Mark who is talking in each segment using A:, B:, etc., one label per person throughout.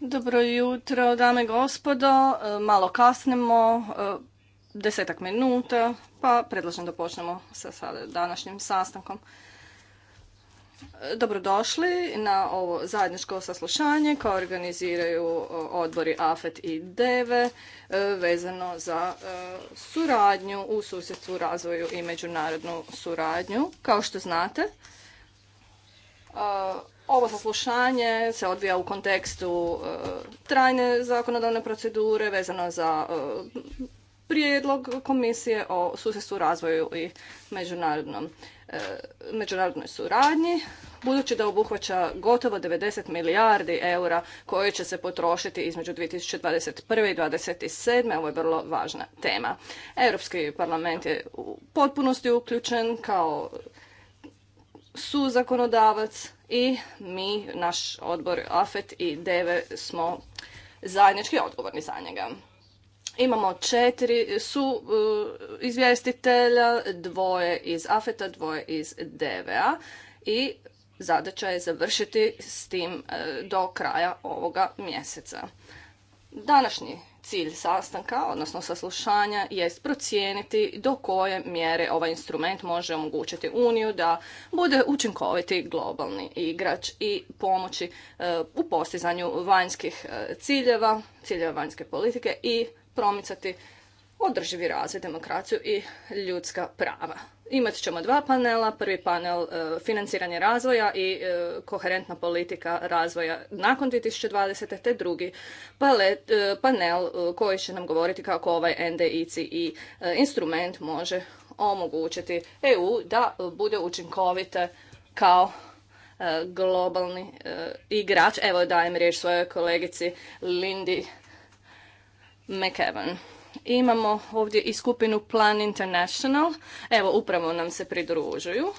A: Dobro jutro, dame i gospodo. E, malo kasnemo, e, desetak minuta, pa predlažem da počnemo sa današnjim sastankom. E, dobrodošli na ovo zajedničko saslušanje koje organiziraju odbori AFET i DEVE vezano za suradnju u susjedstvu, razvoju i međunarodnu suradnju. Kao što znate, ovo saslušanje se odvija u kontekstu e, trajne zakonodavne procedure vezano za e, prijedlog komisije o susjedstvu razvoju i e, međunarodnoj suradnji, budući da obuhvaća gotovo 90 milijardi eura koje će se potrošiti između 2021. i 2027. Ovo je vrlo važna tema. Europski parlament je u potpunosti uključen kao suzakonodavac i mi, naš odbor AFET i DEVE smo zajednički odgovorni za njega. Imamo četiri su uh, izvjestitelja, dvoje iz AFETA, dvoje iz DEVE-a i zadaća je završiti s tim uh, do kraja ovoga mjeseca. Današnji Cilj sastanka, odnosno saslušanja, jest procijeniti do koje mjere ovaj instrument može omogućiti Uniju da bude učinkoviti globalni igrač i pomoći e, u postizanju vanjskih e, ciljeva, ciljeva vanjske politike i promicati održivi razvoj, demokraciju i ljudska prava. Imat ćemo dva panela. Prvi panel e, financiranje razvoja i e, koherentna politika razvoja nakon 2020. te drugi e, panel koji će nam govoriti kako ovaj NDICI instrument može omogućiti EU da bude učinkovite kao globalni igrač. Evo dajem riječ svojoj kolegici Lindy McEvan Imamo ovdje i skupinu Plan International. Evo, upravo nam se pridružuju.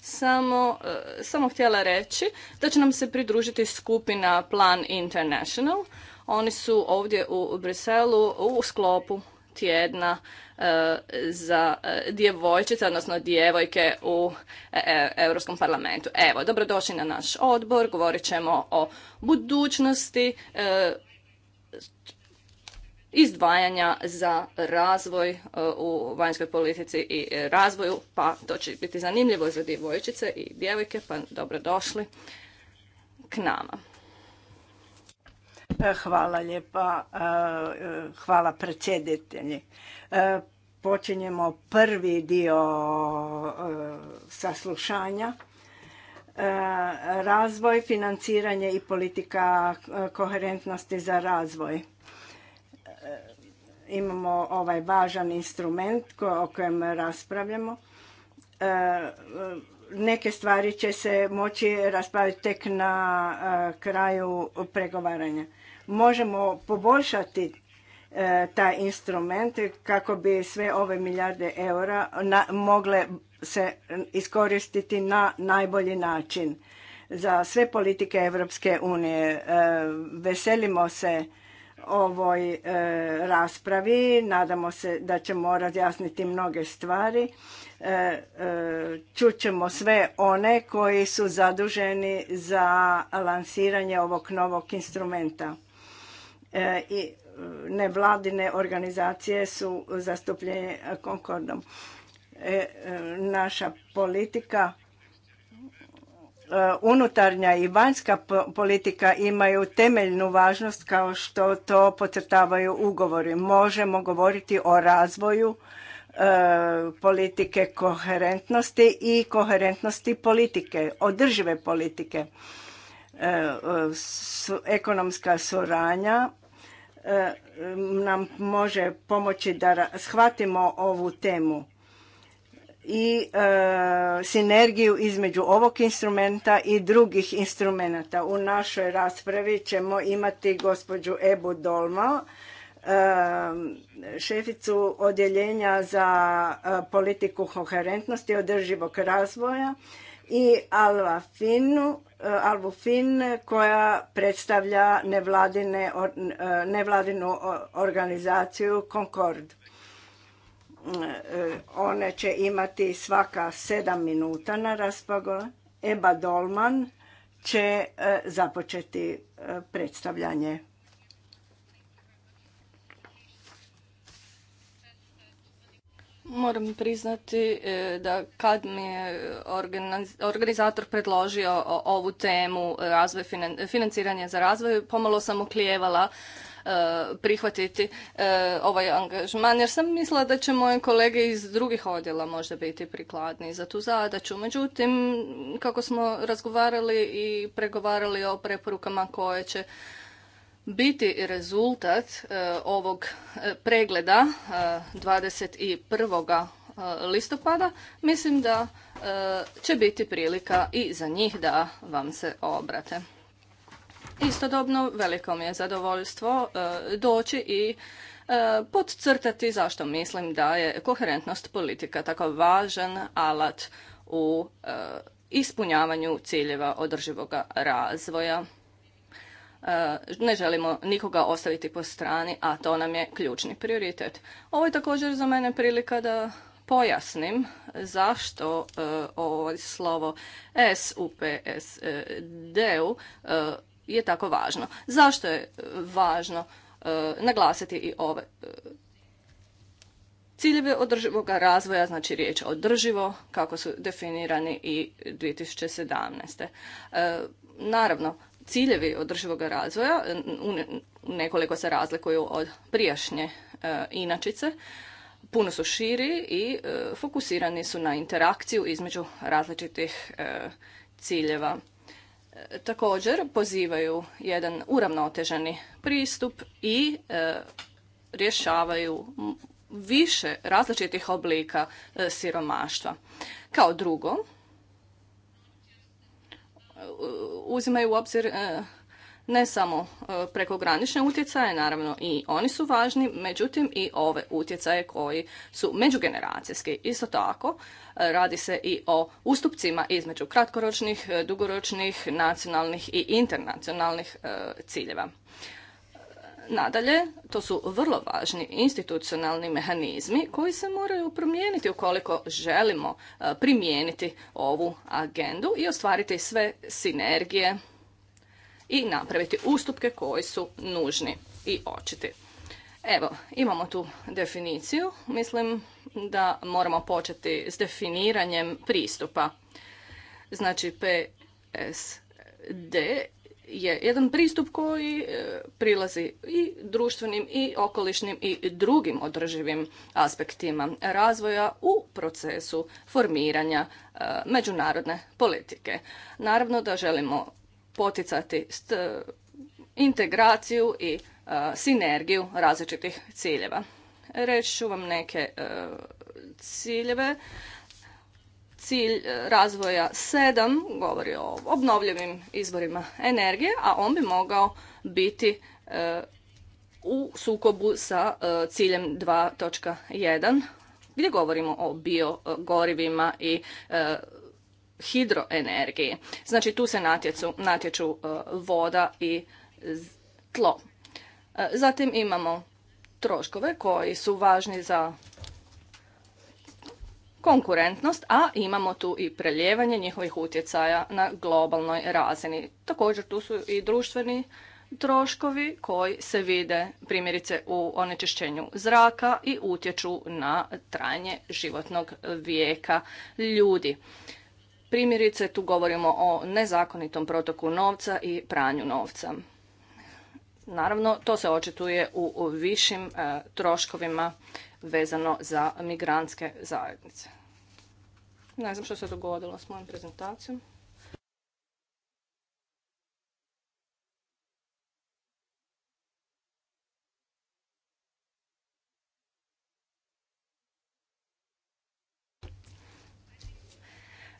A: Samo, e, samo htjela reći da će nam se pridružiti skupina Plan International. Oni su ovdje u Briselu u sklopu tjedna e, za e, djevojčice, odnosno djevojke u Europskom parlamentu. Evo, dobrodošli na naš odbor, govorit ćemo o budućnosti izdvajanja za razvoj e, u vanjskoj politici i razvoju, pa to će biti zanimljivo za djevojčice
B: i djevojke, pa dobrodošli k nama. E, hvala lijepa, e, hvala predsjeditelji. Počinjemo prvi dio saslušanja. Razvoj, financiranje i politika koherentnosti za razvoj imamo ovaj važan instrument o kojem raspravljamo. E, neke stvari će se moći raspraviti tek na e, kraju pregovaranja. Možemo poboljšati e, taj instrument kako bi sve ove milijarde eura mogle se iskoristiti na najbolji način za sve politike Europske unije. Veselimo se ovoj e, raspravi. Nadamo se da ćemo razjasniti mnoge stvari. E, e ćemo čućemo sve one koji su zaduženi za lansiranje ovog novog instrumenta. E, I nevladine organizacije su zastupljene Konkordom. Naša politika E, unutarnja i vanjska politika imaju temeljnu važnost kao što to pocrtavaju ugovori. Možemo govoriti o razvoju e, politike koherentnosti i koherentnosti politike, održive politike. E, ekonomska suranja nam može pomoći da shvatimo ovu temu i e, sinergiju između ovog instrumenta i drugih instrumenata. U našoj raspravi ćemo imati gospođu Ebu Dolma, e, šeficu odjeljenja za e, politiku koherentnosti i održivog razvoja i Alva Finu, Alvu Fin koja predstavlja nevladine, nevladinu organizaciju Concord one će imati svaka sedam minuta na raspago. Eba Dolman će e, započeti e, predstavljanje.
A: Moram priznati e, da kad mi je organizator predložio ovu temu razvoj, financiranje za razvoj, pomalo sam oklijevala E, prihvatiti e, ovaj angažman jer sam mislila da će moje kolege iz drugih odjela možda biti prikladni za tu zadaću. Međutim, kako smo razgovarali i pregovarali o preporukama koje će biti rezultat e, ovog pregleda 21 listopada, mislim da će biti prilika i za njih da vam se obrate. Istodobno veliko mi je zadovoljstvo e, doći i e, podcrtati zašto mislim da je koherentnost politika tako važan alat u e, ispunjavanju ciljeva održivog razvoja. Ne želimo nikoga ostaviti po strani, a to nam je ključni prioritet. Ovo je također za mene prilika da pojasnim zašto ovo slovo supsd u je tako važno. Zašto je e, važno e, naglasiti i ove e, ciljeve održivog razvoja, znači riječ održivo, kako su definirani i 2017. naravno, ciljevi održivog razvoja nekoliko se razlikuju od prijašnje inačice, puno su širi i fokusirani su na interakciju između različitih ciljeva također pozivaju jedan uravnoteženi pristup i e, rješavaju više različitih oblika e, siromaštva. Kao drugo, e, uzimaju u obzir ne samo e, prekogranične utjecaje, naravno i oni su važni, međutim i ove utjecaje koji su međugeneracijski. Isto tako e, radi se i o ustupcima između kratkoročnih, e, dugoročnih, nacionalnih i internacionalnih ciljeva. Nadalje, to su vrlo važni institucionalni mehanizmi koji se moraju promijeniti ukoliko želimo primijeniti ovu agendu i ostvariti sve sinergije i napraviti ustupke koji su nužni i očiti. Evo, imamo tu definiciju. Mislim da moramo početi s definiranjem pristupa. Znači, PSD je jedan pristup koji e, prilazi i društvenim i okolišnim i drugim održivim aspektima razvoja u procesu formiranja e, međunarodne politike. Naravno da želimo poticati integraciju i e, sinergiju različitih ciljeva. Reći ću vam neke e, ciljeve. Cilj e, razvoja 7 govori o obnovljivim izvorima energije, a on bi mogao biti u sukobu sa ciljem 2.1 gdje govorimo o biogorivima i hidroenergiji. Znači tu se natjecu, natječu e, voda i tlo. E, zatim imamo troškove koji su važni za konkurentnost, a imamo tu i preljevanje njihovih utjecaja na globalnoj razini. Također tu su i društveni troškovi koji se vide primjerice u onečišćenju zraka i utječu na trajanje životnog vijeka ljudi. Primjerice, tu govorimo o nezakonitom protoku novca i pranju novca. Naravno, to se očituje u višim e, troškovima vezano za migrantske zajednice. Ne znam što se dogodilo s mojom prezentacijom.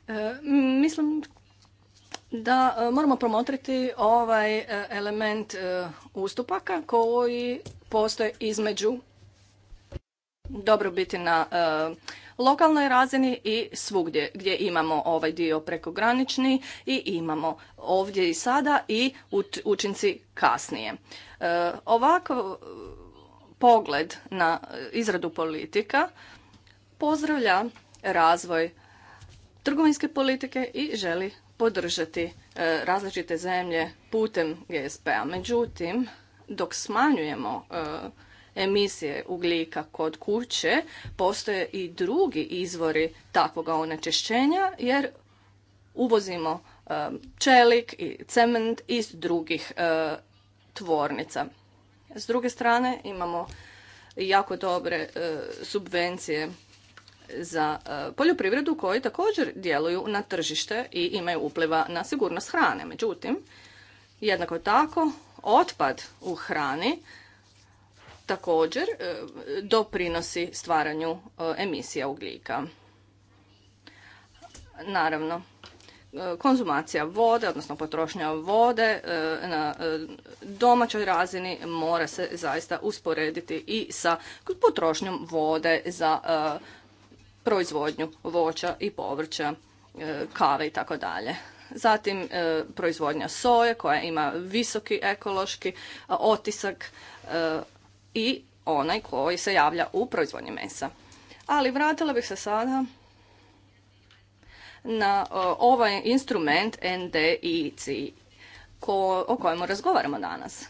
A: E, mislim da e, moramo promotriti ovaj e, element ustupaka koji postoje između dobrobiti na lokalnoj razini i svugdje gdje imamo ovaj dio prekogranični i imamo ovdje i sada i učinci kasnije. Ovako pogled na izradu politika pozdravlja razvoj trgovinske politike i želi podržati e, različite zemlje putem GSP-a. Međutim, dok smanjujemo e, emisije ugljika kod kuće, postoje i drugi izvori takvog onečišćenja jer uvozimo e, čelik i cement iz drugih tvornica. S druge strane imamo jako dobre subvencije za e, poljoprivredu koji također djeluju na tržište i imaju upliva na sigurnost hrane. Međutim, jednako tako otpad u hrani također e, doprinosi stvaranju e, emisija ugljika. Naravno, konzumacija vode, odnosno potrošnja vode na domaćoj razini mora se zaista usporediti i sa potrošnjom vode za proizvodnju voća i povrća, e, kave i tako dalje. Zatim e, proizvodnja soje koja ima visoki ekološki e, otisak i onaj koji se javlja u proizvodnji mesa. Ali vratila bih se sada na ovaj instrument NDICI ko, o kojemu razgovaramo danas. E,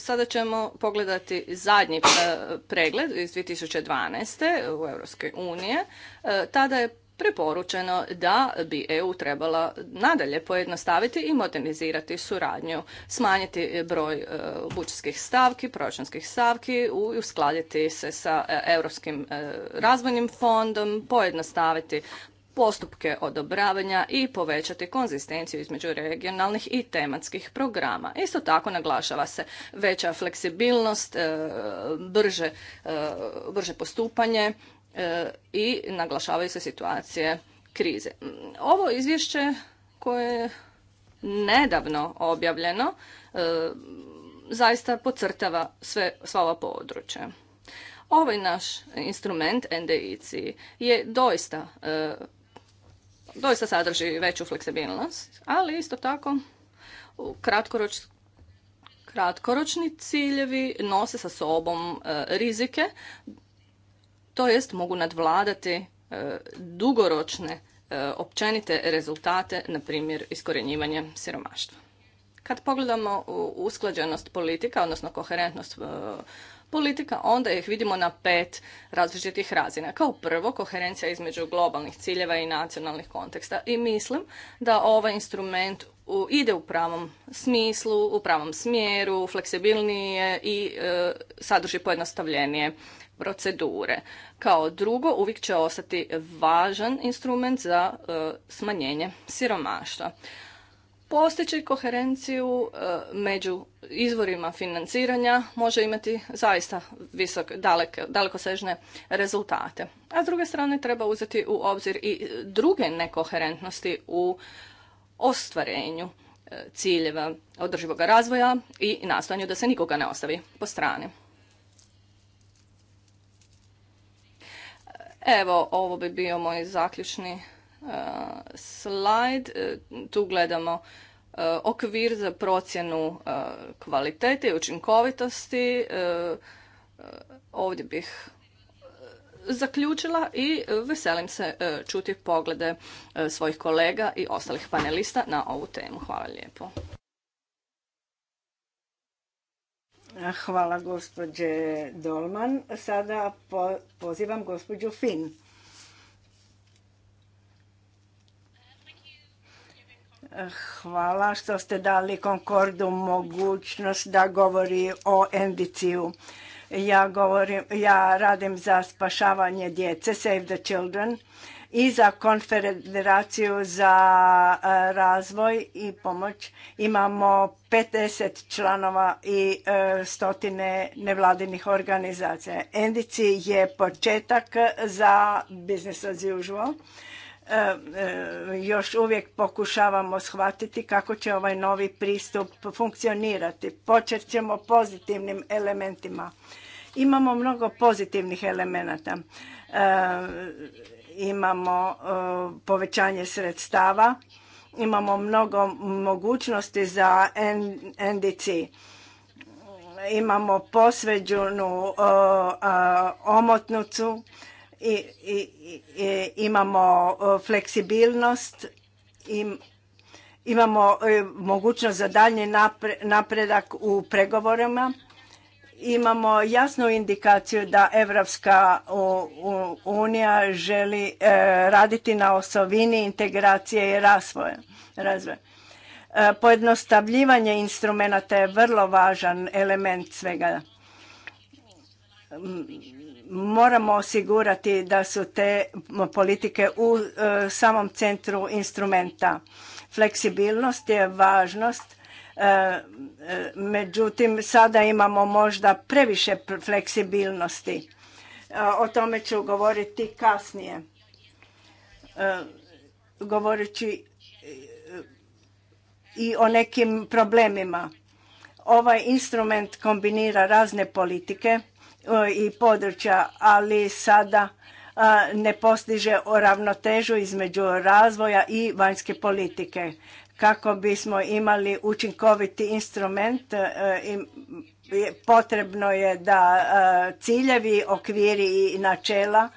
A: sada ćemo pogledati zadnji e, pregled iz 2012. u Europske unije. E, tada je preporučeno da bi EU trebala nadalje pojednostaviti i modernizirati suradnju, smanjiti broj bučskih stavki, proračunskih stavki i uskladiti se sa Europskim razvojnim fondom, pojednostaviti postupke odobravanja i povećati konzistenciju između regionalnih i tematskih programa. Isto tako naglašava se veća fleksibilnost, e, brže, e, brže postupanje e, i naglašavaju se situacije krize. Ovo izvješće koje je nedavno objavljeno zaista podcrtava sve, sva ova područja. Ovaj naš instrument NDIC je doista doista sadrži veću fleksibilnost, ali isto tako kratkoroč, kratkoročni ciljevi nose sa sobom e, rizike, to jest mogu nadvladati e, dugoročne e, općenite rezultate, na primjer iskorjenjivanje siromaštva. Kad pogledamo usklađenost politika, odnosno koherentnost politika, onda ih vidimo na pet različitih razina. Kao prvo, koherencija između globalnih ciljeva i nacionalnih konteksta. I mislim da ovaj instrument ide u pravom smislu, u pravom smjeru, fleksibilnije i e, sadrži pojednostavljenije procedure. Kao drugo, uvijek će ostati važan instrument za e, smanjenje siromaštva. Postići koherenciju e, među izvorima financiranja može imati zaista visok, dalekosežne rezultate. A s druge strane treba uzeti u obzir i druge nekoherentnosti u ostvarenju e, ciljeva održivog razvoja i nastojanju da se nikoga ne ostavi po strani. Evo, ovo bi bio moj zaključni slajd. E, tu gledamo e, okvir za procjenu e, kvalitete i učinkovitosti. Ovdje bih zaključila i veselim se čuti poglede svojih kolega i ostalih panelista na ovu temu. Hvala lijepo.
B: Hvala gospođe Dolman. Sada pozivam gospođu Finn. Hvala što ste dali Concordu mogućnost da govori o Endiciju. Ja, govorim, ja radim za spašavanje djece, Save the Children, i za konfederaciju za e, razvoj i pomoć. Imamo 50 članova i e, stotine nevladinih organizacija. NDC je početak za business as usual E, e, još uvijek pokušavamo shvatiti kako će ovaj novi pristup funkcionirati. Počet ćemo pozitivnim elementima. Imamo mnogo pozitivnih elemenata. E, imamo povećanje sredstava, imamo mnogo mogućnosti za NDC imamo posveđenu omotnicu i, e, imamo e, fleksibilnost, im, imamo e, mogućnost za daljnji napredak u pregovorima, imamo jasnu indikaciju da Evropska unija želi raditi na osovini integracije i razvoja. pojednostavljivanje instrumenta je vrlo važan element svega moramo osigurati da su te politike u e, samom centru instrumenta. Fleksibilnost je važnost, e, e, međutim sada imamo možda previše fleksibilnosti. O tome ću govoriti kasnije. Govoreći i o nekim problemima. Ovaj instrument kombinira razne politike E, i područja, ali sada e, ne postiže ravnotežu između razvoja i vanjske politike. Kako bismo imali učinkoviti instrument, e, potrebno je da ciljevi, okviri i načela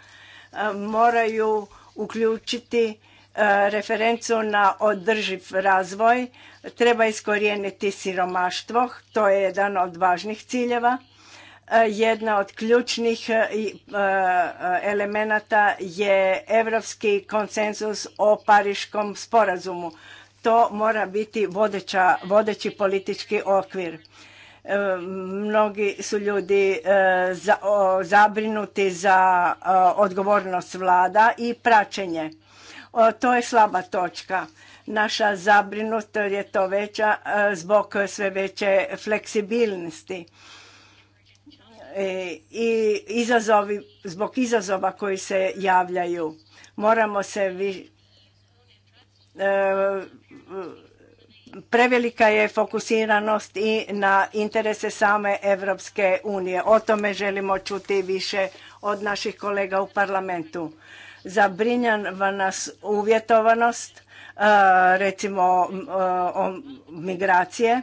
B: moraju uključiti referencu na održiv razvoj, treba iskorijeniti siromaštvo, to je jedan od važnih ciljeva jedna od ključnih e, e, elemenata je europski konsenzus o Pariškom sporazumu. To mora biti vodeća, vodeći politički okvir. E, mnogi su ljudi zabrinuti za odgovornost vlada i praćenje. To je slaba točka. Naša zabrinutost je to veća zbog sve veće fleksibilnosti E, i izazovi, zbog izazova koji se javljaju. Moramo se vi, e, prevelika je fokusiranost i na interese same Evropske unije. O tome želimo čuti više od naših kolega u parlamentu. Zabrinjava nas uvjetovanost, e, recimo migracije,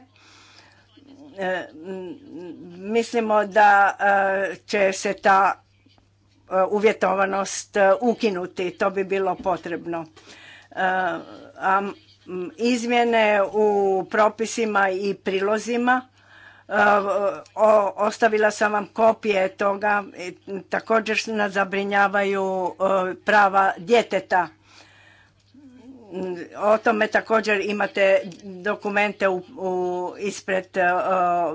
B: E, mislimo da e, će se ta e, uvjetovanost ukinuti, to bi bilo potrebno. A izmjene u propisima i prilozima ostavila sam vam kopije toga također nas zabrinjavaju prava djeteta o tome također imate dokumente u, ispred e,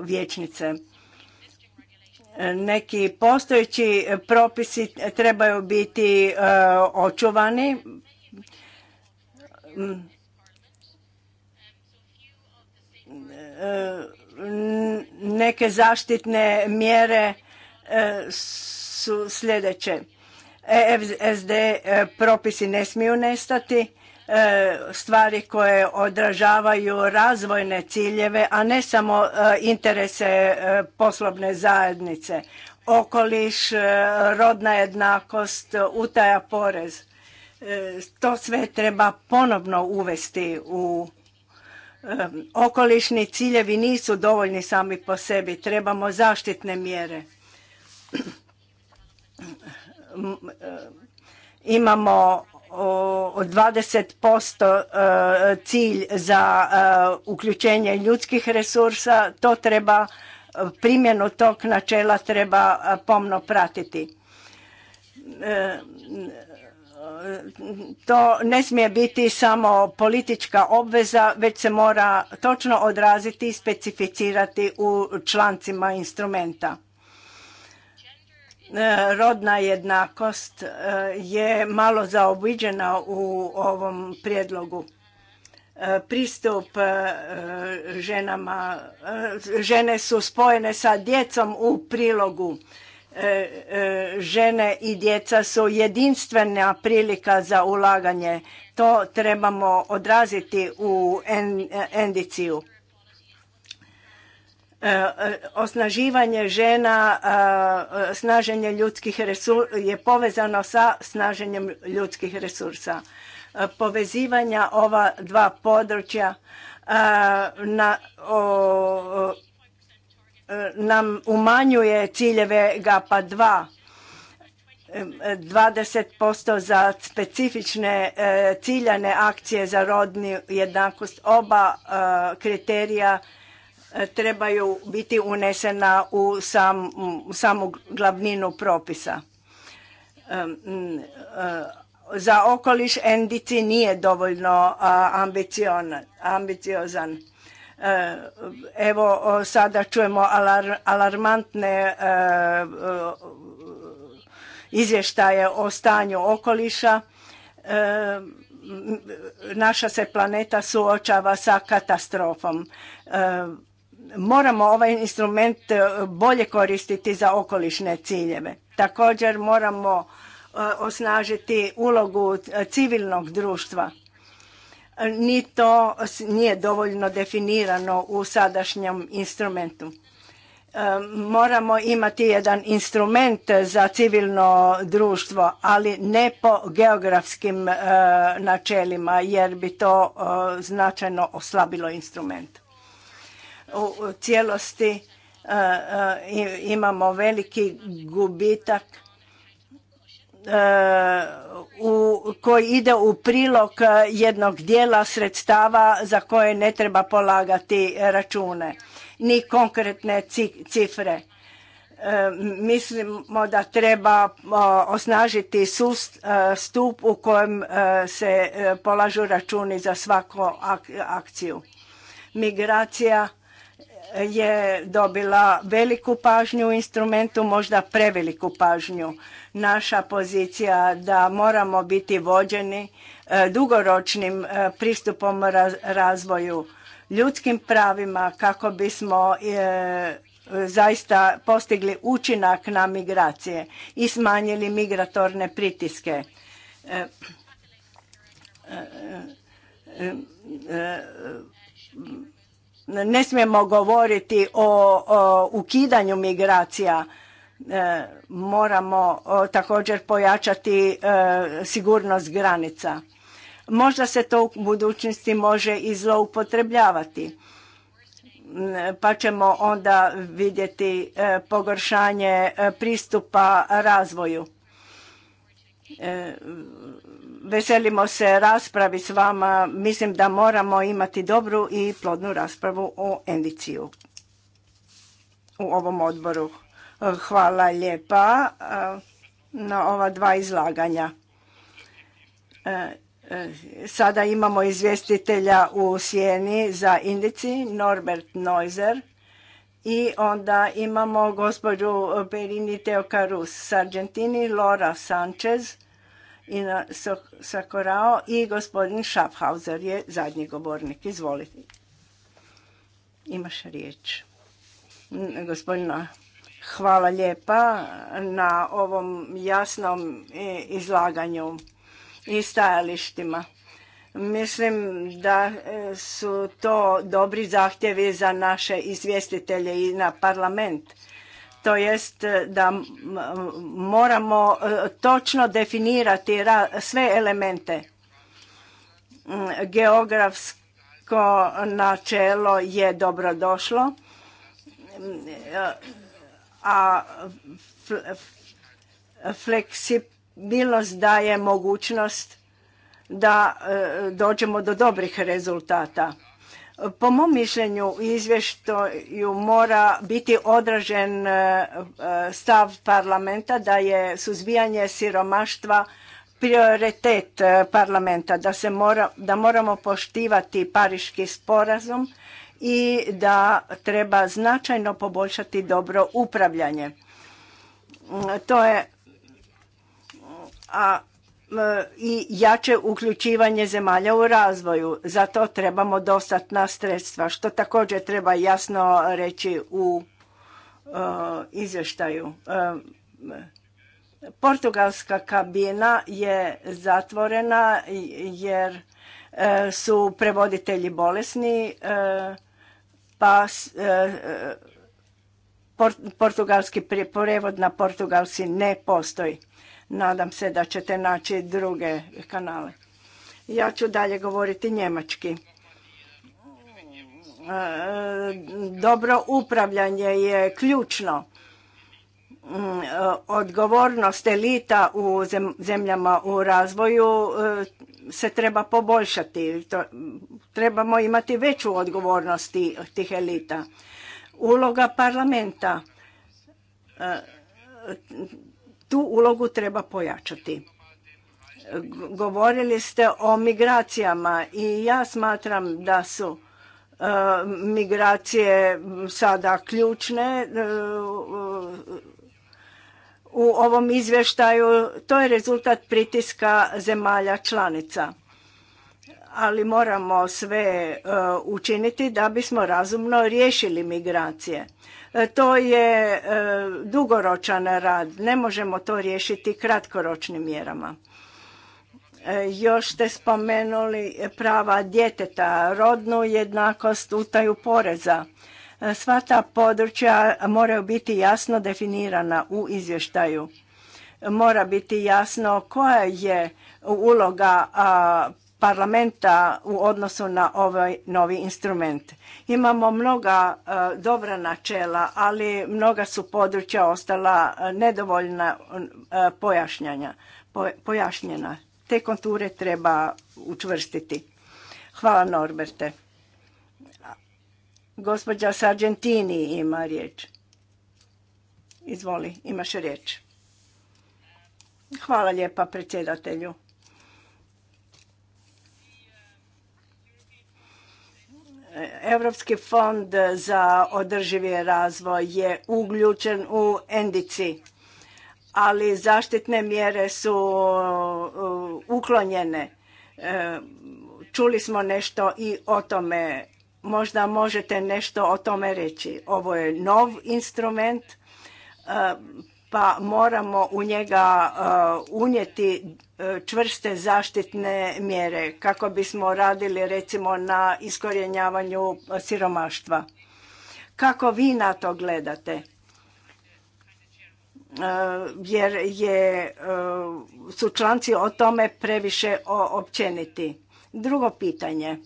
B: vječnice. Neki postojeći propisi trebaju biti e, očuvani. E, neke zaštitne mjere su sljedeće. EFSD propisi ne smiju nestati E, stvari koje odražavaju razvojne ciljeve, a ne samo e, interese e, poslovne zajednice. Okoliš, rodna jednakost, utaja porez. To sve treba ponovno uvesti u okolišni ciljevi nisu dovoljni sami po sebi. Trebamo zaštitne mjere. Imamo od 20% e, cilj za e, uključenje ljudskih resursa, to treba, primjenu tog načela treba e, pomno pratiti. To ne smije biti samo politička obveza, već se mora točno odraziti i specificirati u člancima instrumenta. E, rodna jednakost e, je malo zaobiđena u ovom prijedlogu. E, pristup ženama, žene su spojene sa djecom u prilogu. Žene i djeca su jedinstvena prilika za ulaganje. To trebamo odraziti u endiciju. E, osnaživanje žena, e, snaženje ljudskih resursa je povezano sa snaženjem ljudskih resursa. E, povezivanja ova dva područja na, o, nam umanjuje ciljeve GAPA 2. 20% za specifične ciljane akcije za rodnu jednakost. Oba kriterija trebaju biti unesena u sam, samu glavninu propisa. E, za okoliš NDC nije dovoljno ambiciozan. E, evo sada čujemo alarmantne e, izvještaje o stanju okoliša. Naša se planeta suočava sa katastrofom moramo ovaj instrument e, bolje koristiti za okolišne ciljeve. Također moramo e, osnažiti ulogu e, civilnog društva. Ni to nije dovoljno definirano u sadašnjem instrumentu. Moramo imati jedan instrument za civilno društvo, ali ne po geografskim načelima, jer bi to značajno oslabilo instrument u cijelosti e, e, imamo veliki gubitak e, u, koji ide u prilog jednog dijela sredstava za koje ne treba polagati račune ni konkretne cifre. Mislimo da treba osnažiti stup u kojem se polažu računi za svaku akciju. Migracija je dobila veliku pažnju u instrumentu, možda preveliku pažnju. Naša pozicija da moramo biti vođeni e, dugoročnim e, pristupom razvoju ljudskim pravima kako bismo e, zaista postigli učinak na migracije i smanjili migratorne pritiske ne smijemo govoriti o, ukidanju migracija e, moramo također pojačati e, sigurnost granica možda se to u budućnosti može i zloupotrebljavati e, pa ćemo onda vidjeti pogoršanje pristupa razvoju Veselimo se raspravi s vama. Mislim da moramo imati dobru i plodnu raspravu o Endiciju u ovom odboru. Hvala lijepa eh, na ova dva izlaganja. Eh, sada imamo izvjestitelja u Sjeni za Indici, Norbert Neuser. I onda imamo gospođu Perini Teokarus s Argentini, Laura Sanchez Ina Sakorao i gospodin Schaffhauser je zadnji govornik. Izvolite. Imaš riječ. Gospodina, hvala lijepa na ovom jasnom e, izlaganju i stajalištima. Mislim da e, su to dobri zahtjevi za naše izvjestitelje i na parlament to jest e, da moramo e, točno definirati sve elemente. Mm, geografsko načelo je dobrodošlo, mm, e, a fleksibilnost daje mogućnost da dođemo do dobrih rezultata po mom mišljenju izvještaju mora biti odražen e, e, stav parlamenta da je suzbijanje siromaštva prioritet e, parlamenta, da, se mora, da moramo poštivati pariški sporazum i da treba značajno poboljšati dobro upravljanje. Mm, to je a E, i jače uključivanje zemalja u razvoju. Zato trebamo dostatna sredstva, što također treba jasno reći u e, izvještaju. E, Portugalska kabina je zatvorena jer su prevoditelji bolesni, pa portugalski prevod na portugalski ne postoji Nadam se da ćete naći druge kanale. Ja ću dalje govoriti njemački. E, dobro upravljanje je ključno. Mm, e, odgovornost elita u zemljama u razvoju e, se treba poboljšati. Trebamo imati veću odgovornost tih elita. Uloga parlamenta tu ulogu treba pojačati. Govorili ste o migracijama i ja smatram da su e, migracije sada ključne e, u ovom izvještaju. To je rezultat pritiska zemalja članica. Ali moramo sve e, učiniti da bismo razumno riješili migracije. E, to je e, dugoročan rad, ne možemo to riješiti kratkoročnim mjerama. E, još ste spomenuli prava djeteta, rodnu jednakost, utaju poreza. Sva ta područja moraju biti jasno definirana u izvještaju. Mora biti jasno koja je uloga parlamenta u odnosu na ovaj novi instrument. Imamo mnoga e, dobra načela, ali mnoga su područja ostala e, nedovoljna e, pojašnjena. Te konture treba učvrstiti. Hvala Norberte. Gospođa Sargentini ima riječ. Izvoli, imaš riječ. Hvala lijepa predsjedatelju. Europski fond za održivi razvoj je uključen u endici, ali zaštitne mjere su uh, uklonjene. Uh, čuli smo nešto i o tome. Možda možete nešto o tome reći. Ovo je nov instrument uh, pa moramo u njega uh, unijeti uh, čvrste zaštitne mjere kako bismo radili recimo na iskorjenjavanju siromaštva. Kako vi na to gledate? Uh, jer je, su članci o tome previše općeniti. Drugo pitanje.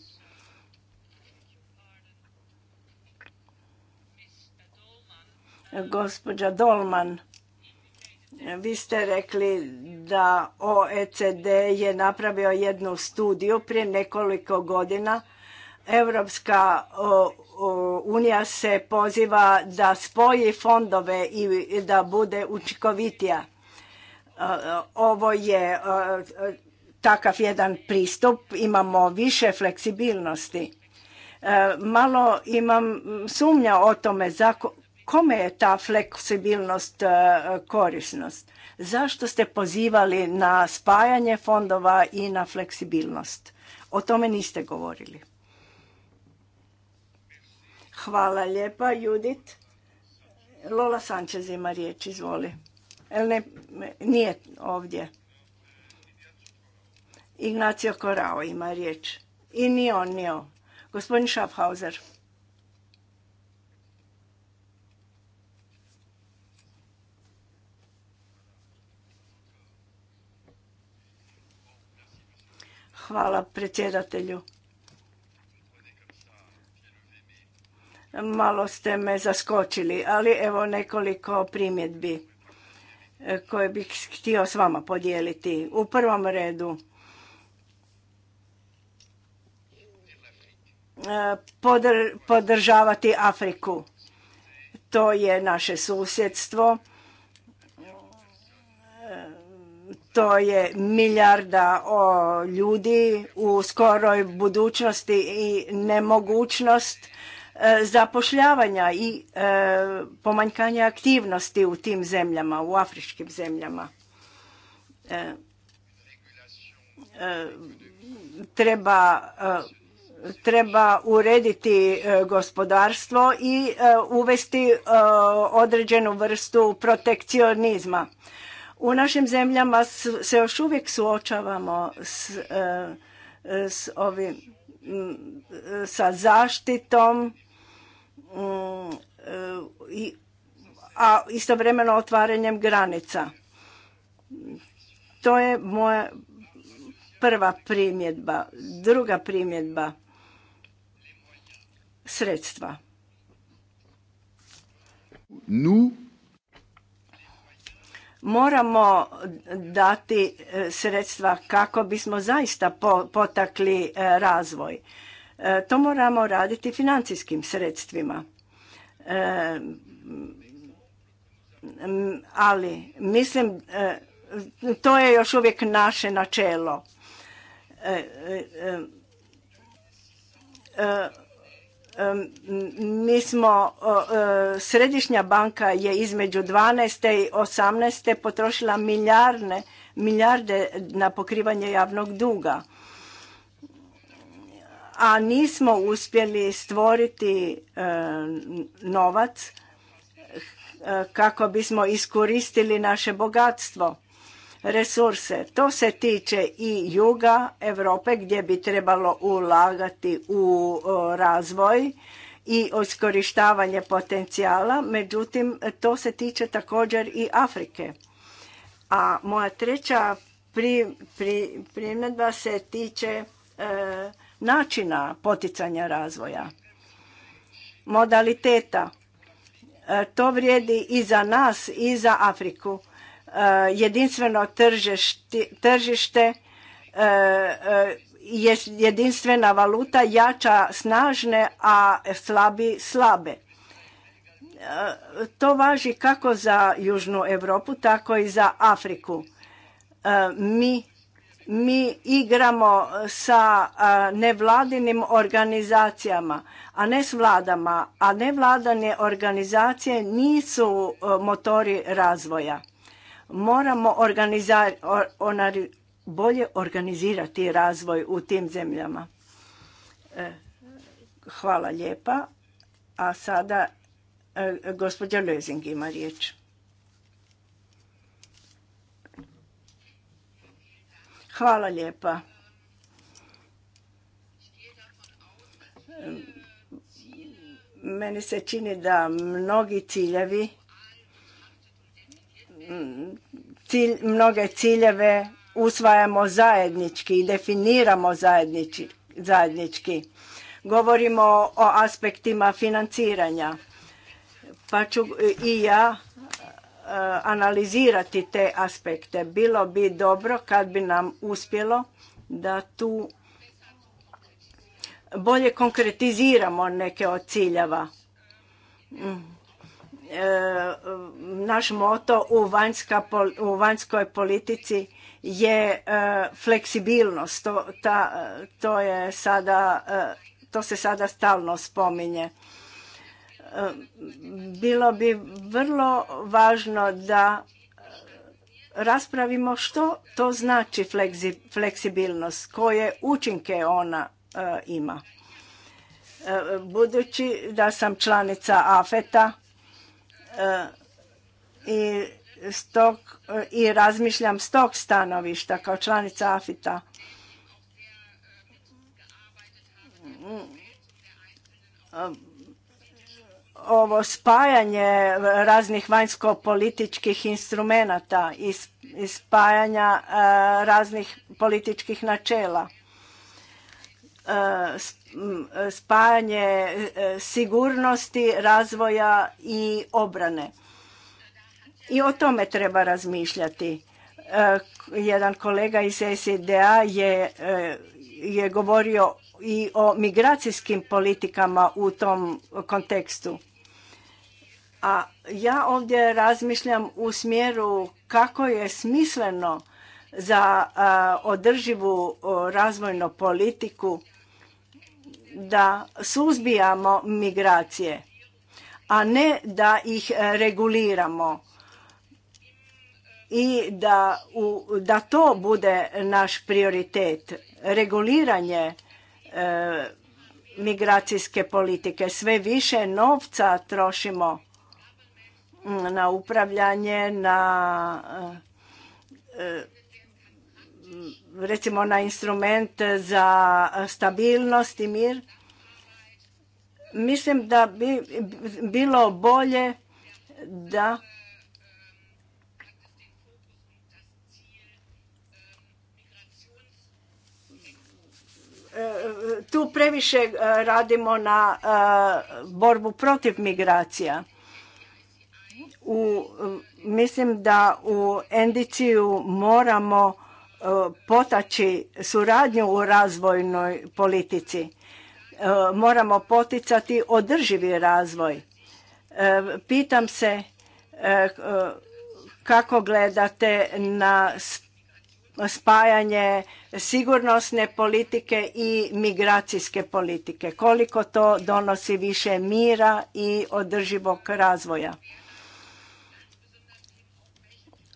B: Gospođa Dolman vi ste rekli da OECD je napravio jednu studiju prije nekoliko godina. Europska unija se poziva da spoji fondove i da bude učinkovitija. E, ovo je e, takav jedan pristup, imamo više fleksibilnosti. E, malo imam sumnja o tome Kome je ta fleksibilnost e, korisnost? Zašto ste pozivali na spajanje fondova i na fleksibilnost? O tome niste govorili. Hvala lijepa, Judit. Lola Sanchez ima riječ, izvoli. El ne, nije ovdje. Ignacio Korao ima riječ. I ni on, ni Gospodin Schaffhauser. Hvala predsjedatelju. Malo ste me zaskočili, ali evo nekoliko primjedbi e, koje bih htio s vama podijeliti. U prvom redu e, podržavati Afriku. To je naše susjedstvo to je milijarda ljudi u skoroj budućnosti i nemogućnost e, zapošljavanja i e, pomanjkanja aktivnosti u tim zemljama, u afričkim zemljama. E, treba, treba urediti gospodarstvo i uvesti određenu vrstu protekcionizma u našim zemljama se još uvijek suočavamo s, e, s ovim, sa zaštitom e, a istovremeno otvaranjem granica. To je moja prva primjedba. Druga primjedba sredstva. nu, moramo dati e, sredstva kako bismo zaista potakli e, razvoj. E, to moramo raditi financijskim sredstvima. Ali mislim to je još uvijek naše načelo mi smo, e, Središnja banka je između 12. i 18. potrošila milijarde, milijarde na pokrivanje javnog duga. A nismo uspjeli stvoriti e, novac e, kako bismo iskoristili naše bogatstvo resurse. To se tiče i juga Europe gdje bi trebalo ulagati u e, razvoj i iskorištavanje potencijala, međutim to se tiče također i Afrike. A moja treća primjedba se tiče e, načina poticanja razvoja, modaliteta. E, to vrijedi i za nas i za Afriku. Eh, jedinstveno tržište eh, eh, je jedinstvena valuta jača snažne, a slabi slabe. To važi kako za Južnu Europu, tako i za Afriku. Mi, mi igramo sa nevladinim organizacijama, a ne s vladama, a nevladane organizacije nisu motori razvoja Moramo bolje organizirati razvoj u tim zemljama. E, hvala lijepa. A sada e, gospođa Lezing ima riječ. Hvala lijepa. Meni se čini da mnogi ciljevi mnoge ciljeve usvajamo zajednički i definiramo zajednički, Govorimo o, aspektima financiranja, pa ću i ja e, analizirati te aspekte. Bilo bi dobro kad bi nam uspjelo da tu bolje konkretiziramo neke od ciljeva. Mm. E, naš moto u, u vanjskoj politici je e, fleksibilnost. To, ta, to, je sada, e, to se sada stalno spominje. Bilo bi vrlo važno da raspravimo što to znači fleksibilnost, koje učinke ona ima. Budući da sam članica AFETA, i, stok, i razmišljam s tog stanovišta kao članica AFITA. Ovo spajanje raznih vanjsko-političkih instrumenata i spajanja eh, raznih političkih načela spajanje e, sigurnosti, razvoja i obrane. I o tome treba razmišljati. E, jedan kolega iz sed je, e, je govorio i o migracijskim politikama u tom kontekstu. A ja ovdje razmišljam u smjeru kako je smisleno za održivu razvojnu politiku da suzbijamo migracije a ne da ih reguliramo i da, to bude naš prioritet reguliranje e, migracijske politike sve više novca trošimo na upravljanje na e, recimo na instrument za stabilnost i mir. Mislim da bi bilo bolje da tu previše radimo na e, borbu protiv migracija. U, mislim da u Endiciju moramo E, potaći suradnju u razvojnoj politici. E, moramo poticati održivi razvoj. E, pitam se kako gledate na spajanje sigurnosne politike i migracijske politike. Koliko to donosi više mira i održivog razvoja.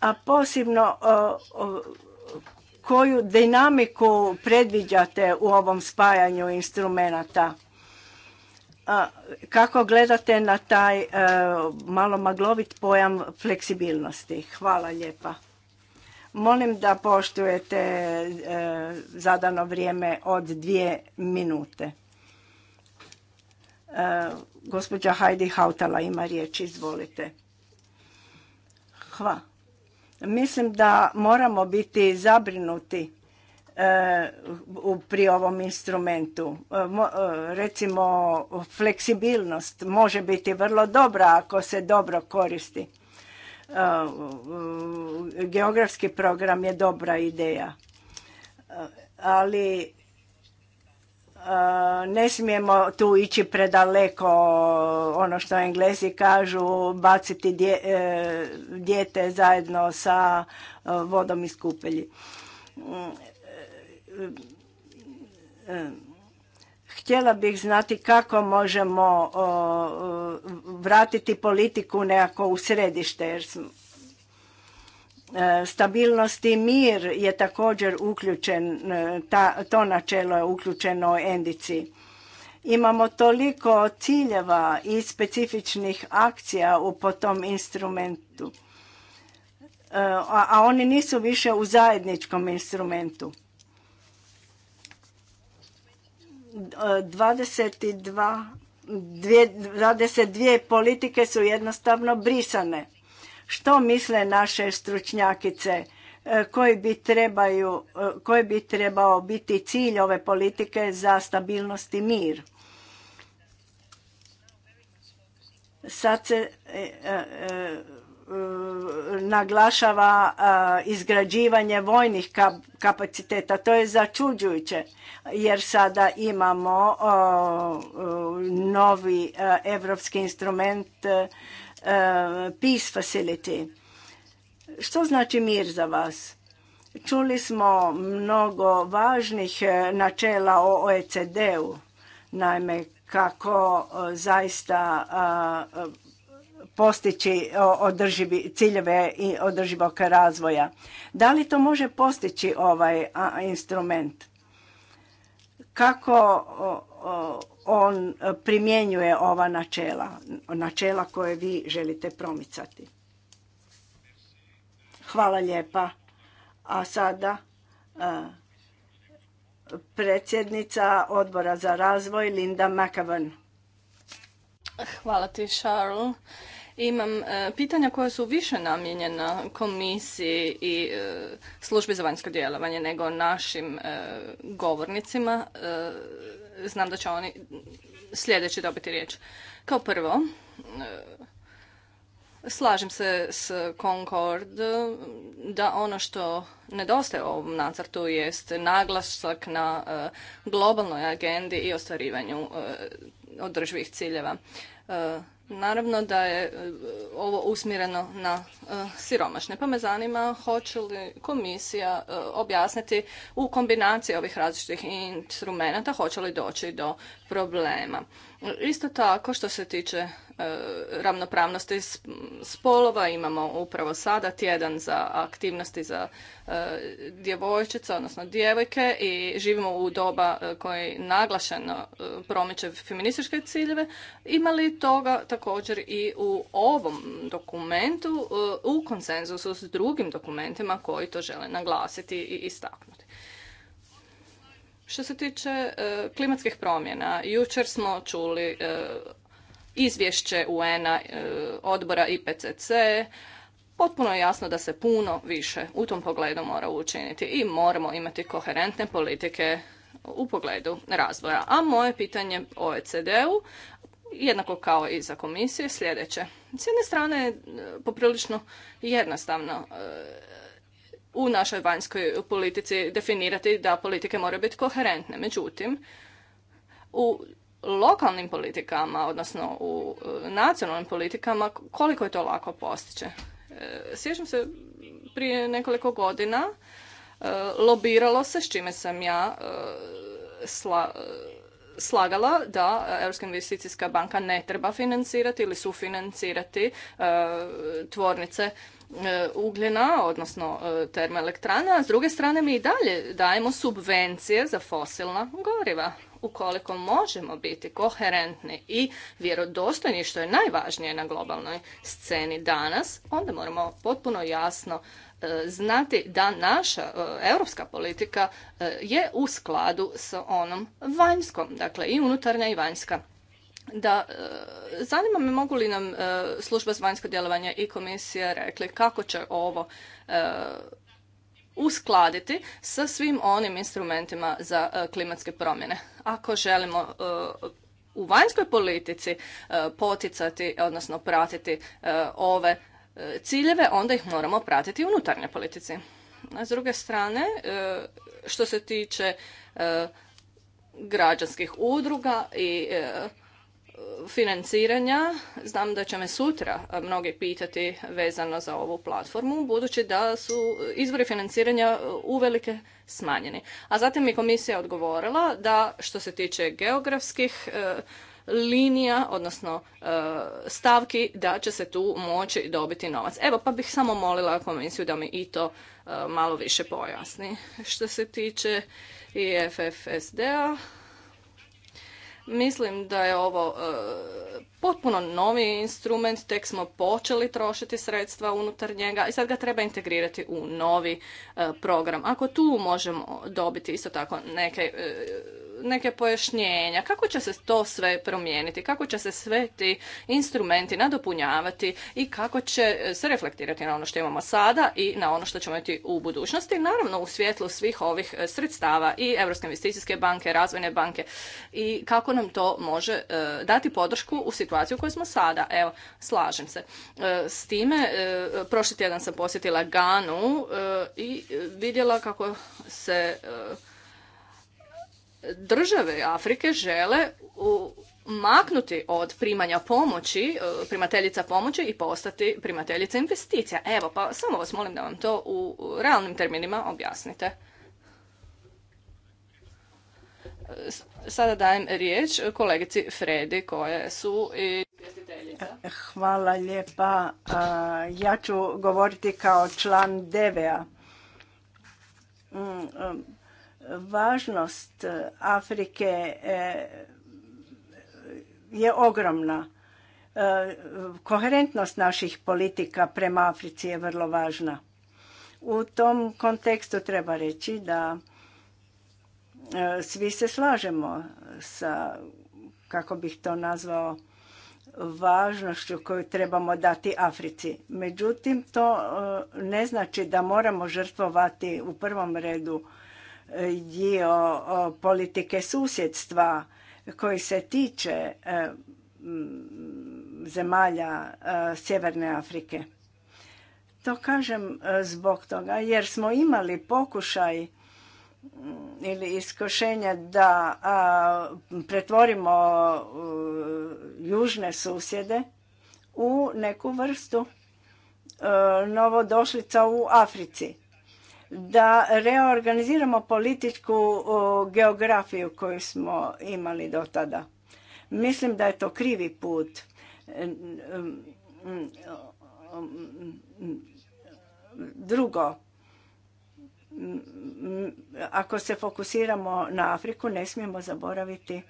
B: A posebno koju dinamiku predviđate u ovom spajanju instrumenata? Kako gledate na taj e, malo maglovit pojam fleksibilnosti? Hvala lijepa. Molim da poštujete e, zadano vrijeme od dvije minute. E, gospođa Heidi Hautala ima riječ, izvolite. Hvala. Mislim da moramo biti zabrinuti e, pri ovom instrumentu. E, e, recimo, fleksibilnost može biti vrlo dobra ako se dobro koristi. Geografski program je dobra ideja, ali E, ne smijemo tu ići predaleko, ono što englesi kažu, baciti e, dijete zajedno sa e, vodom iz kupelji. Mm, htjela bih znati kako možemo vratiti politiku nekako u središte, jer Stabilnost i mir je također uključen, e, ta, to načelo je uključeno u endici. Imamo toliko ciljeva i specifičnih akcija u po tom instrumentu, e, a, oni nisu više u zajedničkom instrumentu. 22, 22 politike su jednostavno brisane što misle naše stručnjakice? E, koji bi, trebaju, e, koji bi trebao biti cilj ove politike za stabilnost i mir? Sad se e, naglašava izgrađivanje vojnih kapaciteta. To je začuđujuće jer sada imamo novi evropski instrument Uh, peace facility. Što znači mir za vas? Čuli smo mnogo važnih uh, načela o OECD-u, naime kako uh, zaista postići održivi, ciljeve i održivog razvoja. Da li to može postići ovaj instrument? Kako on e, primjenjuje ova načela, načela koje vi želite promicati. Hvala lijepa. A sada e, predsjednica odbora za razvoj Linda McAvan.
A: Hvala ti, Charles. Imam e, pitanja koja su više namijenjena komisiji i službi za vanjsko djelovanje nego našim govornicima znam da će oni sljedeći dobiti riječ. Kao prvo, e, slažem se s Concord da ono što nedostaje u ovom nacrtu jest naglasak na e, globalnoj agendi i ostvarivanju e, održivih ciljeva. E, naravno da je e, ovo usmjereno na e, siromašne, pa me zanima hoće li komisija objasniti u kombinaciji ovih različitih instrumenta hoće li doći do problema. Isto tako što se tiče ravnopravnosti spolova imamo upravo sada tjedan za aktivnosti za djevojčice, odnosno djevojke i živimo u doba koji naglašeno promiče feminističke ciljeve. Ima li toga također i u ovom dokumentu e, u konsenzusu s drugim dokumentima koji to žele naglasiti i istaknuti. Što se tiče e, klimatskih promjena, jučer smo čuli e, izvješće UN-a odbora IPCC, Potpuno je jasno da se puno više u tom pogledu mora učiniti i moramo imati koherentne politike u pogledu razvoja. A moje pitanje OECD-u jednako kao i za komisije sljedeće. S jedne strane je poprilično jednostavno e, u našoj vanjskoj politici definirati da politike moraju biti koherentne. Međutim, u lokalnim politikama, odnosno u e, nacionalnim politikama, koliko je to lako postiće? Sjećam se prije nekoliko godina e, lobiralo se, s čime sam ja sla, slagala da e, Europska investicijska banka ne treba financirati ili sufinancirati e, tvornice e, ugljena, odnosno termoelektrana, a s druge strane mi i dalje dajemo subvencije za fosilna goriva. Ukoliko možemo biti koherentni i vjerodostojni, što je najvažnije na globalnoj sceni danas, onda moramo potpuno jasno E, znati da naša europska politika e, je u skladu s onom vanjskom, dakle i unutarnja i vanjska. Da, e, zanima me mogu li nam služba za vanjsko djelovanje i komisija rekli kako će ovo uskladiti sa svim onim instrumentima za klimatske promjene. Ako želimo u vanjskoj politici poticati, odnosno pratiti ove ciljeve, onda ih moramo pratiti u unutarnjoj politici. A s druge strane, e, što se tiče e, građanskih udruga i e, financiranja, znam da će me sutra mnogi pitati vezano za ovu platformu, budući da su izvori financiranja uvelike smanjeni. A zatim mi komisija odgovorila da što se tiče geografskih linija, odnosno e, stavki da će se tu moći dobiti novac. Evo, pa bih samo molila komisiju da mi i to e, malo više pojasni. Što se tiče i a mislim da je ovo e, potpuno novi instrument, tek smo počeli trošiti sredstva unutar njega i sad ga treba integrirati u novi e, program. Ako tu možemo dobiti isto tako neke, e, neke pojašnjenja, kako će se to sve promijeniti, kako će se sve ti instrumenti nadopunjavati i kako će se reflektirati na ono što imamo sada i na ono što ćemo imati u budućnosti, naravno u svjetlu svih ovih e, sredstava i Europske investicijske banke, razvojne banke i kako nam to može dati podršku u situaciji situaciju u kojoj smo sada. Evo, slažem se. E, s time, e, prošli tjedan sam posjetila Ganu e, i vidjela kako se države Afrike žele maknuti od primanja pomoći, primateljica pomoći i postati primateljica investicija. Evo, pa samo vas molim da vam to u realnim terminima objasnite. Sada dajem riječ kolegici Fredi koje su i
B: Hvala lijepa. Ja ću govoriti kao član DEVEA. Mm, um, važnost Afrike e, je ogromna. E, koherentnost naših politika prema Africi je vrlo važna. U tom kontekstu treba reći da E, svi se slažemo sa, kako bih to nazvao, važnošću koju trebamo dati Africi. Međutim, to e, ne znači da moramo žrtvovati u prvom redu e, dio politike susjedstva koji se tiče zemalja Sjeverne Afrike. To kažem zbog toga jer smo imali pokušaj ili iskošenja da pretvorimo južne susjede u neku vrstu a, novodošlica u Africi. Da reorganiziramo političku geografiju koju smo imali do tada. Mislim da je to krivi put. Drugo, ako se fokusiramo na Afriku, ne smijemo zaboraviti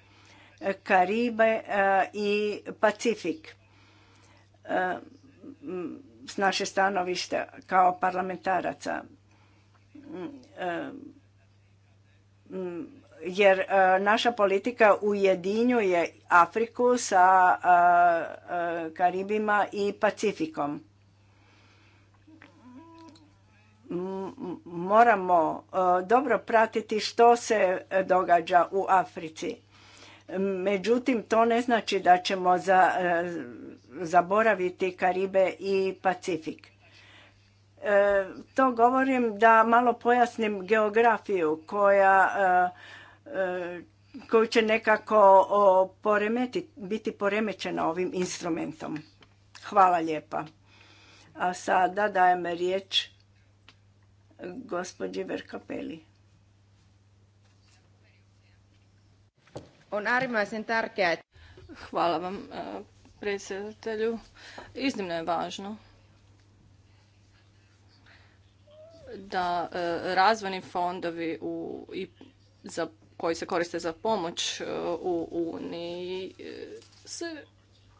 B: e, Karibe e, i Pacifik. E, s naše stanovište kao parlamentaraca. Jer naša politika ujedinjuje Afriku sa Karibima i Pacifikom moramo e, dobro pratiti što se događa u Africi. Međutim, to ne znači da ćemo e, zaboraviti Karibe i Pacifik. E, to govorim da malo pojasnim geografiju koja, koju će nekako biti poremećena ovim instrumentom. Hvala lijepa. A sada dajem riječ gospođi Verkapeli. On
A: Hvala vam e, predsjedatelju. Iznimno je važno da e, razvojni fondovi u, i za, koji se koriste za pomoć e, u Uniji se,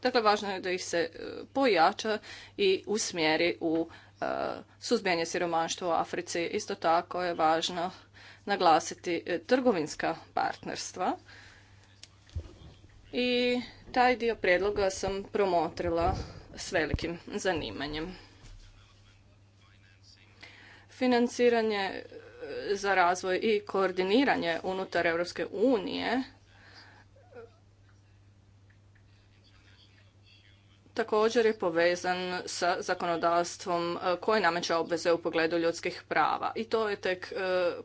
A: dakle važno je da ih se pojača i usmjeri u E, suzbijanje siromaštva u Africi. Isto tako je važno naglasiti e, trgovinska partnerstva. I taj dio prijedloga sam promotrila s velikim zanimanjem. Financiranje e, za razvoj i koordiniranje unutar Europske unije također je povezan sa zakonodavstvom e, koje nameće obveze u pogledu ljudskih prava i to je tek e,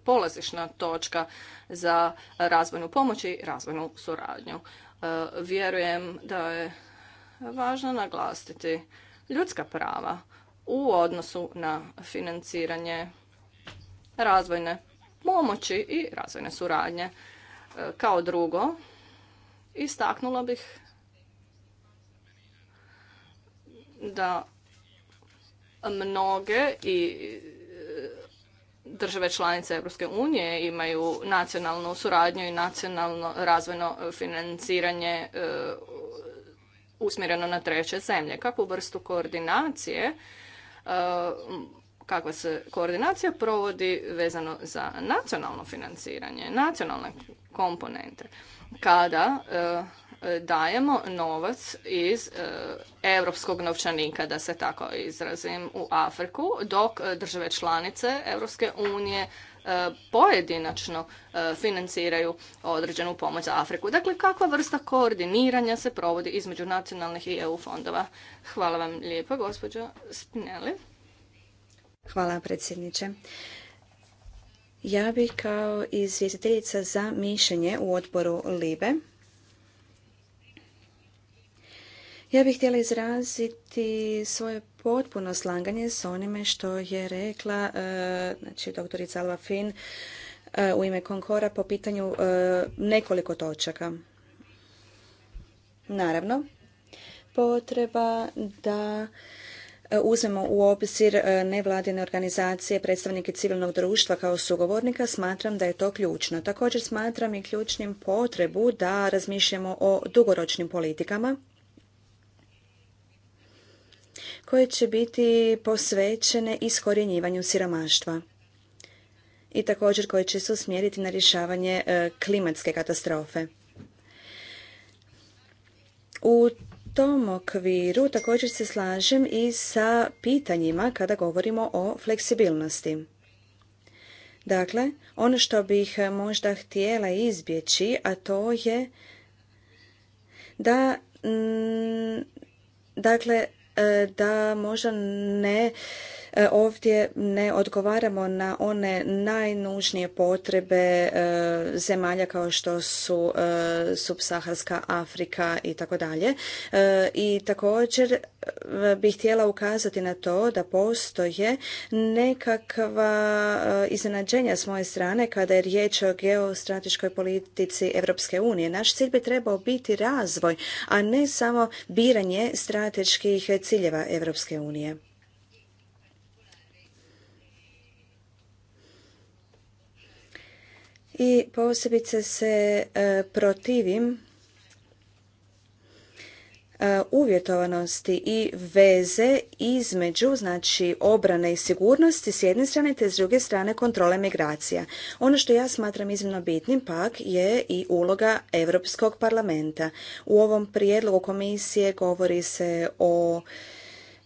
A: polazišna točka za razvojnu pomoć i razvojnu suradnju. E, vjerujem da je važno naglasiti ljudska prava u odnosu na financiranje razvojne pomoći i razvojne suradnje. Kao drugo, istaknula bih da mnoge i e, države članice Europske unije imaju nacionalnu suradnju i nacionalno razvojno financiranje e, usmjereno na treće zemlje. Kakvu vrstu koordinacije e, kakva se koordinacija provodi vezano za nacionalno financiranje, nacionalne komponente. Kada dajemo novac iz europskog novčanika, da se tako izrazim, u Afriku, dok e, države članice Europske unije e, pojedinačno e, financiraju određenu pomoć za Afriku. Dakle, kakva vrsta koordiniranja se provodi između nacionalnih i EU fondova? Hvala vam lijepo, gospođo
C: Spinelli. Hvala, predsjedniče. Ja bih kao izvjestiteljica za mišljenje u odboru LIBE Ja bih htjela izraziti svoje potpuno slanganje s onime što je rekla e, znači, doktorica Alva Fin e, u ime Konkora po pitanju e, nekoliko točaka. Naravno, potreba da uzmemo u obzir nevladine organizacije, predstavnike civilnog društva kao sugovornika, smatram da je to ključno. Također smatram i ključnim potrebu da razmišljamo o dugoročnim politikama koje će biti posvećene iskorjenjivanju siromaštva i također koje će se usmjeriti na rješavanje e, klimatske katastrofe. U tom okviru također se slažem i sa pitanjima kada govorimo o fleksibilnosti. Dakle, ono što bih možda htjela izbjeći, a to je da, dakle, E, da možda ne E, ovdje ne odgovaramo na one najnužnije potrebe e, zemalja kao što su e, subsaharska Afrika i tako dalje. I također bih htjela ukazati na to da postoje nekakva iznenađenja s moje strane kada je riječ o geostrateškoj politici Europske unije. Naš cilj bi trebao biti razvoj, a ne samo biranje strateških ciljeva Europske unije. i posebice se e, protivim e, uvjetovanosti i veze između znači obrane i sigurnosti s jedne strane te s druge strane kontrole migracija. Ono što ja smatram iznimno bitnim pak je i uloga Europskog parlamenta. U ovom prijedlogu komisije govori se o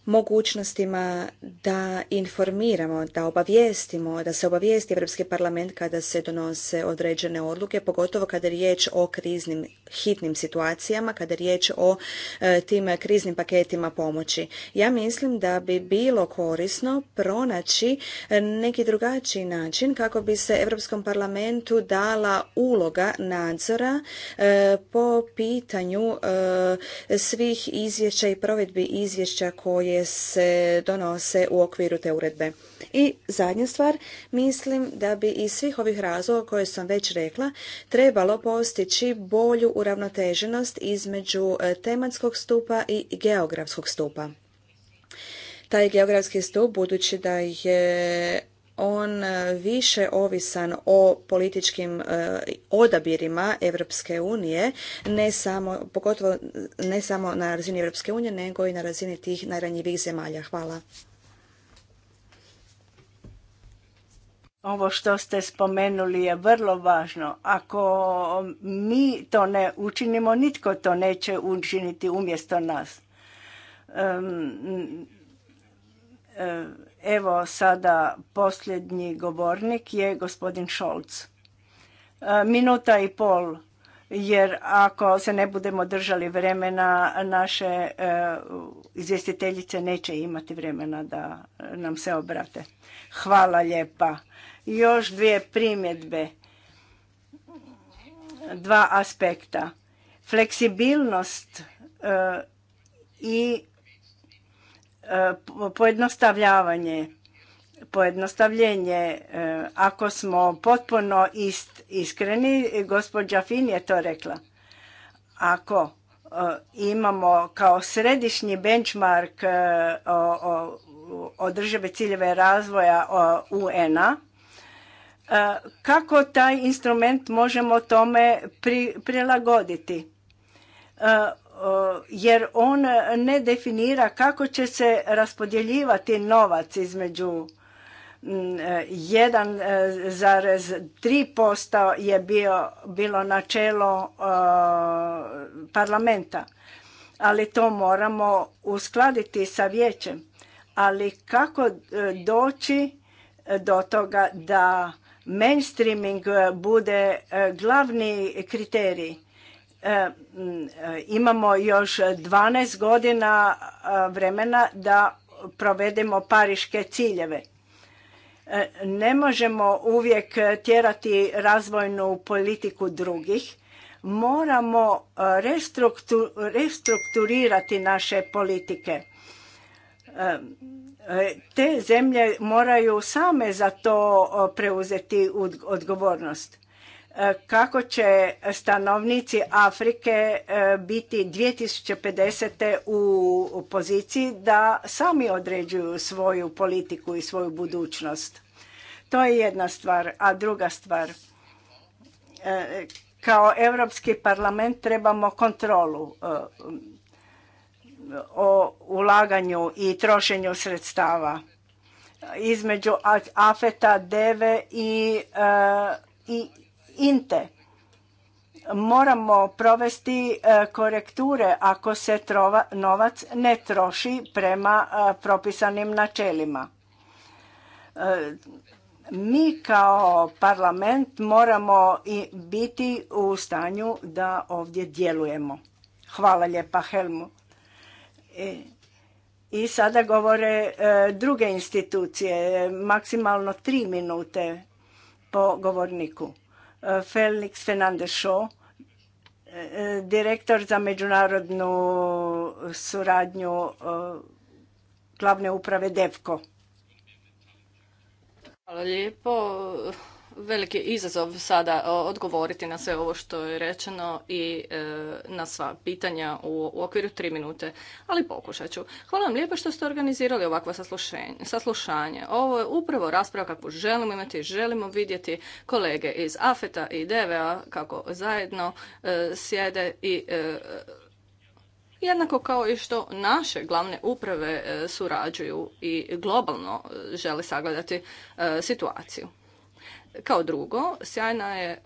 C: mogućnostima da informiramo, da obavijestimo, da se obavijesti Europski parlament kada se donose određene odluke, pogotovo kada je riječ o kriznim hitnim situacijama, kada je riječ o e, tim kriznim paketima pomoći. Ja mislim da bi bilo korisno pronaći e, neki drugačiji način kako bi se Europskom parlamentu dala uloga nadzora e, po pitanju svih izvješća i provedbi izvješća koje se donose u okviru te uredbe. I zadnja stvar, mislim da bi iz svih ovih razloga koje sam već rekla trebalo postići bolju uravnoteženost između e, tematskog stupa i geografskog stupa. Taj geografski stup, budući da je on e, više ovisan o političkim e, odabirima Europske unije, ne samo, pogotovo ne samo na razini Europske unije, nego i na razini tih najranjivijih zemalja. Hvala.
B: Ovo što ste spomenuli je vrlo važno. Ako mi to ne učinimo, nitko to neće učiniti umjesto nas. Um, Evo sada posljednji govornik je gospodin Šolc. E, minuta i pol, jer ako se ne budemo držali vremena, naše e, izvjestiteljice neće imati vremena da nam se obrate. Hvala lijepa. Još dvije primjedbe, dva aspekta. Fleksibilnost e, i E, pojednostavljavanje, pojednostavljenje. E, ako smo potpuno ist, iskreni, gospođa Fin je to rekla, ako e, imamo kao središnji benchmark održave ciljeve razvoja UN-a, kako taj instrument možemo tome prilagoditi? jer on ne definira kako će se raspodjeljivati novac između 1,3% mm, e, je bio, bilo načelo e, parlamenta, ali to moramo uskladiti sa vijećem. Ali kako e, doći do toga da mainstreaming bude glavni kriterij? E, e, imamo još 12 godina e, vremena da provedemo pariške ciljeve. Ne možemo uvijek tjerati razvojnu politiku drugih. Moramo restrukturirati naše politike. Te zemlje moraju same za to preuzeti odgovornost kako će stanovnici Afrike e, biti 2050. u poziciji da sami određuju svoju politiku i svoju budućnost. To je jedna stvar. A druga stvar, e, kao Europski parlament trebamo kontrolu e, o ulaganju i trošenju sredstava između AFETA, DEVE i, i INTE. Moramo provesti e, korekture ako se trova, novac ne troši prema e, propisanim načelima. E, mi kao parlament moramo i biti u stanju da ovdje djelujemo. Hvala lijepa Helmu. I sada govore druge institucije, maksimalno tri minute po govorniku. Felix Fernandez Shaw, direktor za međunarodnu suradnju e, glavne uprave DEVKO.
A: Hvala lijepo veliki izazov sada odgovoriti na sve ovo što je rečeno i e, na sva pitanja u, okviru tri minute, ali pokušat ću. Hvala vam lijepo što ste organizirali ovakvo saslušanje. Ovo je upravo rasprava kakvu želimo imati, želimo vidjeti kolege iz AFETA i DVA kako zajedno e, sjede i e, jednako kao i što naše glavne uprave surađuju i globalno žele sagledati situaciju. Kao drugo, sjajna je e,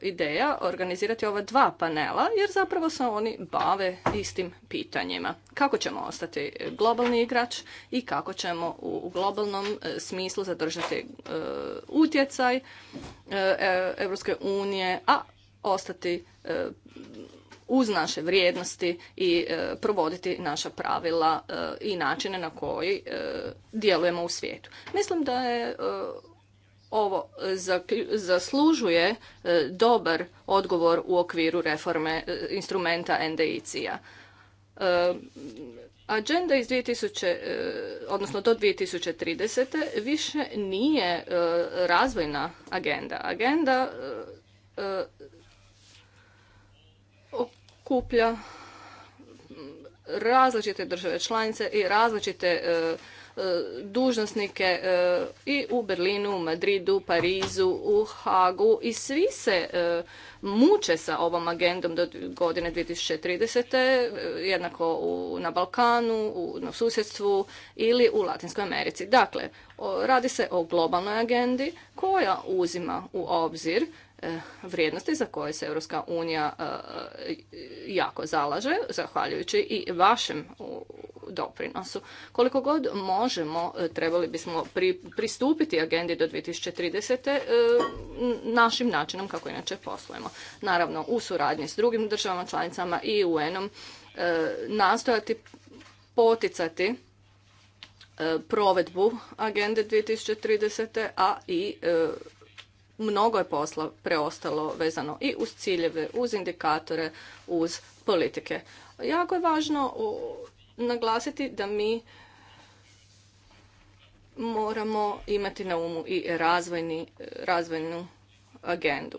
A: ideja organizirati ova dva panela jer zapravo se oni bave istim pitanjima. Kako ćemo ostati globalni igrač i kako ćemo u globalnom e, smislu zadržati e, utjecaj Europske unije, a ostati uz naše vrijednosti i provoditi naša pravila i načine na koji djelujemo u svijetu. Mislim da je ovo e, zaslužuje e, dobar odgovor u okviru reforme e, instrumenta NDIC-a. Agenda iz 2000, odnosno do 2030. više nije razvojna agenda. Agenda okuplja različite države članice i različite E, dužnosnike e, i u Berlinu, Madridu, Parizu, u Hagu i svi se e, muče sa ovom agendom do godine 2030. jednako u, na Balkanu, u, na susjedstvu ili u Latinskoj Americi. Dakle, radi se o globalnoj agendi koja uzima u obzir E, vrijednosti za koje se Europska unija e, jako zalaže, zahvaljujući i vašem doprinosu. Koliko god možemo, e, trebali bismo pristupiti agendi do 2030. našim načinom kako inače poslujemo. Naravno, u suradnji s drugim državama, članicama i UN-om nastojati poticati provedbu agende 2030. a i mnogo je posla preostalo vezano i uz ciljeve, uz indikatore, uz politike. Jako je važno naglasiti da mi moramo imati na umu i razvojni, razvojnu agendu.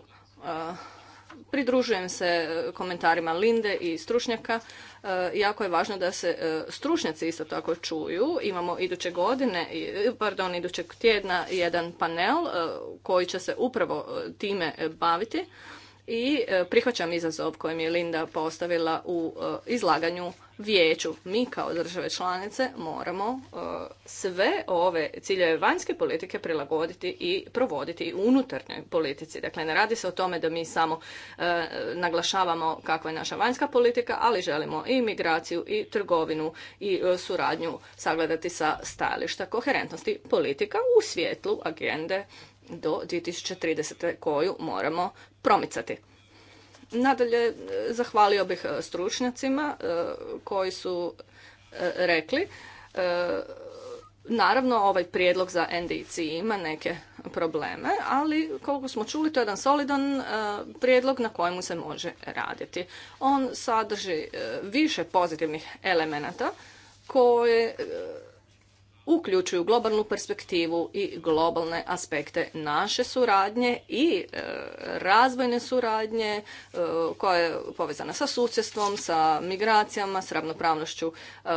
A: Pridružujem se e, komentarima Linde i stručnjaka. E, jako je važno da se e, stručnjaci isto tako čuju. Imamo iduće godine, pardon, idućeg tjedna jedan panel koji će se upravo time baviti i e, prihvaćam izazov kojem je Linda postavila u e, izlaganju vijeću. Mi kao države članice moramo e, sve ove ciljeve vanjske politike prilagoditi i provoditi u unutarnjoj politici. Dakle, ne radi se o tome da mi samo naglašavamo kakva je naša vanjska politika, ali želimo i migraciju i trgovinu i suradnju sagledati sa stajališta koherentnosti politika u svjetlu agende do 2030. koju moramo promicati. Nadalje, e, zahvalio bih e, stručnjacima e, koji su rekli Naravno, ovaj prijedlog za NDC ima neke probleme, ali koliko smo čuli, to je jedan solidan prijedlog na kojemu se može raditi. On sadrži više pozitivnih elemenata koje uključuju globalnu perspektivu i globalne aspekte naše suradnje i e, razvojne suradnje e, koja je povezana sa susjedstvom, sa migracijama, s ravnopravnošću e,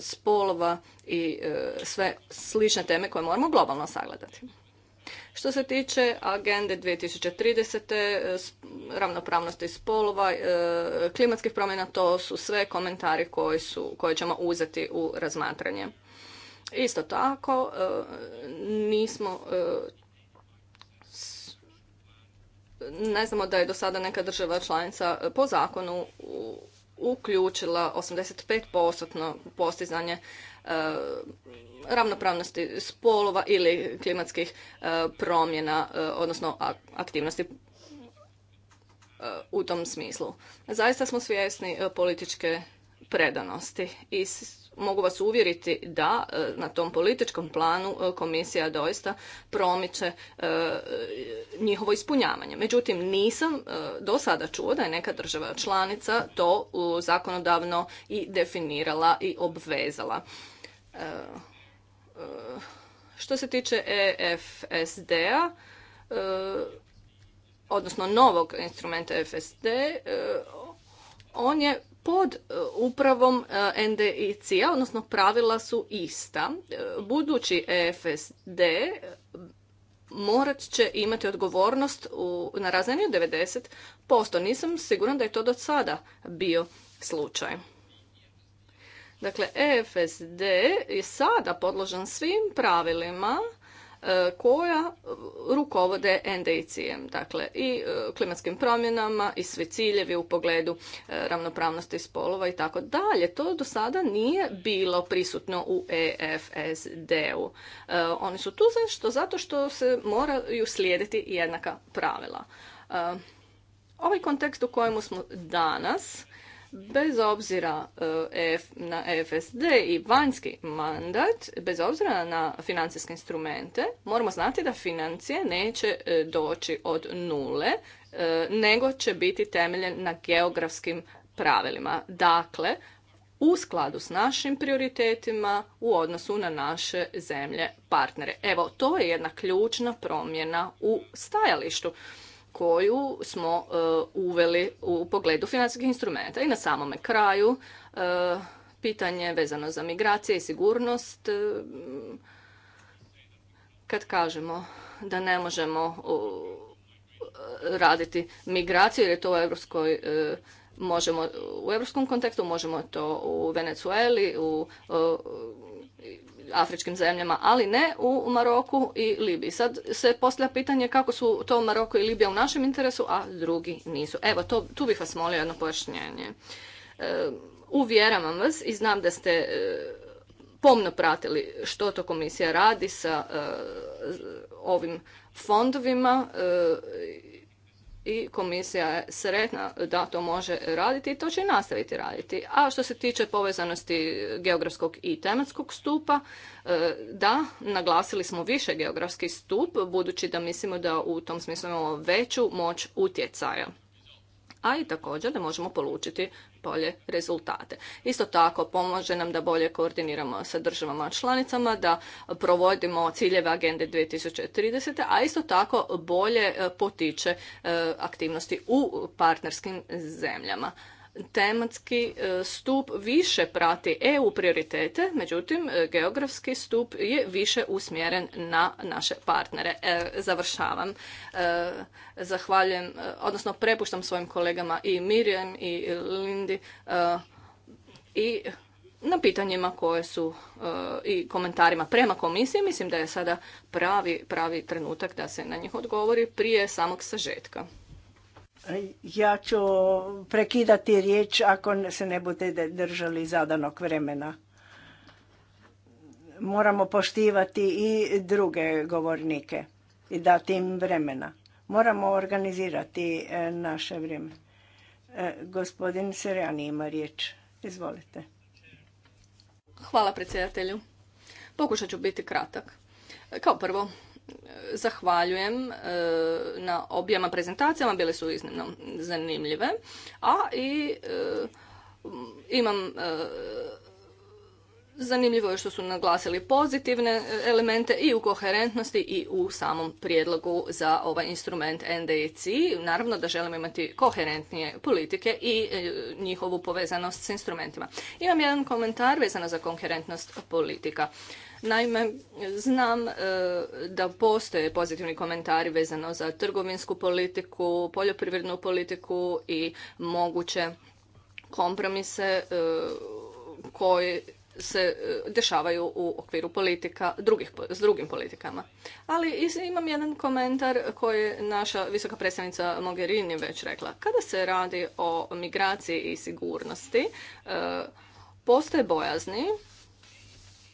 A: spolova i sve slične teme koje moramo globalno sagledati. Što se tiče agende 2030. ravnopravnosti spolova, klimatskih promjena, to su sve komentari koje ćemo uzeti u razmatranje. Isto tako, e, nismo e, ne znamo da je do sada neka država članica po zakonu uključila 85% postizanje e, ravnopravnosti spolova ili klimatskih promjena, odnosno aktivnosti u tom smislu. Zaista smo svjesni političke predanosti i mogu vas uvjeriti da e, na tom političkom planu e, komisija doista promiče e, njihovo ispunjavanje. Međutim, nisam do sada čuo da je neka država članica to zakonodavno i definirala i obvezala. Što se tiče EFSD-a, odnosno novog instrumenta FSD, on je pod e, upravom e, NDIC-a, odnosno pravila su ista. E, budući EFSD morat će imati odgovornost u, na razini 90%. Nisam siguran da je to do sada bio slučaj. Dakle, EFSD je sada podložen svim pravilima E, koja rukovode NDIC-em, dakle i e, klimatskim promjenama i svi ciljevi u pogledu e, ravnopravnosti spolova i tako dalje. To do sada nije bilo prisutno u EFSD-u. Oni su tu zašto? Zato što se moraju slijediti jednaka pravila. Ovaj kontekst u kojemu smo danas bez obzira e, na FSD i vanjski mandat, bez obzira na financijske instrumente, moramo znati da financije neće e, doći od nule, e, nego će biti temeljen na geografskim pravilima. Dakle, u skladu s našim prioritetima u odnosu na naše zemlje partnere. Evo, to je jedna ključna promjena u stajalištu koju smo e, uveli u pogledu financijskih instrumenta. I na samome kraju e, pitanje vezano za migracije i sigurnost. E, kad kažemo da ne možemo raditi migraciju jer je to u europskoj možemo u europskom kontekstu možemo to u Venecueli, u afričkim zemljama, ali ne u Maroku i Libiji. Sad se postavlja pitanje kako su to Maroko i Libija u našem interesu, a drugi nisu. Evo, to, tu bih vas molio jedno pojašnjenje. E, uvjeravam vas i znam da ste e, pomno pratili što to komisija radi sa e, ovim fondovima i komisija je sretna da to može raditi i to će i nastaviti raditi. A što se tiče povezanosti geografskog i tematskog stupa, e, da, naglasili smo više geografski stup, budući da mislimo da u tom smislu imamo veću moć utjecaja a i također da možemo polučiti bolje rezultate. Isto tako pomaže nam da bolje koordiniramo sa državama članicama, da provodimo ciljeve agende 2030. a isto tako bolje e, potiče e, aktivnosti u partnerskim zemljama tematski e, stup više prati EU prioritete, međutim e, geografski stup je više usmjeren na naše partnere. E, završavam. E, zahvaljujem, odnosno prepuštam svojim kolegama i Mirjam i Lindi i na pitanjima koje su i komentarima prema komisiji. Mislim da je sada pravi, pravi trenutak da se na njih odgovori prije samog sažetka.
B: Ja ću prekidati riječ ako se ne budete držali zadanog vremena. Moramo poštivati i druge govornike i dati im vremena. Moramo organizirati e, naše vrijeme. E, gospodin Serjani ima riječ. Izvolite.
A: Hvala predsjedatelju. Pokušat ću biti kratak. Kao prvo, zahvaljujem e, na objema prezentacijama, bile su iznimno zanimljive, a i e, imam e, Zanimljivo je što su naglasili pozitivne e, elemente i u koherentnosti i u samom prijedlogu za ovaj instrument NDC. Naravno da želimo imati koherentnije politike i e, njihovu povezanost s instrumentima. Imam jedan komentar vezano za koherentnost politika. Naime, znam e, da postoje pozitivni komentari vezano za trgovinsku politiku, poljoprivrednu politiku i moguće kompromise koji se e, dešavaju u okviru politika, drugih, s drugim politikama. Ali imam jedan komentar koji je naša visoka predstavnica Mogherini već rekla. Kada se radi o migraciji i sigurnosti, e, postoje bojazni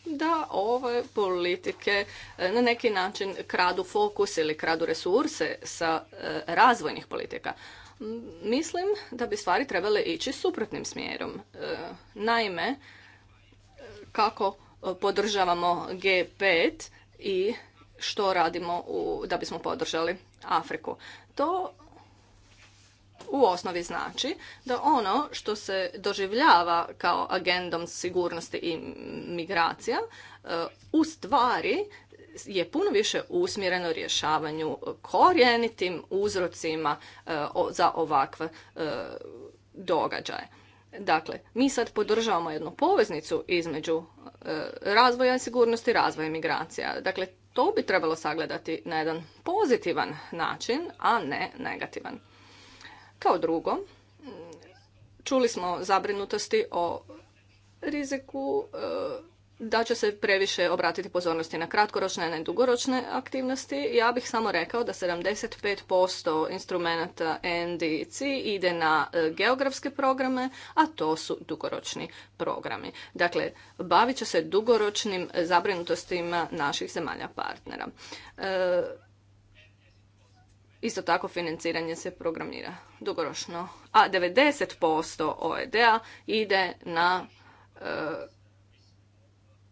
A: da ove politike e, na neki način kradu fokus ili kradu resurse sa razvojnih politika. Mislim da bi stvari trebale ići suprotnim smjerom. Naime, kako e, podržavamo G5 i što radimo u, da bismo podržali Afriku. To u osnovi znači da ono što se doživljava kao agendom sigurnosti i migracija e, u stvari je puno više usmjereno rješavanju korijenitim uzrocima e, za ovakve događaje. Dakle, mi sad podržavamo jednu poveznicu između e, razvoja sigurnosti i razvoja migracija. Dakle, to bi trebalo sagledati na jedan pozitivan način, a ne negativan. Kao drugo, čuli smo zabrinutosti o riziku e, da će se previše obratiti pozornosti na kratkoročne, ne dugoročne aktivnosti. Ja bih samo rekao da 75% instrumenta NDC ide na e, geografske programe, a to su dugoročni programi. Dakle, bavit će se dugoročnim zabrinutostima naših zemalja partnera. E, isto tako financiranje se programira dugoročno, a 90% OED-a ide na e,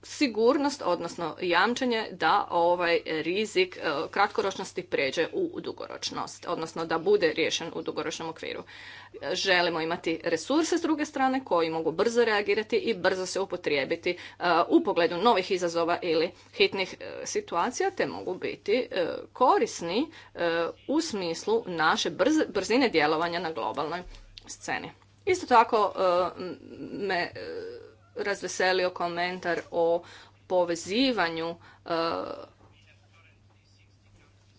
A: sigurnost, odnosno jamčenje da ovaj rizik e, kratkoročnosti pređe u dugoročnost, odnosno da bude riješen u dugoročnom okviru. E, želimo imati resurse s druge strane koji mogu brzo reagirati i brzo se upotrijebiti e, u pogledu novih izazova ili hitnih situacija, te mogu biti korisni u smislu naše brzine djelovanja na globalnoj sceni. Isto tako me razveselio komentar o povezivanju e,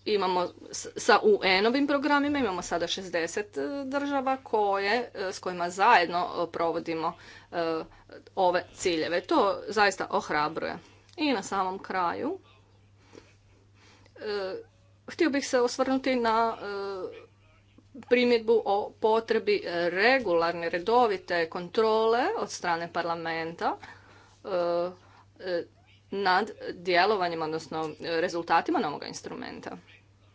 A: imamo sa UN-ovim programima, imamo sada 60 e, država koje, e, s kojima zajedno provodimo ove ciljeve. To zaista ohrabruje. I na samom kraju htio bih se osvrnuti na primjedbu o potrebi regularne, redovite kontrole od strane parlamenta e, e, nad djelovanjem, odnosno rezultatima novoga instrumenta.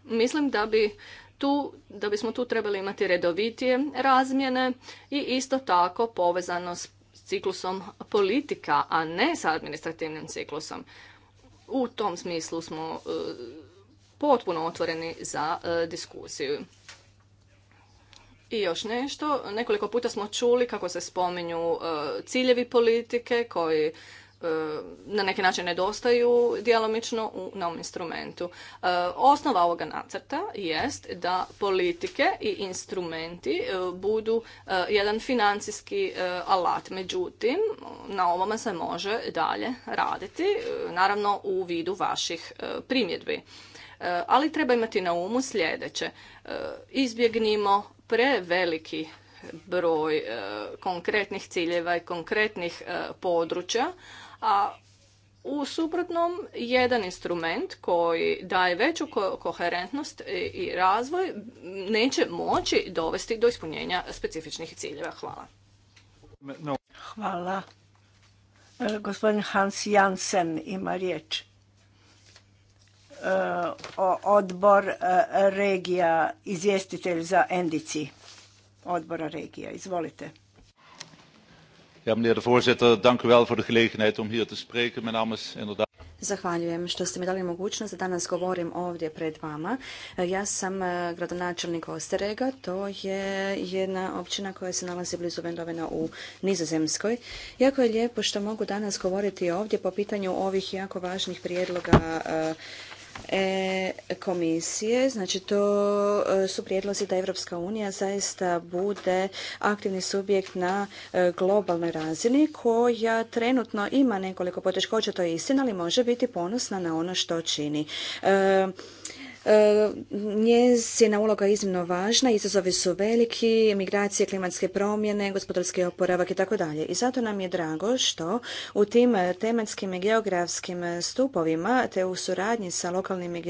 A: Mislim da bi tu, da bismo tu trebali imati redovitije razmjene i isto tako povezano s ciklusom politika, a ne sa administrativnim ciklusom. U tom smislu smo e, potpuno otvoreni za diskusiju. I još nešto, nekoliko puta smo čuli kako se spominju e, ciljevi politike koji e, na neki način nedostaju djelomično u novom instrumentu. E, osnova ovoga nacrta jest da politike i instrumenti budu jedan financijski alat. Međutim, na ovome se može dalje raditi, naravno u vidu vaših primjedbi ali treba imati na umu sljedeće. Izbjegnimo preveliki broj e, konkretnih ciljeva i konkretnih e, područja, a u suprotnom jedan instrument koji daje veću koherentnost i, i razvoj neće moći dovesti do ispunjenja specifičnih ciljeva. Hvala.
B: Hvala. E, gospodin Hans Jansen ima riječ odbor e, regija, izvjestitelj za Endici odbora regija. Izvolite.
C: Ja, meneer voorzitter, dank u wel voor de gelegenheid om hier te spreken.
B: Zahvaljujem
C: što ste mi dali mogućnost da danas govorim ovdje pred vama. E, ja sam e, gradonačelnik Osterega, to je jedna općina koja se nalazi blizu Vendovena u Nizozemskoj. Jako je lijepo što mogu danas govoriti ovdje po pitanju ovih jako važnih prijedloga E, komisije. Znači to e, su prijedlozi da Evropska unija zaista bude aktivni subjekt na e, globalnoj razini koja trenutno ima nekoliko poteškoća, to je istina, ali može biti ponosna na ono što čini. E, Njezina uloga je iznimno važna, izazovi su veliki, migracije, klimatske promjene, gospodarski oporavak i tako dalje. I zato nam je drago što u tim tematskim i geografskim stupovima te u suradnji sa lokalnim i,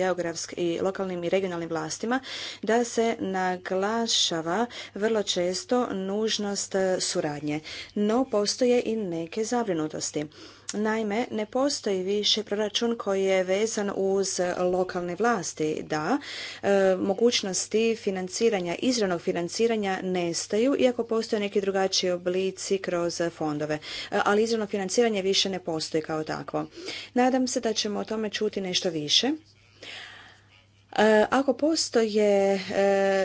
C: i lokalnim i regionalnim vlastima da se naglašava vrlo često nužnost suradnje. No, postoje i neke zabrinutosti. Naime, ne postoji više proračun koji je vezan uz lokalne vlasti, da e, mogućnosti financiranja, izravnog financiranja nestaju, iako postoje neki drugačiji oblici kroz fondove. E, ali izravno financiranje više ne postoji kao takvo. Nadam se da ćemo o tome čuti nešto više. E, ako postoje,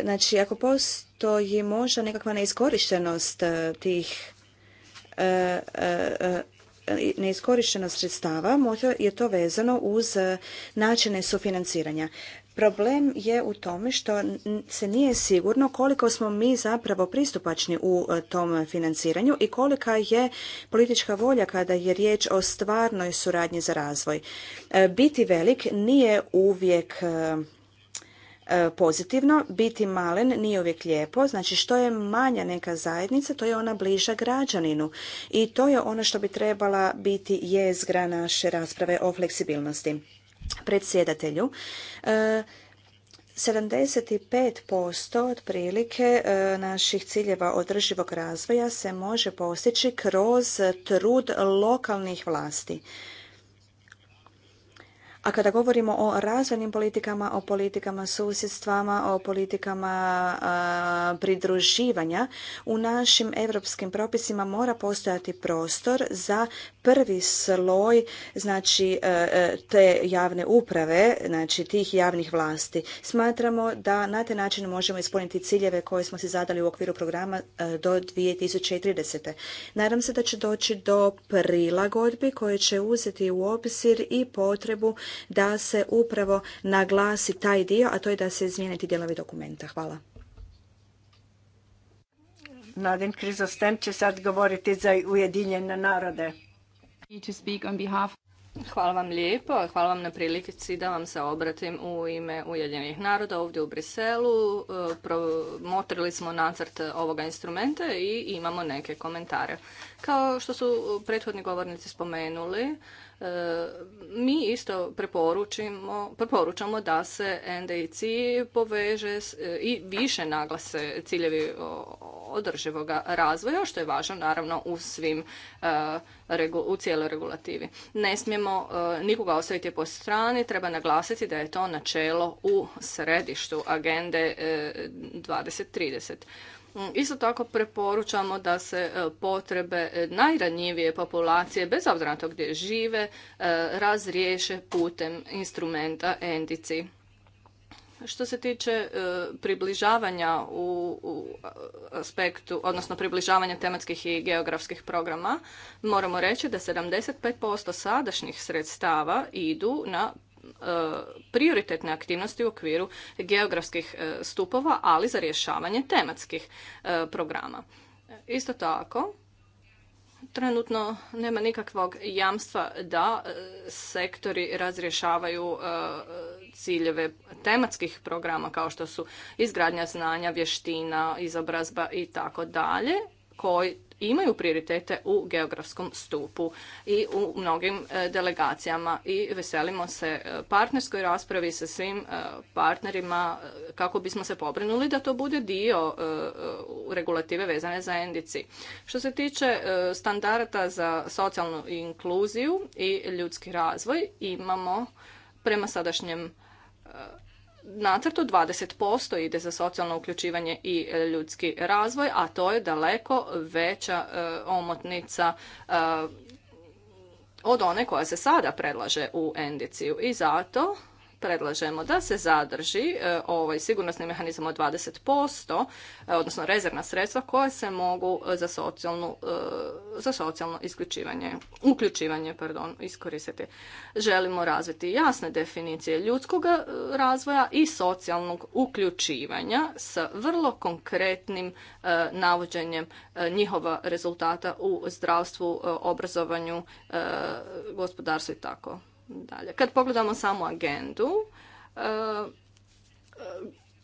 C: znači ako postoji možda nekakva neiskorištenost tih neiskorištenost sredstava možda je to vezano uz e, načine sufinanciranja. Problem je u tome što se nije sigurno koliko smo mi zapravo pristupačni u e, tom financiranju i kolika je politička volja kada je riječ o stvarnoj suradnji za razvoj. E, biti velik nije uvijek E, pozitivno. Biti malen nije uvijek lijepo, znači što je manja neka zajednica, to je ona bliža građaninu. I to je ono što bi trebala biti jezgra naše rasprave o fleksibilnosti. Predsjedatelju, 75% e, otprilike e, naših ciljeva održivog razvoja se može postići kroz trud lokalnih vlasti. A kada govorimo o razvojnim politikama, o politikama susjedstvama, o politikama pridruživanja, u našim europskim propisima mora postojati prostor za prvi sloj znači e, e, te javne uprave, znači tih javnih vlasti. Smatramo da na taj način možemo ispuniti ciljeve koje smo si zadali u okviru programa e, do 2030. Nadam se da će doći do prilagodbi koje će uzeti u obzir i potrebu da se upravo naglasi taj dio, a to je da se izmijene ti dijelovi dokumenta. Hvala.
B: Nadin Krizosten će sad govoriti za Ujedinjene narode. Hvala vam lijepo, hvala vam na
A: prilici da vam se obratim u ime Ujedinjenih naroda ovdje u Briselu. E, promotrili smo nacrt ovoga instrumenta i imamo neke komentare. Kao što su prethodni govornici spomenuli, E, mi isto preporučamo da se NDIC poveže e, i više naglase ciljevi održivog razvoja, što je važno naravno u svim e, u cijeloj regulativi. Ne smijemo nikoga ostaviti po strani, treba naglasiti da je to načelo u središtu agende 2030. Mm, isto tako preporučamo da se e, potrebe e, najranjivije populacije, bez obzira na to gdje žive, e, razriješe putem instrumenta endici. Što se tiče približavanja u aspektu, odnosno približavanja tematskih i geografskih programa, moramo reći da 75% sadašnjih sredstava idu na E, prioritetne aktivnosti u okviru geografskih e, stupova, ali za rješavanje tematskih e, programa. Isto tako, trenutno nema nikakvog jamstva da sektori razrješavaju ciljeve tematskih programa kao što su izgradnja znanja, vještina, izobrazba i tako dalje koji imaju prioritete u geografskom stupu i u mnogim e, delegacijama i veselimo se e, partnerskoj raspravi sa svim e, partnerima kako bismo se pobrinuli da to bude dio regulative vezane za endici. Što se tiče standarda za socijalnu inkluziju i ljudski razvoj, imamo prema sadašnjem nacrtu 20% ide za socijalno uključivanje i ljudski razvoj, a to je daleko veća e, omotnica e, od one koja se sada predlaže u Endiciju. I zato predlažemo da se zadrži e, ovaj sigurnosni mehanizam od 20%, e, odnosno rezervna sredstva koje se mogu e, za, socijalnu, za socijalno isključivanje, uključivanje pardon, iskoristiti. Želimo razviti jasne definicije ljudskog razvoja i socijalnog uključivanja sa vrlo konkretnim navođenjem njihova rezultata u zdravstvu, obrazovanju, gospodarstvu i tako dalje. Kad pogledamo samo agendu, e,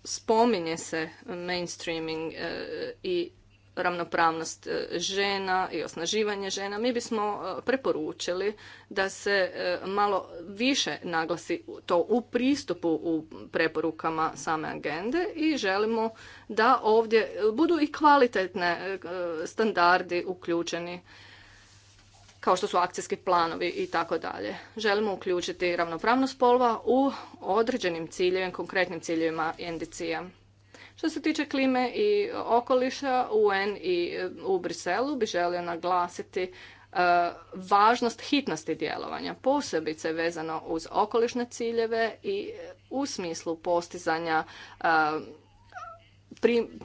A: spominje se mainstreaming e, i ravnopravnost e, žena i osnaživanje žena, mi bismo preporučili da se malo više naglasi to u pristupu u preporukama same agende i želimo da ovdje budu i kvalitetne standardi uključeni kao što su akcijski planovi i tako dalje. Želimo uključiti ravnopravnost spolova u određenim ciljevima, konkretnim ciljevima NDC-a. Što se tiče klime i okoliša, UN i e, u Briselu bi želio naglasiti e, važnost hitnosti djelovanja, posebice vezano uz okolišne ciljeve i e, u smislu postizanja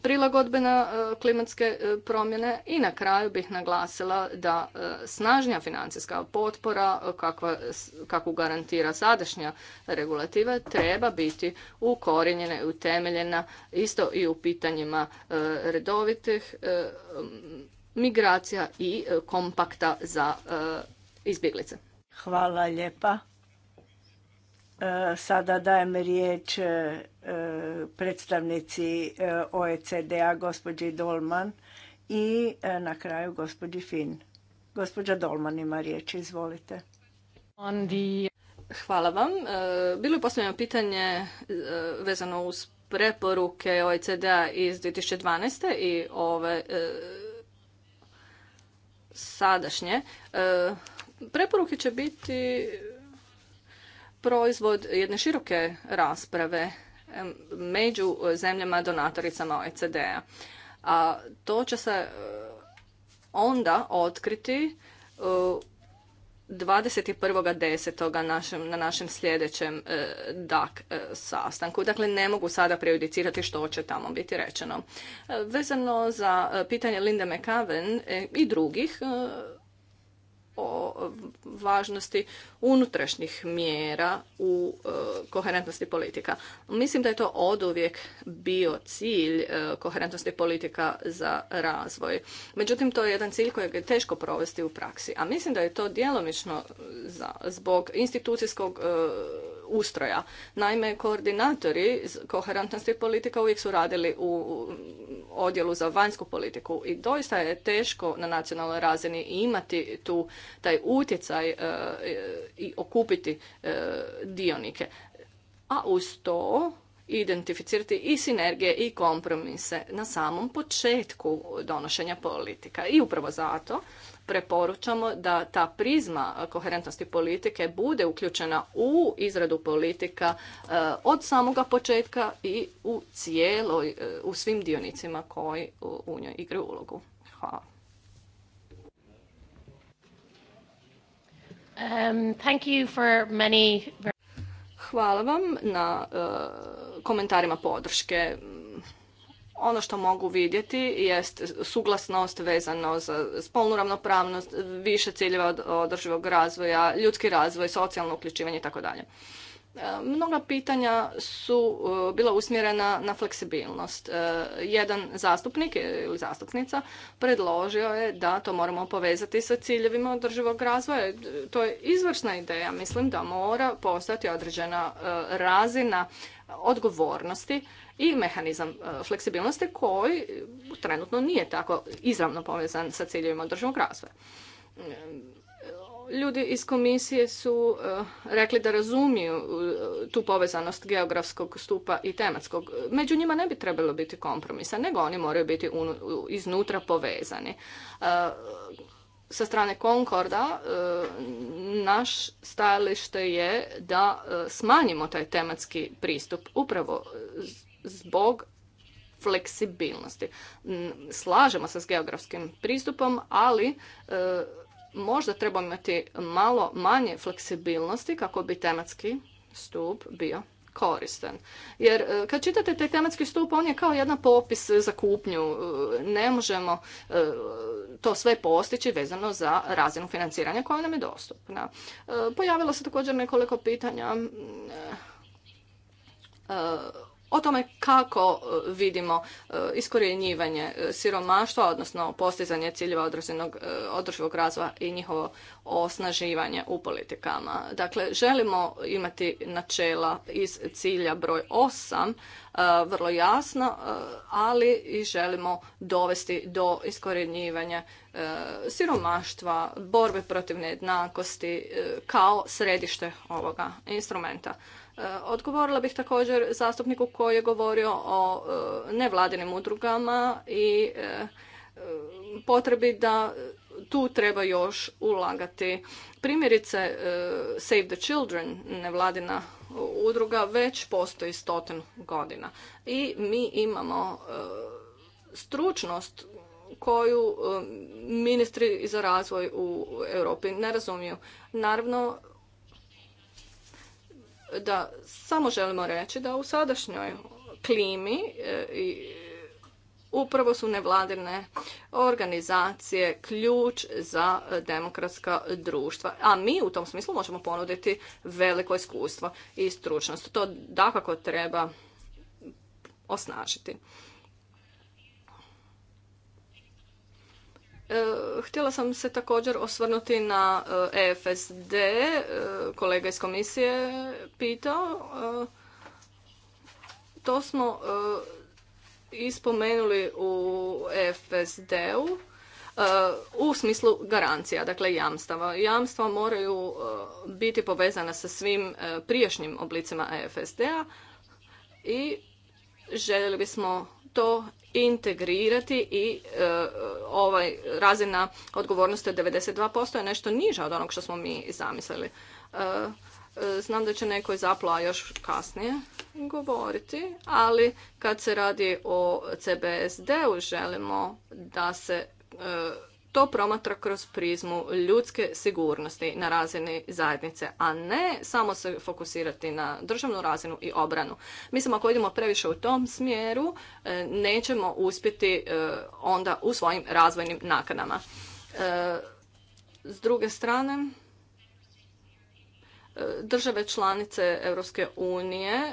A: prilagodbe na e, klimatske e, promjene i na kraju bih naglasila da e, snažnja financijska potpora kakva, kakvu garantira sadašnja regulativa treba biti ukorijenjena i utemeljena isto i u pitanjima redovitih migracija i kompakta za izbjeglice. Hvala
B: lijepa. E, sada dajem riječ e, predstavnici e, OECD-a, gospođi Dolman i na kraju gospođi Fin. Gospođa Dolman ima riječ, izvolite.
A: Hvala vam. Bilo je postavljeno pitanje vezano uz preporuke OECD-a iz 2012. i ove sadašnje. Preporuke će biti proizvod jedne široke rasprave među e, zemljama donatoricama OECD-a. A to će se e, onda otkriti 21.10. E, našem, na našem sljedećem DAK sastanku. Dakle, ne mogu sada prejudicirati što će tamo biti rečeno. Vezano za pitanje Linda McAven i drugih, o važnosti unutrašnjih mjera u e, koherentnosti politika. Mislim da je to oduvijek bio cilj e, koherentnosti politika za razvoj. Međutim, to je jedan cilj kojeg je teško provesti u praksi. A mislim da je to djelomično zbog institucijskog e, ustroja. Naime, koordinatori koherentnosti politika uvijek su radili u odjelu za vanjsku politiku i doista je teško na nacionalnoj razini imati tu taj utjecaj e, i okupiti e, dionike. A uz to identificirati i sinergije i kompromise na samom početku donošenja politika. I upravo zato preporučamo da ta prizma koherentnosti politike bude uključena u izradu politika eh, od samoga početka i u cijeloj, eh, u svim dionicima koji u njoj igraju ulogu. Hvala. Um, Hvala vam na eh, komentarima podrške. Ono što mogu vidjeti jest suglasnost vezano za spolnu ravnopravnost, više ciljeva održivog razvoja, ljudski razvoj, socijalno uključivanje itd. E, mnoga pitanja su e, bila usmjerena na fleksibilnost. E, jedan zastupnik ili zastupnica predložio je da to moramo povezati sa ciljevima održivog razvoja. To je izvrsna ideja. Mislim da mora postati određena razina odgovornosti i mehanizam e, fleksibilnosti koji trenutno nije tako izravno povezan sa ciljevima održivog razvoja. E, ljudi iz komisije su e, rekli da razumiju tu povezanost geografskog stupa i tematskog. Među njima ne bi trebalo biti kompromisa, nego oni moraju biti iznutra povezani sa strane Concorda naš stajalište je da smanjimo taj tematski pristup upravo zbog fleksibilnosti. Slažemo se s geografskim pristupom, ali e, možda treba imati malo manje fleksibilnosti kako bi tematski stup bio koristan. Jer e, kad čitate taj tematski stup, on je kao jedan popis za kupnju. E, ne možemo to sve postići vezano za razinu financiranja koja nam je dostupna. Pojavilo se također nekoliko pitanja o tome kako e, vidimo e, iskorjenjivanje e, siromaštva, odnosno postizanje ciljeva održivog razvoja i njihovo osnaživanje u politikama. Dakle, želimo imati načela iz cilja broj 8 vrlo jasno, ali i želimo dovesti do iskorjenjivanja siromaštva, borbe protiv nejednakosti kao središte ovoga instrumenta. E, odgovorila bih također zastupniku koji je govorio o e, nevladinim udrugama i e, potrebi da tu treba još ulagati. Primjerice Save the Children, nevladina udruga, već postoji stotin godina. I mi imamo stručnost koju ministri za razvoj u Europi ne razumiju. Naravno, da samo želimo reći da u sadašnjoj klimi e, i upravo su nevladine organizacije ključ za demokratska društva. A mi u tom smislu možemo ponuditi veliko iskustvo i stručnost. To dakako treba osnažiti. Eh, htjela sam se također osvrnuti na EFSD. Eh, e eh, kolega iz komisije pitao. To smo ispomenuli u EFSD-u u smislu garancija, dakle jamstava. Jamstva moraju biti povezana sa svim prijašnjim oblicima EFSD-a i željeli bismo to integrirati i e, ovaj razina odgovornosti od 92% je nešto niža od onog što smo mi zamislili. E, e, znam da će neko iz apple još kasnije govoriti, ali kad se radi o CBSD-u želimo da se to promatra kroz prizmu ljudske sigurnosti na razini zajednice, a ne samo se fokusirati na državnu razinu i obranu. Mislim, ako idemo previše u tom smjeru, e, nećemo uspjeti e, onda u svojim razvojnim nakanama. E, s druge strane, države članice Europske unije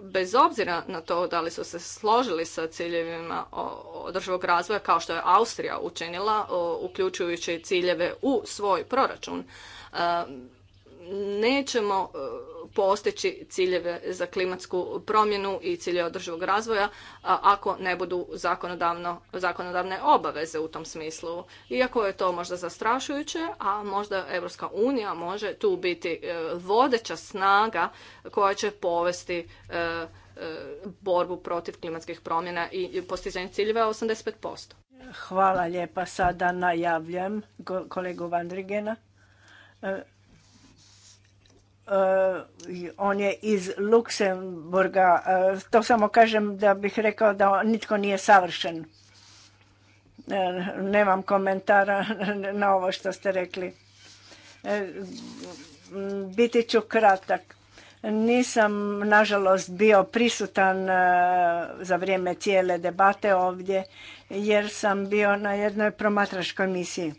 A: bez obzira na to da li su se složili sa ciljevima održivog razvoja kao što je Austrija učinila, uključujući ciljeve u svoj proračun, e, nećemo e, postići ciljeve za klimatsku promjenu i ciljeve održivog razvoja ako ne budu zakonodavne obaveze u tom smislu. Iako je to možda zastrašujuće, a možda Europska unija može tu biti e, vodeća snaga koja će povesti e, e, borbu protiv klimatskih promjena i postizanje ciljeva 85%.
B: Hvala lijepa. Sada najavljam kolegu Vandrigena Eh, on je iz Luksemburga. Eh, to samo kažem da bih rekao da nitko nije savršen. Eh, nemam komentara na ovo što ste rekli. Biti ću kratak. Nisam, nažalost, bio prisutan za vrijeme cijele debate ovdje, jer sam bio na jednoj promatraškoj misiji.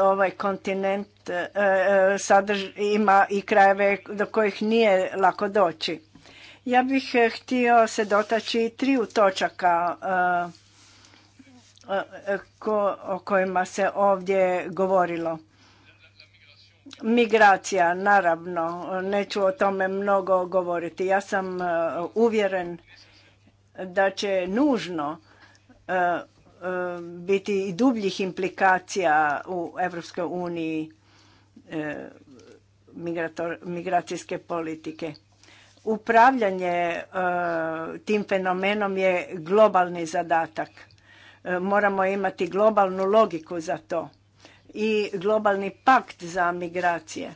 B: Ovaj kontinent E, e, ima i krajeve do kojih nije lako doći. Ja bih e, htio se dotaći triju točaka o kojima se ovdje govorilo. Migracija, naravno, neću o tome mnogo govoriti. Ja sam uvjeren da će nužno biti i dubljih implikacija u Europskoj uniji E, migracijske politike. Upravljanje e, tim fenomenom je globalni zadatak. E, moramo imati globalnu logiku za to i globalni pakt za migracije.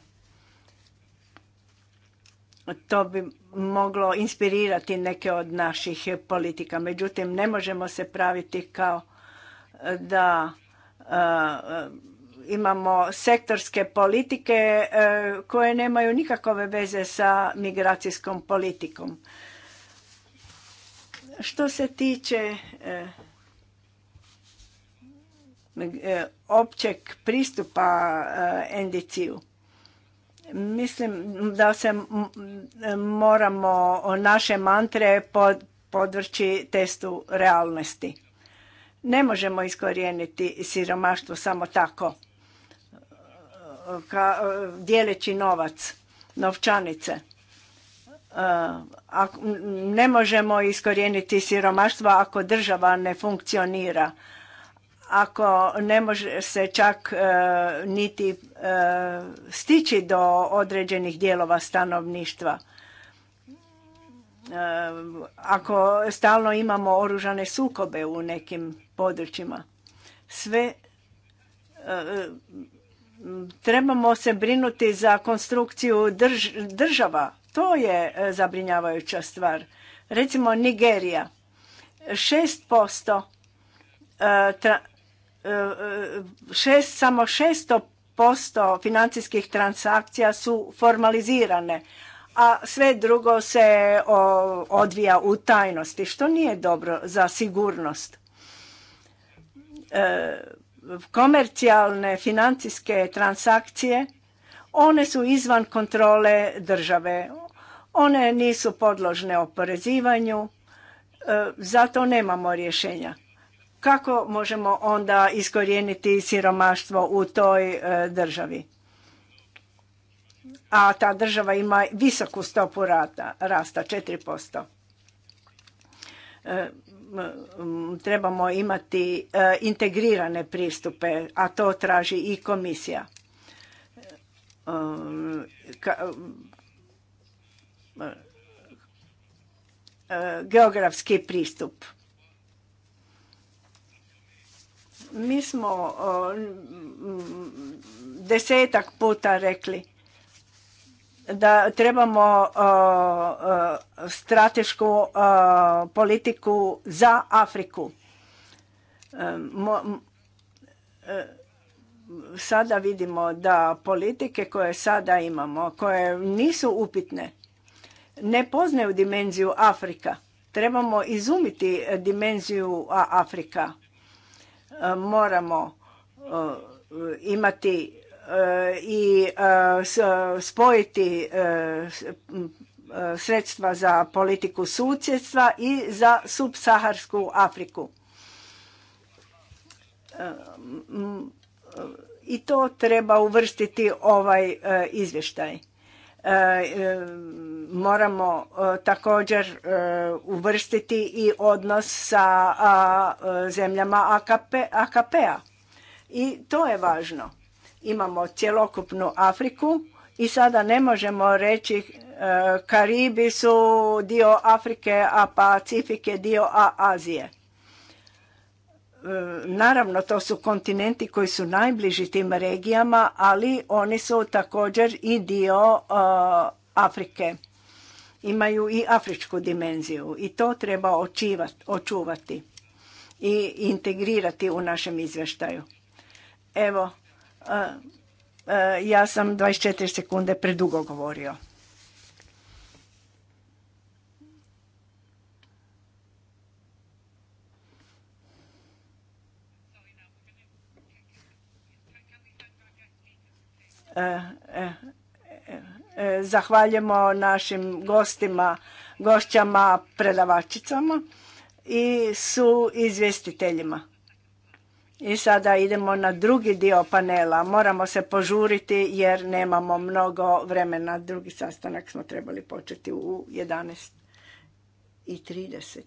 B: To bi moglo inspirirati neke od naših politika. Međutim, ne možemo se praviti kao da Imamo sektorske politike e, koje nemaju nikakove veze sa migracijskom politikom. Što se tiče e, e, općeg pristupa NDC-u, mislim da se moramo naše mantre podvrći testu realnosti. Ne možemo iskorijeniti siromaštvo samo tako ka, e, dijeleći novac, novčanice. E, ako, ne možemo iskorijeniti siromaštvo ako država ne funkcionira. Ako ne može se čak e, niti stići do određenih dijelova stanovništva. Ako stalno imamo oružane sukobe u nekim područjima. Sve Trebamo se brinuti za konstrukciju država. To je e, zabrinjavajuća stvar. Recimo Nigerija. 6% e, tra, 6, e, samo 600% financijskih transakcija su formalizirane, a sve drugo se odvija u tajnosti, što nije dobro za sigurnost komercijalne financijske transakcije, one su izvan kontrole države. One nisu podložne oporezivanju, e, zato nemamo rješenja. Kako možemo onda iskorijeniti siromaštvo u toj e, državi? A ta država ima visoku stopu rata, rasta, 4% trebamo imati e, integrirane pristupe, a to traži i komisija. E, e, geografski pristup. Mi smo desetak puta rekli da trebamo stratešku politiku za Afriku. E, e, sada vidimo da politike koje sada imamo, koje nisu upitne, ne poznaju dimenziju Afrika. Trebamo izumiti dimenziju Afrika. E, moramo imati E, i e, spojiti e, sredstva za politiku susjedstva i za subsaharsku Afriku. I to treba uvrstiti ovaj izvještaj. Moramo također uvrstiti i odnos sa zemljama AKP-a. I to je važno Imamo cjelokupnu Afriku i sada ne možemo reći e, Karibi su dio Afrike, a Pacifik je dio Azije. E, naravno, to su kontinenti koji su najbliži tim regijama, ali oni su također i dio e, Afrike. Imaju i afričku dimenziju i to treba očuvati i integrirati u našem izvještaju. Evo, E, e, ja sam 24 sekunde predugo govorio. E, zahvaljujemo našim gostima, gošćama, predavačicama i su izvjestiteljima. I sada idemo na drugi dio panela. Moramo se požuriti jer nemamo mnogo vremena. Drugi sastanak smo trebali početi u 11.30.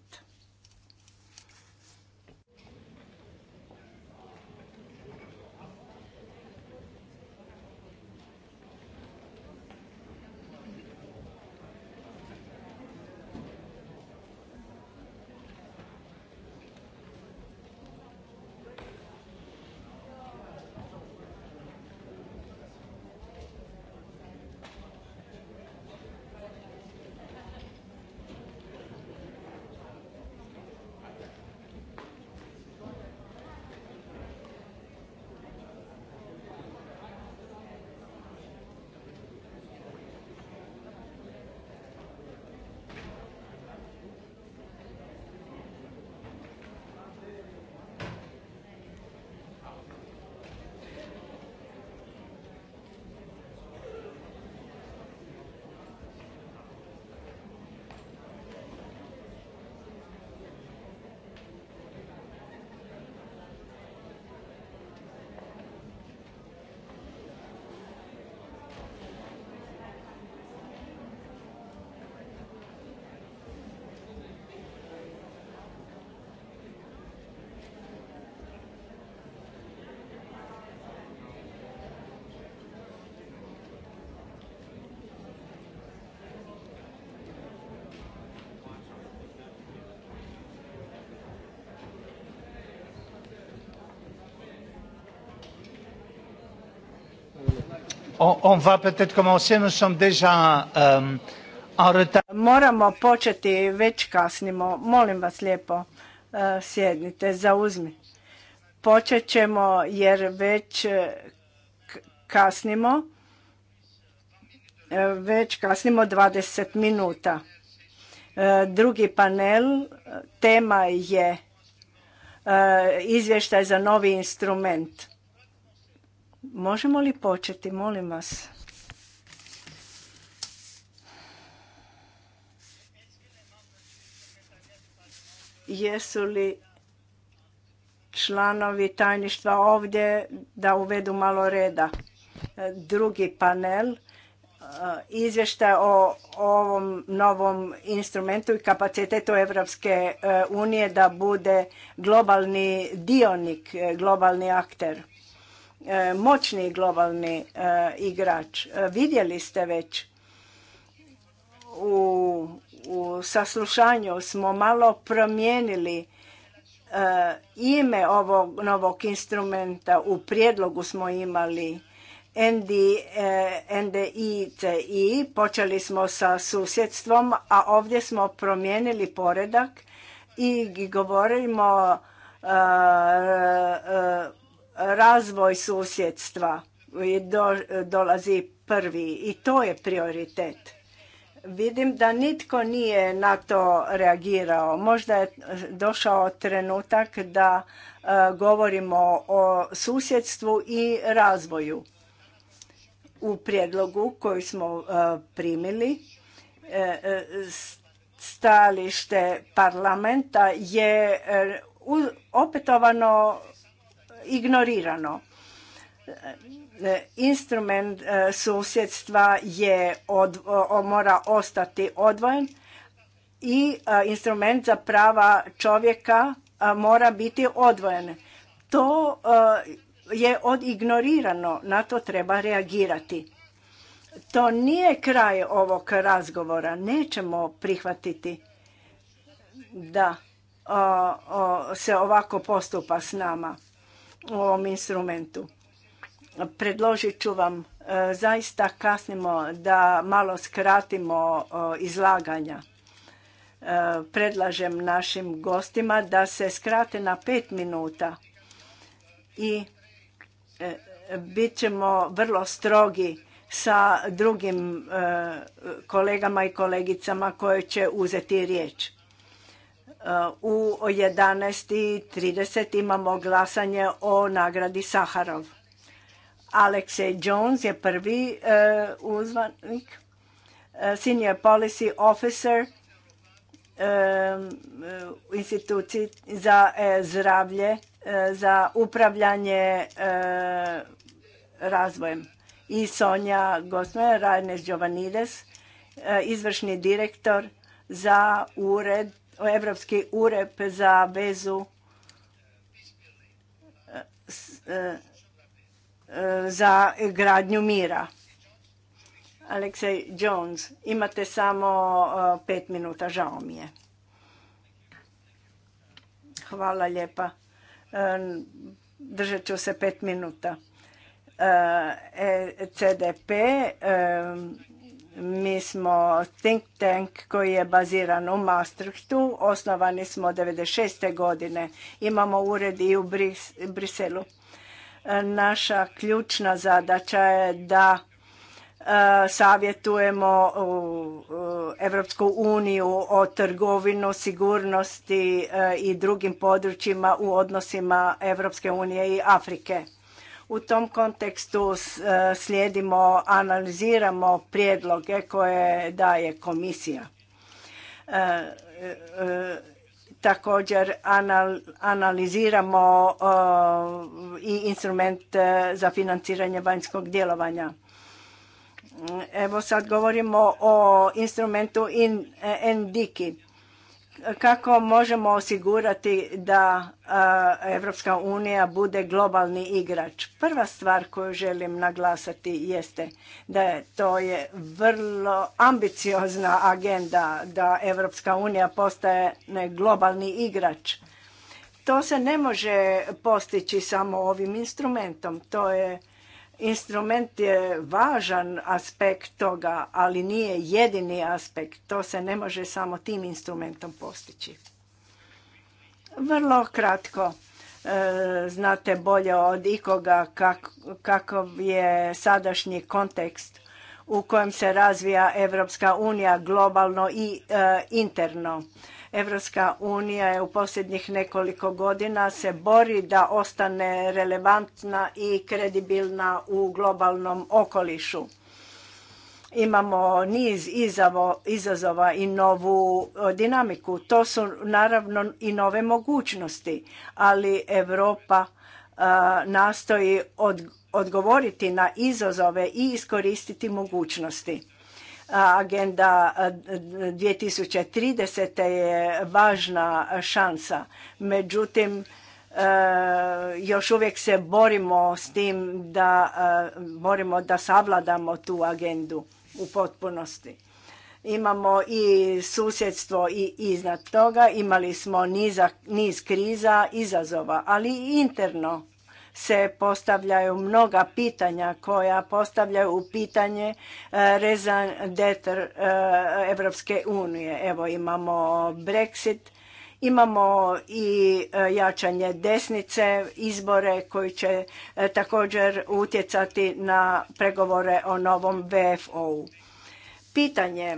B: Euh, Moramo početi, već kasnimo. Molim vas lijepo, uh, sjednite, zauzmi. Počet ćemo jer već uh, kasnimo. Uh, već kasnimo 20 minuta. Drugi panel, tema je izvještaj za novi instrument Možemo li početi, molim vas? Jesu li članovi tajništva ovdje da uvedu malo reda? Drugi panel, e, izvještaj o ovom novom instrumentu i kapacitetu Europske e, unije da bude globalni dionik, e, globalni akter E, moćni globalni e, igrač. E, vidjeli ste već u, u saslušanju smo malo promijenili ime ovog novog instrumenta. U prijedlogu smo imali ND, NDICI, počeli smo sa susjedstvom, a ovdje smo promijenili poredak i govorimo razvoj susjedstva dolazi prvi i to je prioritet. Vidim da nitko nije na to reagirao. Možda je došao trenutak da e, govorimo o susjedstvu i razvoju. U prijedlogu koji smo e, primili e, stajalište parlamenta je opetovano ignorirano. E, instrument e, susjedstva je mora ostati odvojen i e, instrument za prava čovjeka mora biti odvojen. To je odignorirano, na to treba reagirati. To nije kraj ovog razgovora, nećemo prihvatiti da se ovako postupa s nama u ovom instrumentu. Predložit ću vam, e, zaista kasnimo da malo skratimo e, izlaganja. E, predlažem našim gostima da se skrate na pet minuta i bit ćemo vrlo strogi sa drugim kolegama i kolegicama koje će uzeti riječ. U 11.30 imamo glasanje o nagradi Saharov. Aleksej Jones je prvi e, uzvanik, e, senior policy officer u e, instituciji za zdravlje, za upravljanje razvojem. I Sonja Gosme, Rajnes Giovanides, izvršni direktor za ured Evropski ured za vezu eh, za gradnju mira. Aleksej Jones, imate samo eh, pet minuta, žao mi je. Hvala lijepa. Eh, držat ću se pet minuta. E CDP mi smo think tank koji je baziran u Maastrichtu, osnovani smo 1996. godine. Imamo ured i u Briselu. Naša ključna zadaća je da e, savjetujemo Evropsku uniju o trgovinu, sigurnosti e, i drugim područjima u odnosima Evropske unije i Afrike. U tom kontekstu e, slijedimo, analiziramo prijedloge koje daje komisija. E, e, također analiziramo i instrument za financiranje vanjskog djelovanja. Evo sad govorimo o instrumentu in, kako možemo osigurati da Evropska unija bude globalni igrač. Prva stvar koju želim naglasati jeste da je to je vrlo ambiciozna agenda da Evropska unija postaje globalni igrač. To se ne može postići samo ovim instrumentom. To je Instrument je važan aspekt toga, ali nije jedini aspekt. To se ne može samo tim instrumentom postići. Vrlo kratko. E, znate bolje od ikoga kak, kakav je sadašnji kontekst u kojem se razvija Evropska unija globalno i e, interno. Evropska unija je u posljednjih nekoliko godina se bori da ostane relevantna i kredibilna u globalnom okolišu. Imamo niz izavo, izazova i novu e, dinamiku. To su naravno i nove mogućnosti, ali Europa e, nastoji odgovoriti na izazove i iskoristiti mogućnosti Agenda 2030. je važna šansa, međutim e, još uvijek se borimo s tim da e, borimo da savladamo tu agendu u potpunosti. Imamo i susjedstvo i iznad toga, imali smo niz kriza, izazova, ali i interno se postavljaju mnoga pitanja koja postavljaju u pitanje e, rezan deter e, Evropske unije. Evo imamo Brexit, imamo i e, jačanje desnice, izbore koji će također utjecati na pregovore o novom VFO-u. Pitanje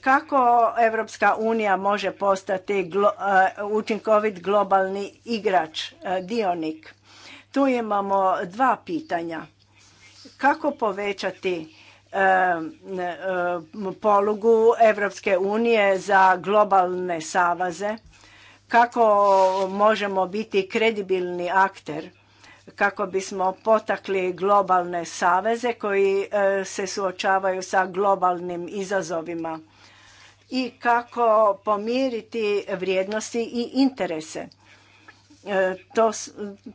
B: kako Evropska unija može postati učinkovit globalni igrač, dionik tu imamo dva pitanja. Kako povećati e, e, polugu Evropske unije za globalne savaze? Kako možemo biti kredibilni akter? kako bismo potakli globalne saveze koji e, se suočavaju sa globalnim izazovima i kako pomiriti vrijednosti i interese. To,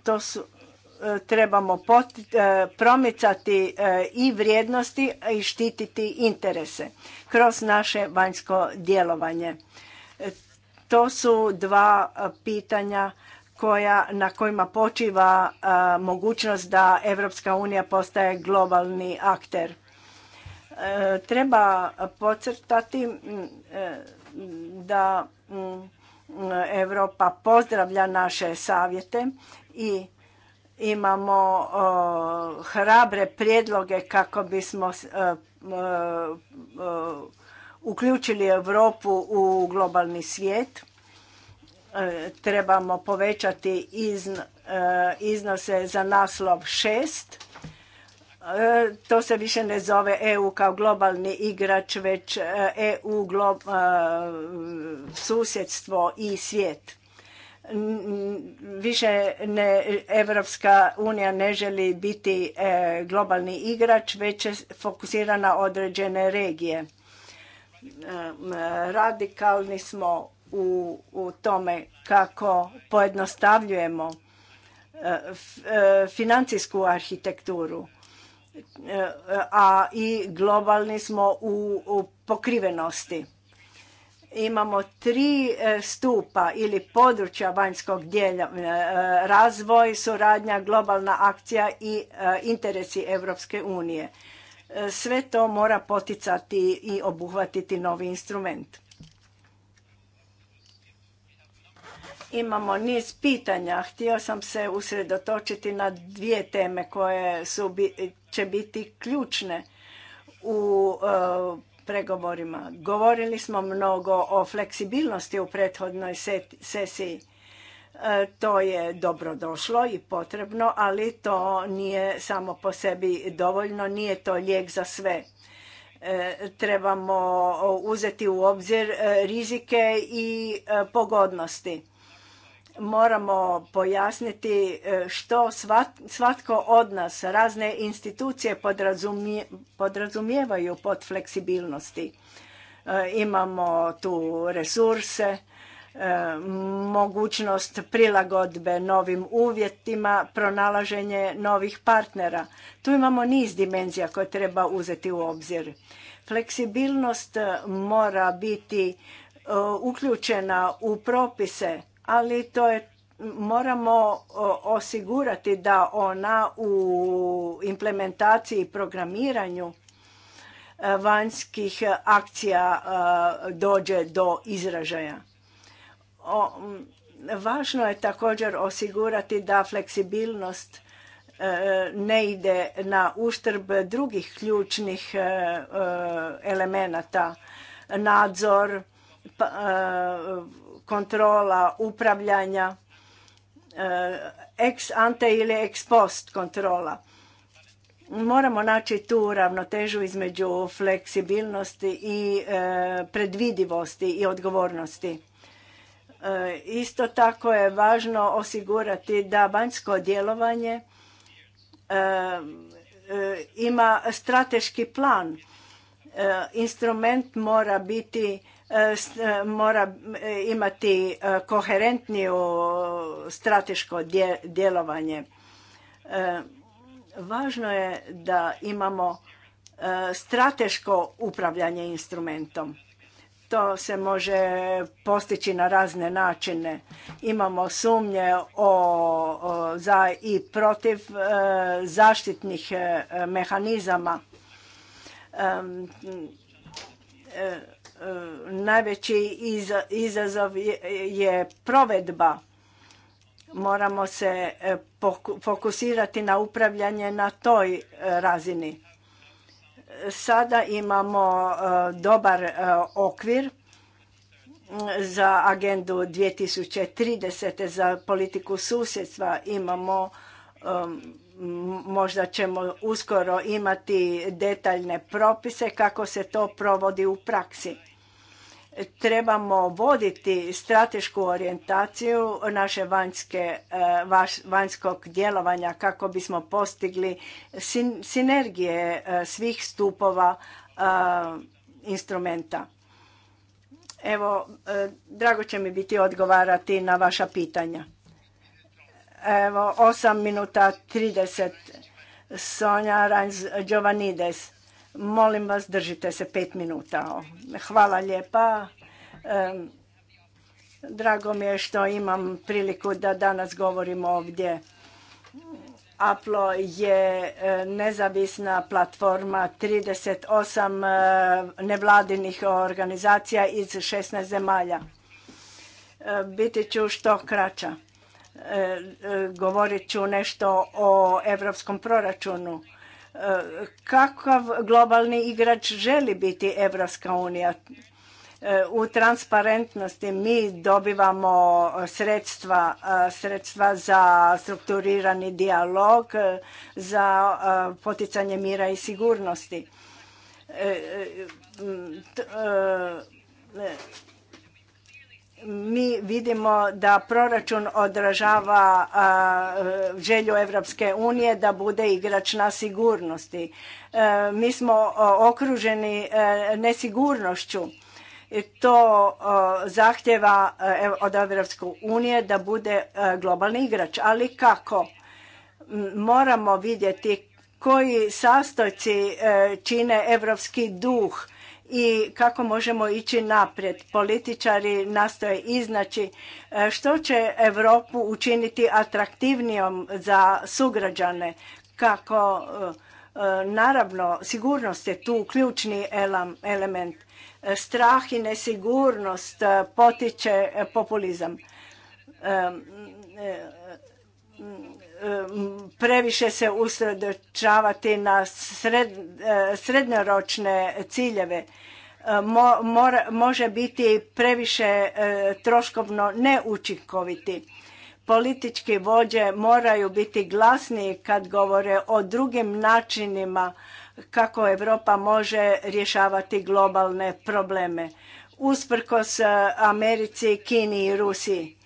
B: to su E, trebamo e, promicati e, i vrijednosti i štititi interese kroz naše vanjsko djelovanje. To su dva pitanja koja, na kojima počiva mogućnost da Europska unija postaje globalni akter. treba podcrtati da Europa pozdravlja naše savjete i imamo hrabre prijedloge kako bismo e, e, uključili Europu u globalni svijet. E, trebamo povećati iznose za naslov šest. To se više ne zove EU kao globalni igrač, već EU susjedstvo i svijet više ne, Evropska unija ne želi biti e, globalni igrač, već je fokusirana na određene regije. E, radikalni smo u, u tome kako pojednostavljujemo e, financijsku arhitekturu, a i globalni smo u pokrivenosti imamo tri e, stupa ili područja vanjskog dijelja e, razvoj, suradnja, globalna akcija i e, interesi Europske unije. Sve to mora poticati i obuhvatiti novi instrument. Imamo niz pitanja. Htio sam se usredotočiti na dvije teme koje su, će biti ključne u pregovorima. Govorili smo mnogo o fleksibilnosti u prethodnoj sesiji. E, to je dobro došlo i potrebno, ali to nije samo po sebi dovoljno, nije to lijek za sve. E, trebamo uzeti u obzir e, rizike i pogodnosti moramo pojasniti e, što svatko od nas, razne institucije podrazumijevaju pod fleksibilnosti. E, imamo tu resurse, e, mogućnost prilagodbe novim uvjetima, pronalaženje novih partnera. Tu imamo niz dimenzija koje treba uzeti u obzir. Fleksibilnost mora biti uključena u propise ali to je moramo osigurati da ona u implementaciji i programiranju e, vanjskih akcija e, dođe do izražaja. Važno je također osigurati da fleksibilnost e, ne ide na uštrb drugih ključnih elemenata, nadzor, pa, kontrola upravljanja eh, ex ante ili ex post kontrola. Moramo naći tu ravnotežu između fleksibilnosti i eh, predvidivosti i odgovornosti. Eh, isto tako je važno osigurati da vanjsko djelovanje ima strateški plan. Instrument mora biti E, mora e, imati e, koherentniju strateško djelovanje. Važno je da imamo strateško upravljanje instrumentom. To se može postići na razne načine. Imamo sumnje o za i protiv zaštitnih mehanizama najveći izazov je provedba. Moramo se e, fokusirati na upravljanje na toj e, razini. Sada imamo e, dobar okvir za agendu 2030. za politiku susjedstva. Imamo možda ćemo uskoro imati detaljne propise kako se to provodi u praksi trebamo voditi stratešku orijentaciju naše e, vanjskog djelovanja kako bismo postigli sinergije e, svih stupova e, instrumenta. Evo, drago će mi biti odgovarati na vaša pitanja. Evo, 8 minuta 30. Sonja Ranz Giovanides Molim vas, držite se pet minuta. Hvala lijepa. Drago mi je što imam priliku da danas govorim ovdje. Aplo je e, nezavisna platforma 38 e, nevladinih organizacija iz 16 zemalja. E, biti ću što kraća. Govorit ću nešto o europskom proračunu kakav globalni igrač želi biti Evropska unija. E, u transparentnosti mi dobivamo sredstva, e, sredstva za strukturirani dijalog, e, za poticanje mira i sigurnosti mi vidimo da proračun odražava želju Evropske unije da bude igrač na sigurnosti. E, mi smo okruženi e, nesigurnošću. To zahtjeva e, od Evropske unije da bude globalni igrač. Ali kako? Moramo vidjeti koji sastojci čine evropski duh i kako možemo ići naprijed. Političari nastoje iznaći e, što će Europu učiniti atraktivnijom za sugrađane, kako e, e, naravno sigurnost je tu ključni element. Strah i nesigurnost potiče populizam previše se usredočavati na sred, e, srednjoročne ciljeve e, mo, može biti previše e, troškovno neučinkoviti. Politički vođe moraju biti glasniji kad govore o drugim načinima kako Europa može rješavati globalne probleme. Usprkos Americi, Kini i Rusiji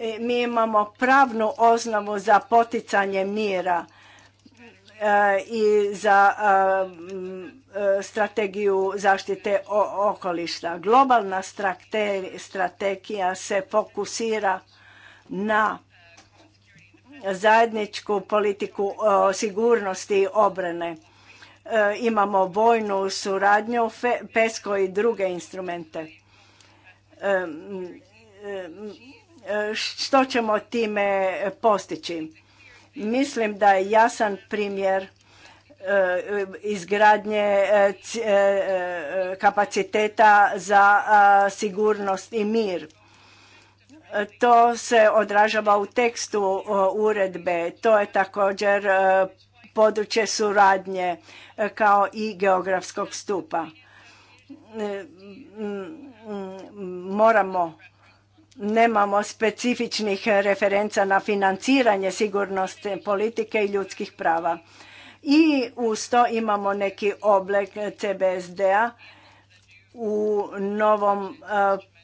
B: E, mi imamo pravnu osnovu za poticanje mira e, i za e, strategiju zaštite okoliša. Globalna strategija se fokusira na zajedničku politiku sigurnosti i obrane. Imamo vojnu suradnju, PESCO i druge instrumente što ćemo time postići? Mislim da je jasan primjer e, izgradnje e, e, kapaciteta za sigurnost i mir. To se odražava u tekstu uredbe. To je također područje suradnje kao i geografskog stupa. Moramo nemamo specifičnih referenca na financiranje sigurnosti politike i ljudskih prava. I uz to imamo neki oblik CBSD-a u novom e,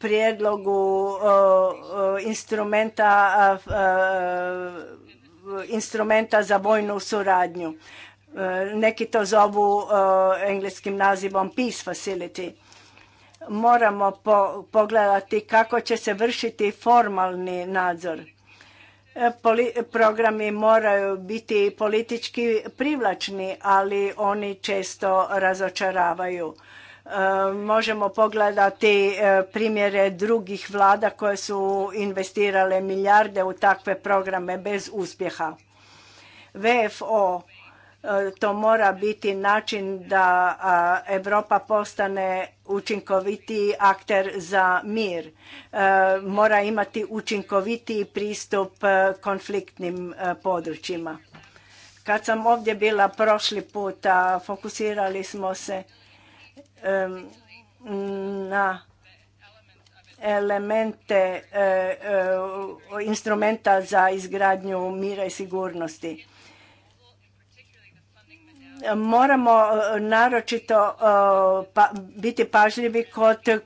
B: prijedlogu e, e, instrumenta, instrumenta za vojnu suradnju. Neki to zovu engleskim nazivom Peace Facility moramo pogledati kako će se vršiti formalni nadzor. E, programi moraju biti politički privlačni, ali oni često razočaravaju. E, možemo pogledati e, primjere drugih vlada koje su investirale milijarde u takve programe bez uspjeha. VFO E, to mora biti način da Europa postane učinkovitiji akter za mir. E, mora imati učinkovitiji pristup e, konfliktnim područjima. Kad sam ovdje bila prošli puta, fokusirali smo se na elemente instrumenta za izgradnju mira i sigurnosti moramo e, naročito e, pa, biti pažljivi kod e,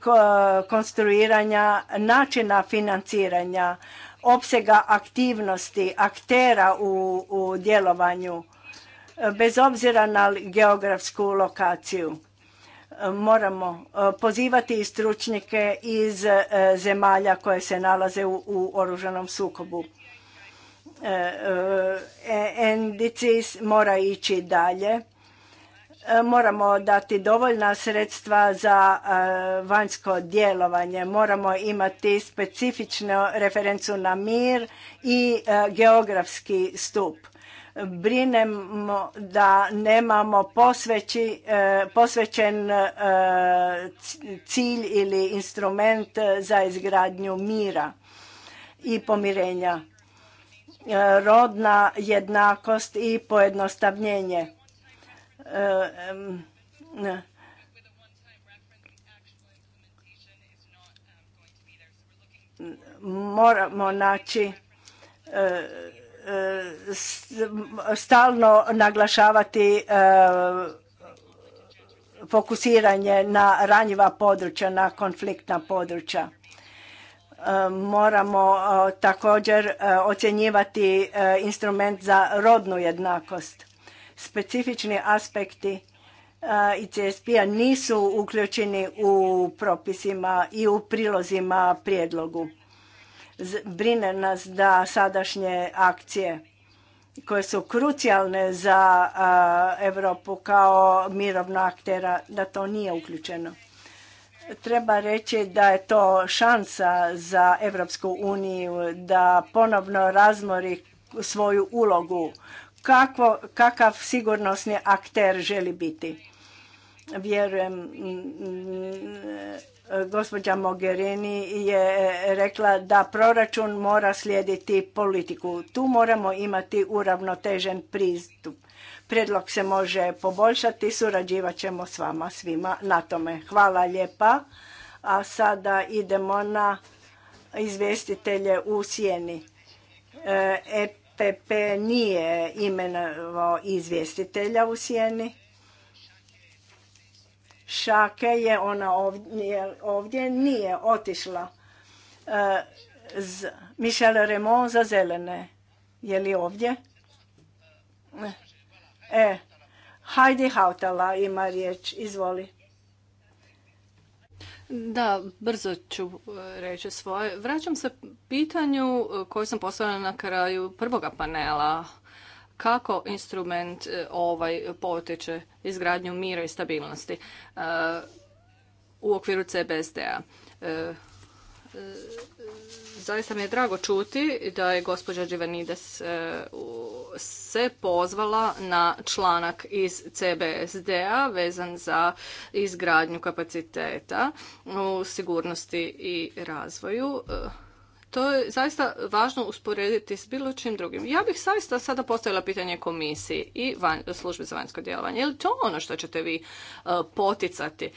B: konstruiranja načina financiranja, opsega aktivnosti, aktera u, djelovanju, bez obzira na geografsku lokaciju. Moramo pozivati i stručnjake iz zemalja koje se nalaze u oružanom sukobu E, e, NDCs mora ići dalje. E, moramo dati dovoljna sredstva za vanjsko djelovanje. Moramo imati specifičnu referencu na mir i geografski stup. Brinemo da nemamo posvećen cilj ili instrument za izgradnju mira i pomirenja E, rodna jednakost i pojednostavljenje. E, e. Moramo naći stalno naglašavati fokusiranje na ranjiva područja, na konfliktna područja moramo e, također e, ocjenjivati e, instrument za rodnu jednakost. Specifični aspekti i CSP-a nisu uključeni u propisima i u prilozima prijedlogu. Brine nas da sadašnje akcije koje su krucijalne za Europu kao mirovna aktera, da to nije uključeno. Treba reći da je to šansa za Europsku uniju da ponovno razmori svoju ulogu. kakav sigurnosni akter želi biti? Vjerujem, mm, gospođa Mogherini je rekla da proračun mora slijediti politiku. Tu moramo imati uravnotežen pristup. Prijedlog se može poboljšati, surađivat ćemo s vama svima na tome. Hvala lijepa. A sada idemo na izvjestitelje u sjeni. EPP e nije imenovao izvjestitelja u sjeni. Šake je ona ovdje, ovdje nije otišla. E, z Michel Remon za zelene. Je li ovdje? Ne. E, Heidi Hautala ima riječ, izvoli. Da, brzo ću e, reći svoje.
A: Vraćam se pitanju e, koju sam postavila na kraju prvoga panela. Kako instrument e, ovaj potiče izgradnju mira i stabilnosti u okviru CBSD-a? zaista mi je drago čuti da je gospođa Dživanides e, se pozvala na članak iz CBSD-a vezan za izgradnju kapaciteta u sigurnosti i razvoju. E, to je zaista važno usporediti s bilo čim drugim. Ja bih zaista sada postavila pitanje komisiji i službi za vanjsko djelovanje. Je li to ono što ćete vi e, poticati e,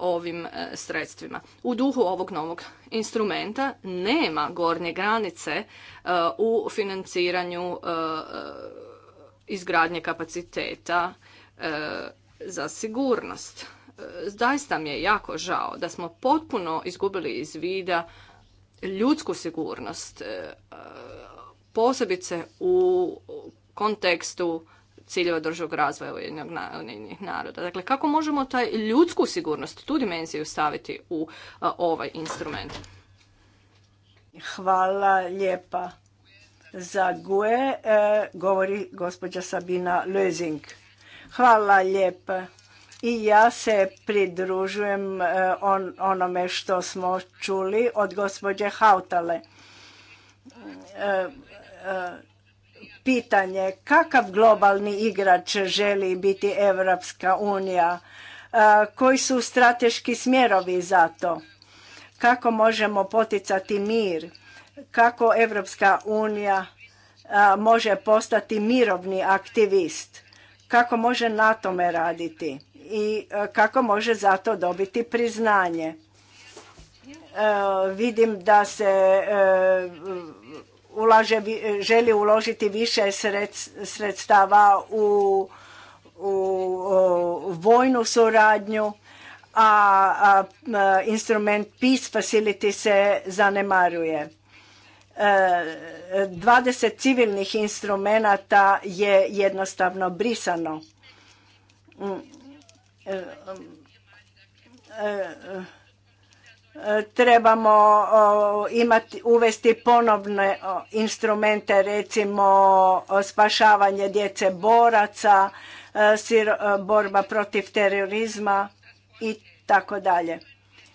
A: ovim e, sredstvima? U duhu ovog novog instrumenta nema gornje granice u financiranju izgradnje kapaciteta za sigurnost. Zaista mi je jako žao da smo potpuno izgubili iz vida ljudsku sigurnost, e, posebice u kontekstu ciljeva održivog razvoja jednog naroda. Dakle, kako možemo taj ljudsku sigurnost, tu dimenziju staviti u e, ovaj instrument?
B: Hvala lijepa. Za GUE e, govori gospođa Sabina lezing Hvala lijepa. I ja se pridružujem e, on, onome što smo čuli od gospođe Hautale. E, e, pitanje kakav globalni igrač želi biti Evropska unija, koji su strateški smjerovi za to, kako možemo poticati mir, kako Evropska unija može postati mirovni aktivist, kako može na tome raditi i e, kako može za to dobiti priznanje. E, vidim da se e, ulaže, želi uložiti više sredstava u, u vojnu suradnju, a, instrument Peace Facility se zanemaruje. 20 civilnih instrumenata je jednostavno brisano trebamo imati, uvesti ponovne instrumente, recimo spašavanje djece boraca, e, e, borba protiv terorizma i tako dalje.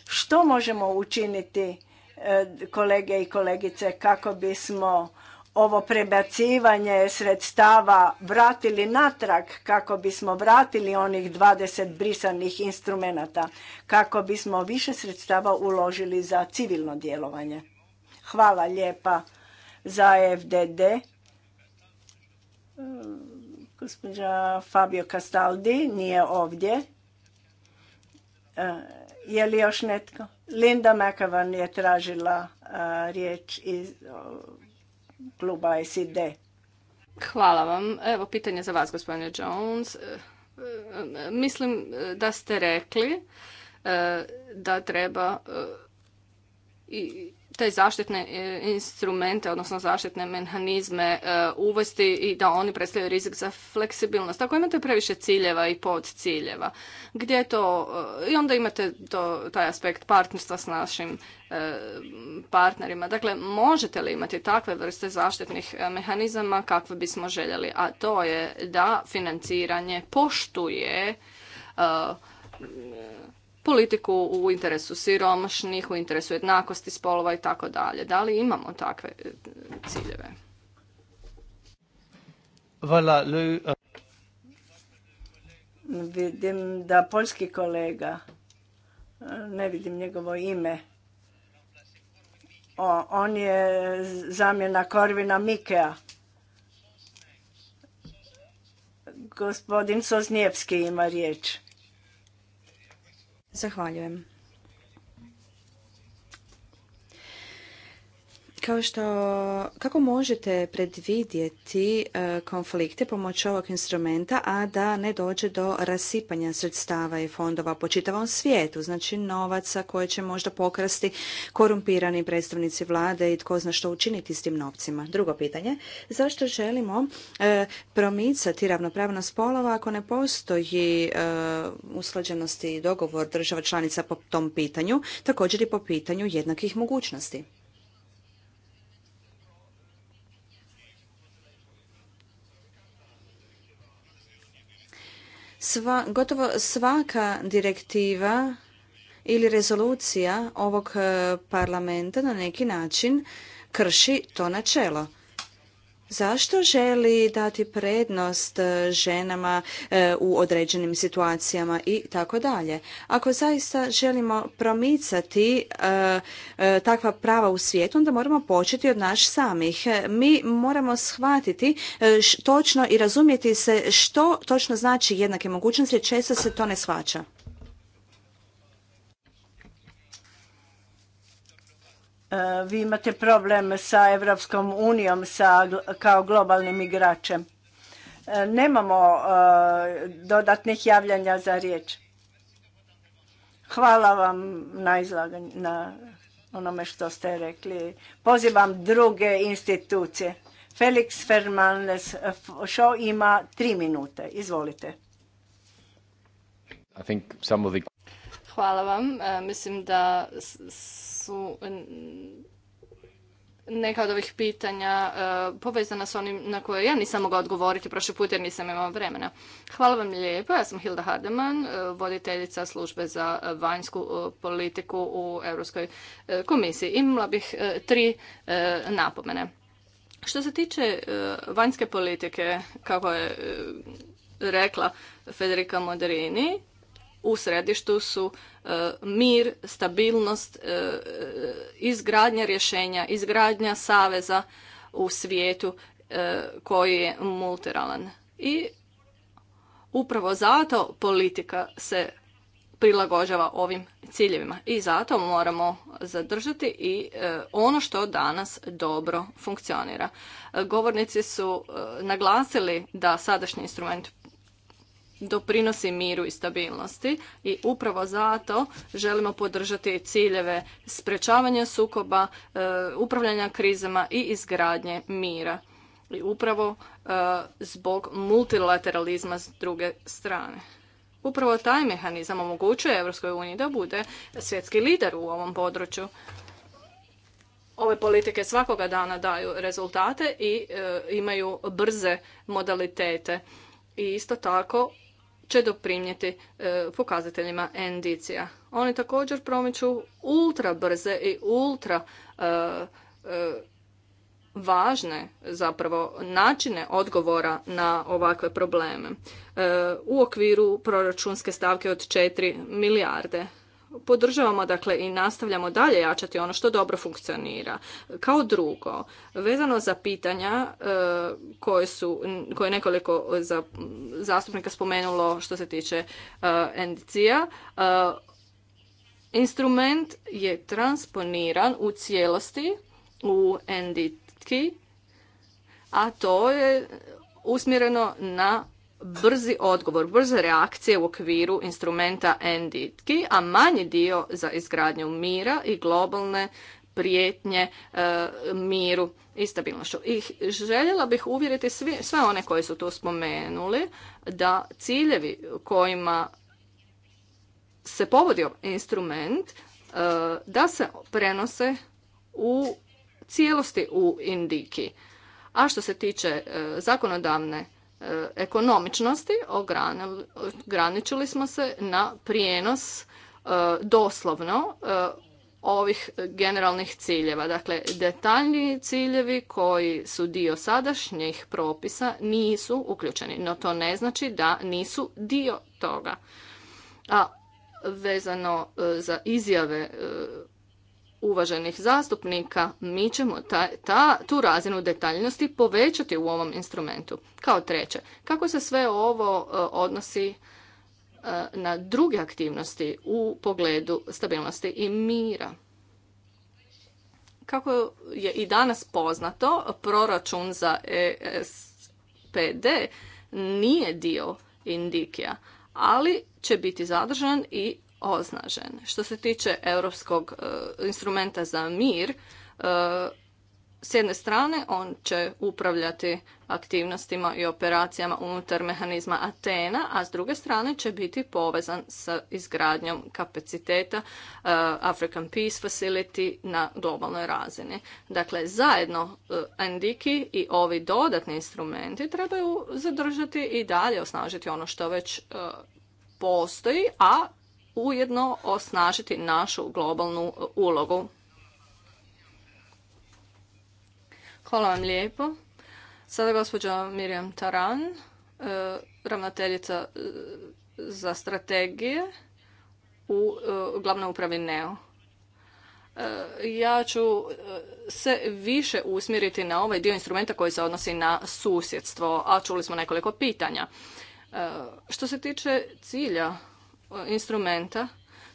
B: Što možemo učiniti e, kolege i kolegice kako bismo ovo prebacivanje sredstava vratili natrag kako bismo vratili onih 20 brisanih instrumenata, kako bismo više sredstava uložili za civilno djelovanje. Hvala lijepa za FDD. Gospođa Fabio Castaldi nije ovdje. E, je li još netko? Linda McEwan je tražila e, riječ iz kluba SID. Hvala vam.
A: Evo pitanje za vas, gospodine Jones. E, e, mislim e, da ste rekli da treba i te zaštitne instrumente, odnosno zaštitne mehanizme uvesti i da oni predstavljaju rizik za fleksibilnost. Ako imate previše ciljeva i podciljeva, gdje to, i onda imate to, taj aspekt partnerstva s našim E, partnerima. Dakle, možete li imati takve vrste zaštitnih e, mehanizama kakve bismo željeli? A to je da financiranje poštuje e, politiku u interesu siromašnih, u interesu jednakosti spolova i tako dalje. Da li imamo takve ciljeve? le...
B: Vidim da poljski kolega, ne vidim njegovo ime, o, on je zamjena Korvina Mikea. Gospodin Soznijevski ima riječ. Zahvaljujem.
C: Kao što, kako možete predvidjeti e, konflikte pomoću ovog instrumenta, a da ne dođe do rasipanja sredstava i fondova po čitavom svijetu, znači novaca koje će možda pokrasti korumpirani predstavnici vlade i tko zna što učiniti s tim novcima? Drugo pitanje, zašto želimo e, promicati ravnopravnost spolova ako ne postoji e, usklađenosti i dogovor država članica po tom pitanju, također i po pitanju jednakih mogućnosti? Sva, gotovo svaka direktiva ili rezolucija ovog eh, parlamenta na neki način krši to načelo. Zašto želi dati prednost e, ženama e, u određenim situacijama i tako dalje? Ako zaista želimo promicati e, takva prava u svijetu, onda moramo početi od naš samih. Mi moramo shvatiti točno i razumjeti se što točno znači jednake mogućnosti, često se to ne shvaća.
B: E, vi imate problem sa Evropskom unijom sa, kao globalnim igračem. E, nemamo e, dodatnih javljanja za riječ. Hvala vam na izlaganju, na onome što ste rekli. Pozivam druge institucije. Felix Fernandez Show ima tri minute. Izvolite.
A: Hvala vam. mislim da su neka od ovih pitanja e, povezana s onim na koje ja nisam mogla odgovoriti prošli put jer nisam imala vremena. Hvala vam lijepo, ja sam Hilda Hardeman, e, voditeljica službe za vanjsku e, politiku u Europskoj komisiji. Imala bih tri napomene. Što se tiče vanjske politike, kako je rekla Federica Moderini, u središtu su e, mir, stabilnost, e, izgradnja rješenja, izgradnja saveza u svijetu e, koji je multiralan. I upravo zato politika se prilagođava ovim ciljevima i zato moramo zadržati i ono što danas dobro funkcionira. Govornici su naglasili da sadašnji instrument doprinosi miru i stabilnosti i upravo zato želimo podržati ciljeve sprečavanja sukoba, e, upravljanja krizama i izgradnje mira. I upravo e, zbog multilateralizma s druge strane. Upravo taj mehanizam omogućuje Europskoj uniji da bude svjetski lider u ovom području. Ove politike svakoga dana daju rezultate i e, imaju brze modalitete. I isto tako će doprinijeti e, pokazateljima indicija. Oni također promiču ultra brze i ultra e, e, važne zapravo načine odgovora na ovakve probleme u okviru proračunske stavke od 4 milijarde podržavamo dakle i nastavljamo dalje jačati ono što dobro funkcionira. Kao drugo, vezano za pitanja e, koje su, koje nekoliko za, zastupnika spomenulo što se tiče e, ndc e, instrument je transponiran u cijelosti u NDC, a to je usmjereno na brzi odgovor, brze reakcije u okviru instrumenta NDTG, a manji dio za izgradnju mira i globalne prijetnje e, miru i stabilnošću. I željela bih uvjeriti svi, sve one koji su to spomenuli da ciljevi kojima se povodi instrument e, da se prenose u cijelosti u Indiki. A što se tiče e, zakonodavne ekonomičnosti ograničili smo se na prijenos e, doslovno e, ovih generalnih ciljeva. Dakle, detaljniji ciljevi koji su dio sadašnjih propisa nisu uključeni, no to ne znači da nisu dio toga. A vezano e, za izjave uvaženih zastupnika, mi ćemo ta, ta, tu razinu detaljnosti povećati u ovom instrumentu. Kao treće, kako se sve ovo e, odnosi e, na druge aktivnosti u pogledu stabilnosti i mira? Kako je i danas poznato, proračun za ESPD nije dio indikija, ali će biti zadržan i oznažen. Što se tiče europskog e, instrumenta za mir, e, s jedne strane on će upravljati aktivnostima i operacijama unutar mehanizma Atena, a s druge strane će biti povezan sa izgradnjom kapaciteta e, African Peace Facility na globalnoj razini. Dakle, zajedno Endiki i ovi dodatni instrumenti trebaju zadržati i dalje osnažiti ono što već postoji, a ujedno osnažiti našu globalnu ulogu. Hvala vam lijepo. Sada gospođa Mirjam Taran, e, ravnateljica e, za strategije u e, glavnoj upravi NEO. Ja ću se više usmjeriti na ovaj dio instrumenta koji se odnosi na susjedstvo, a čuli smo nekoliko pitanja. Što se tiče cilja instrumenta,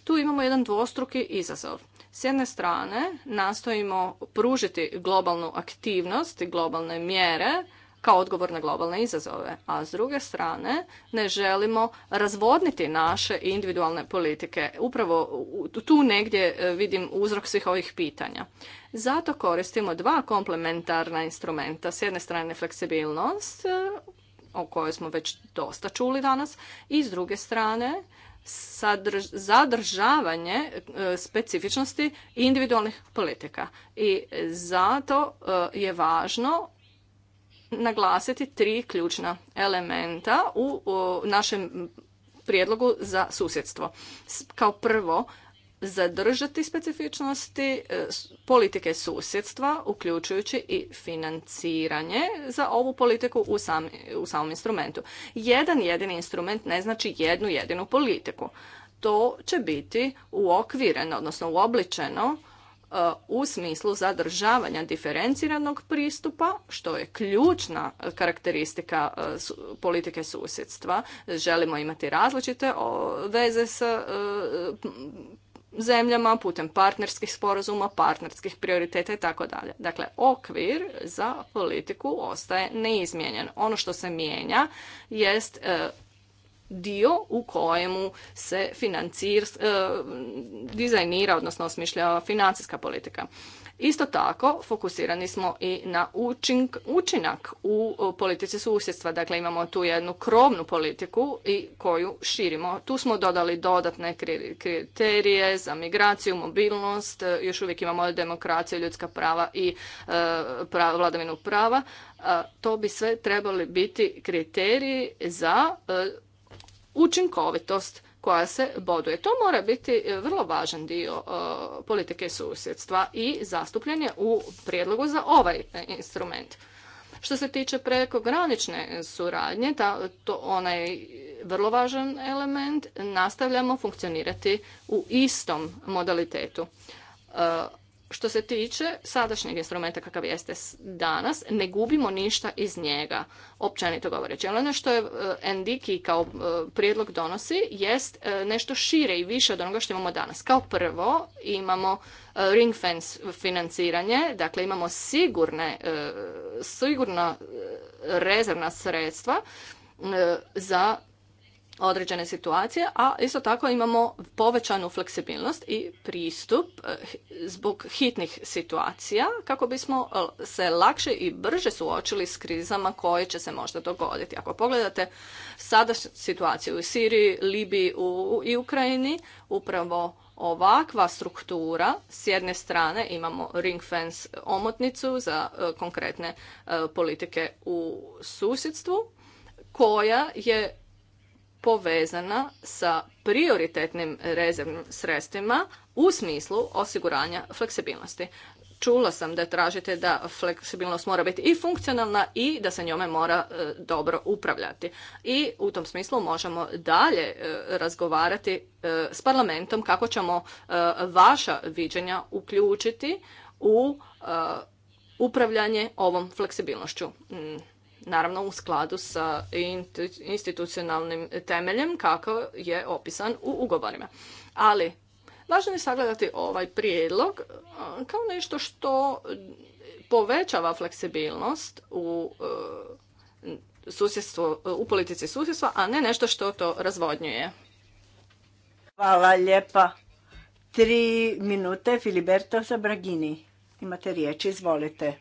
A: tu imamo jedan dvostruki izazov. S jedne strane nastojimo pružiti globalnu aktivnost i globalne mjere kao odgovor na globalne izazove, a s druge strane ne želimo razvodniti naše individualne politike. Upravo tu negdje e, vidim uzrok svih ovih pitanja. Zato koristimo dva komplementarna instrumenta. S jedne strane fleksibilnost, e, o kojoj smo već dosta čuli danas, i s druge strane zadržavanje e, specifičnosti individualnih politika. I zato e, je važno naglasiti tri ključna elementa u našem prijedlogu za susjedstvo. Kao prvo, zadržati specifičnosti e, politike susjedstva, uključujući i financiranje za ovu politiku u, samom instrumentu. Jedan jedini instrument ne znači jednu jedinu politiku. To će biti uokvireno, odnosno uobličeno e, u smislu zadržavanja diferenciranog pristupa, što je ključna karakteristika e, politike susjedstva. Želimo imati različite veze s zemljama putem partnerskih sporazuma, partnerskih prioriteta i tako dalje. Dakle, okvir za politiku ostaje neizmijenjen. Ono što se mijenja jest e, dio u kojemu se e, dizajnira, odnosno osmišljava financijska politika. Isto tako, fokusirani smo i na učinak u politici susjedstva. Dakle, imamo tu jednu krovnu politiku i koju širimo. Tu smo dodali dodatne kriterije za migraciju, mobilnost, e, još uvijek imamo demokraciju, ljudska prava i e, vladavinu prava. E, to bi sve trebali biti kriteriji za učinkovitost koja se boduje. To mora biti e, vrlo važan dio e, politike susjedstva i zastupljen je u prijedlogu za ovaj e, instrument. Što se tiče prekogranične suradnje, ta, to ona je vrlo važan element, nastavljamo funkcionirati u istom modalitetu što se tiče sadašnjeg instrumenta kakav jeste danas, ne gubimo ništa iz njega, općenito govoreći. Ono što je Endiki kao e, prijedlog donosi jest e, nešto šire i više od onoga što imamo danas. Kao prvo imamo e, ring fence financiranje, dakle imamo sigurne, sigurna rezervna sredstva za određene situacije, a isto tako imamo povećanu fleksibilnost i pristup eh, zbog hitnih situacija kako bismo eh, se lakše i brže suočili s krizama koje će se možda dogoditi. Ako pogledate sada situaciju u Siriji, Libiji i Ukrajini, upravo ovakva struktura, s jedne strane imamo ring fence omotnicu za eh, konkretne politike u susjedstvu, koja je povezana sa prioritetnim rezervnim sredstvima u smislu osiguranja fleksibilnosti. Čula sam da tražite da fleksibilnost mora biti i funkcionalna i da se njome mora e, dobro upravljati. I u tom smislu možemo dalje e, razgovarati e, s parlamentom kako ćemo vaša viđenja uključiti u upravljanje ovom fleksibilnošću. Mm naravno u skladu sa institucionalnim temeljem kako je opisan u ugovorima. Ali, važno je sagledati ovaj prijedlog kao nešto što povećava fleksibilnost u e, susjedstvo, u politici susjedstva, a ne nešto što to razvodnjuje.
B: Hvala lijepa. Tri minute, Filiberto Sabragini. Imate riječ, izvolite.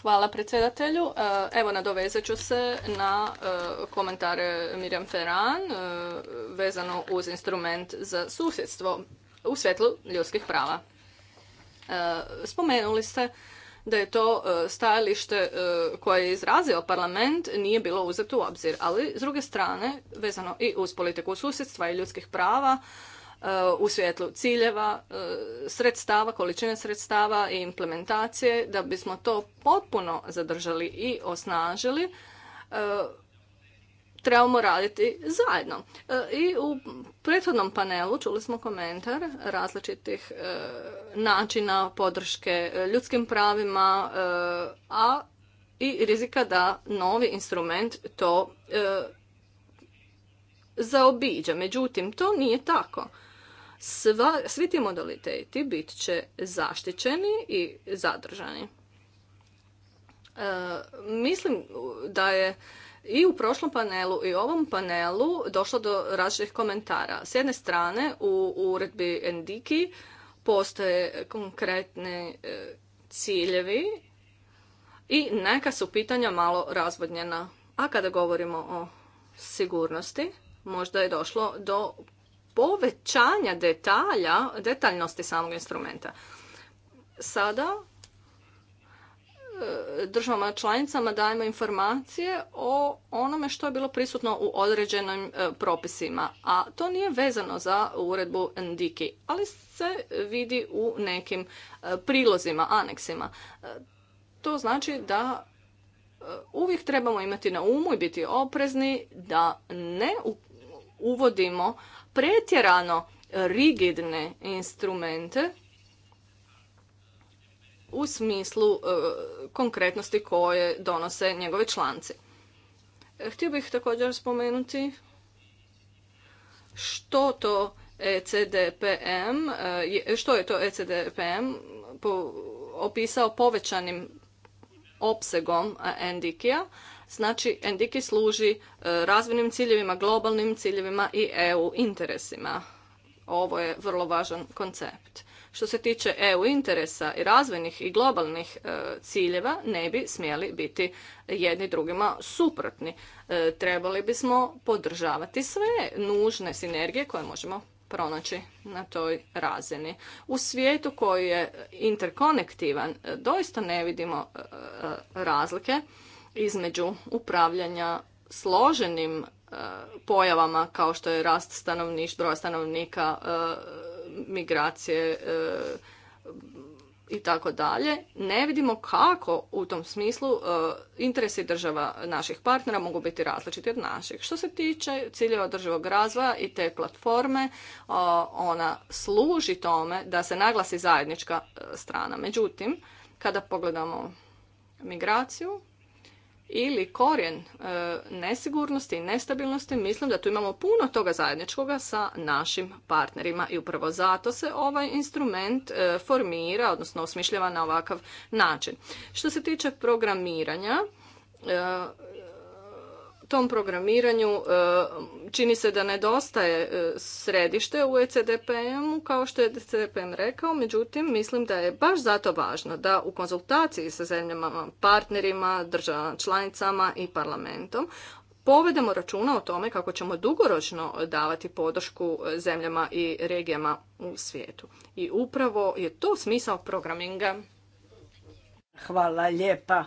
A: Hvala predsjedatelju. E, evo nadovezat ću se na e, komentare Mirjam Ferran e, vezano uz instrument za susjedstvo u svjetlu ljudskih prava. Spomenuli ste da je to stajalište koje je izrazio parlament nije bilo uzeto u obzir, ali s druge strane vezano i uz politiku susjedstva i ljudskih prava E, u svjetlu ciljeva, e, sredstava, količine sredstava i implementacije da bismo to potpuno zadržali i osnažili e, trebamo raditi zajedno. I u prethodnom panelu čuli smo komentar različitih načina podrške ljudskim pravima, a i rizika da novi instrument to zaobiđa. Međutim, to nije tako svi ti modaliteti bit će zaštićeni i zadržani. E, mislim da je i u prošlom panelu i ovom panelu došlo do različitih komentara. S jedne strane u uredbi Endiki postoje konkretni e, ciljevi i neka su pitanja malo razvodnjena. A kada govorimo o sigurnosti, možda je došlo do povećanja detalja, detaljnosti samog instrumenta. Sada e, državama članicama dajemo informacije o onome što je bilo prisutno u određenim e, propisima, a to nije vezano za uredbu Ndiki, ali se vidi u nekim e, prilozima, aneksima. To znači da uvijek trebamo imati na umu i biti oprezni da ne uvodimo pretjerano e, rigidne instrumente u smislu e, konkretnosti koje donose njegovi članci. E, htio bih također spomenuti što to ECDPM, što je to ECDPM opisao povećanim opsegom NDK-a, Znači, Endiki služi e, razvojnim ciljevima, globalnim ciljevima i EU interesima. Ovo je vrlo važan koncept. Što se tiče EU interesa i razvojnih i globalnih e, ciljeva, ne bi smjeli biti jedni drugima suprotni. E, trebali bismo podržavati sve nužne sinergije koje možemo pronaći na toj razini. U svijetu koji je interkonektivan doista ne vidimo razlike između upravljanja složenim e, pojavama kao što je rast stanovništva, broja stanovnika, e, migracije e, i tako dalje, ne vidimo kako u tom smislu interesi država naših partnera mogu biti različiti od naših. Što se tiče ciljeva održivog razvoja i te platforme, ona služi tome da se naglasi zajednička strana. Međutim, kada pogledamo migraciju, ili korijen e, nesigurnosti i nestabilnosti, mislim da tu imamo puno toga zajedničkoga sa našim partnerima i upravo zato se ovaj instrument e, formira, odnosno osmišljava na ovakav način. Što se tiče programiranja, e, tom programiranju e, čini se da nedostaje e, središte u ECDPM-u, kao što je ECDPM rekao, međutim mislim da je baš zato važno da u konzultaciji sa zemljama, partnerima, državama, članicama i parlamentom povedemo računa o tome kako ćemo dugoročno davati podršku zemljama i regijama u svijetu. I upravo je to smisao
B: programinga. Hvala lijepa.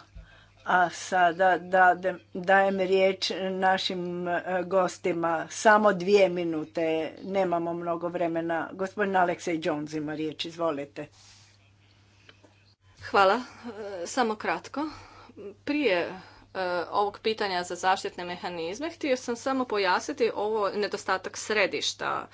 B: A sada da, dajem riječ našim e, gostima. Samo dvije minute, nemamo mnogo vremena. Gospodin Aleksej Jones ima riječ, izvolite. Hvala, e, samo kratko. Prije e,
A: ovog pitanja za zaštitne mehanizme, htio sam samo pojasniti ovo nedostatak središta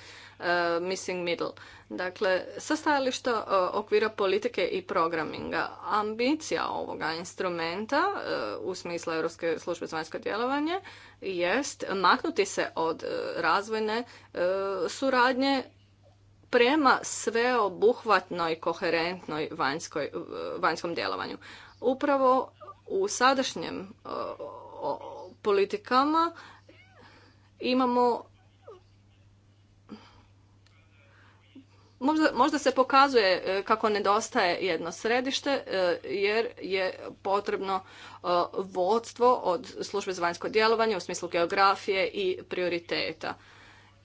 A: E, missing middle. Dakle, sa stajališta e, okvira politike i programinga, ambicija ovoga instrumenta e, u smislu Europske službe za vanjsko djelovanje jest maknuti se od razvojne suradnje prema sveobuhvatnoj, koherentnoj vanjskoj, vanjskom djelovanju. Upravo u sadašnjem politikama imamo Možda, se pokazuje e, kako nedostaje jedno središte e, jer je potrebno e, vodstvo od službe za vanjsko djelovanje u smislu geografije i prioriteta.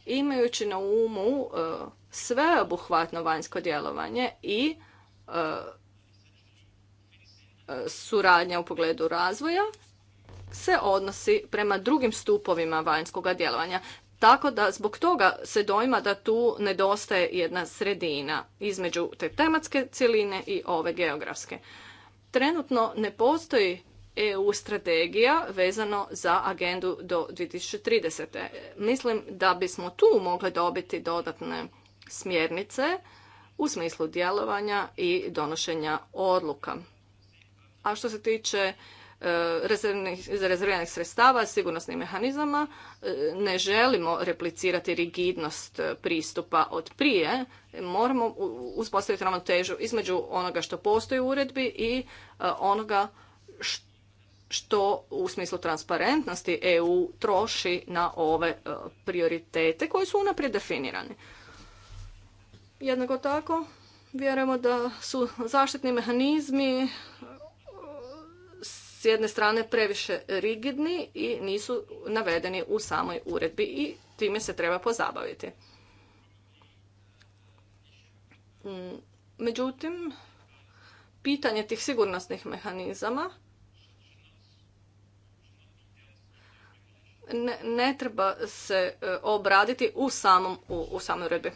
A: Imajući na umu sveobuhvatno vanjsko djelovanje i suradnja u pogledu razvoja se odnosi prema drugim stupovima vanjskog djelovanja. Tako da zbog toga se dojma da tu nedostaje jedna sredina između te tematske cjeline i ove geografske. Trenutno ne postoji EU strategija vezano za agendu do 2030. Mislim da bismo tu mogli dobiti dodatne smjernice u smislu djelovanja i donošenja odluka. A što se tiče E, rezerviranih sredstava, sigurnosnih mehanizama. E, ne želimo replicirati rigidnost pristupa od prije. Moramo uspostaviti ravnotežu između onoga što postoji u uredbi i e, onoga što u smislu transparentnosti EU troši na ove prioritete koji su unaprijed definirani. Jednako tako vjerujemo da su zaštitni mehanizmi jedne strane previše rigidni i nisu navedeni u samoj uredbi i time se treba pozabaviti. Mm, međutim, pitanje tih sigurnosnih mehanizama ne, treba se e, obraditi u, samom,
B: u, samoj uredbi.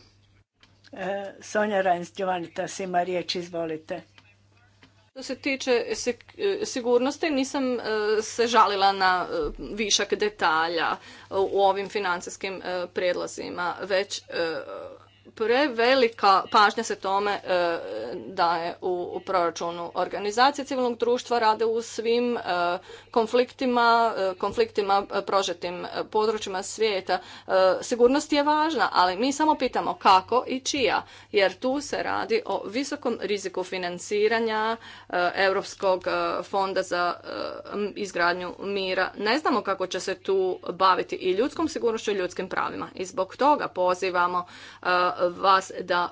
B: E, Sonja riječ izvolite.
A: Što se tiče sigurnosti, nisam e, se žalila na e, višak detalja u ovim financijskim e, predlazima, već prevelika pažnja se tome e, daje u proračunu. Organizacije civilnog društva rade u svim e, konfliktima, e, konfliktima prožetim područjima svijeta. Sigurnost je važna, ali mi samo pitamo kako i čija, jer tu se radi o visokom riziku financiranja Europskog fonda za izgradnju mira. Ne znamo kako će se tu baviti i ljudskom sigurnošću i ljudskim pravima. I zbog toga pozivamo vas da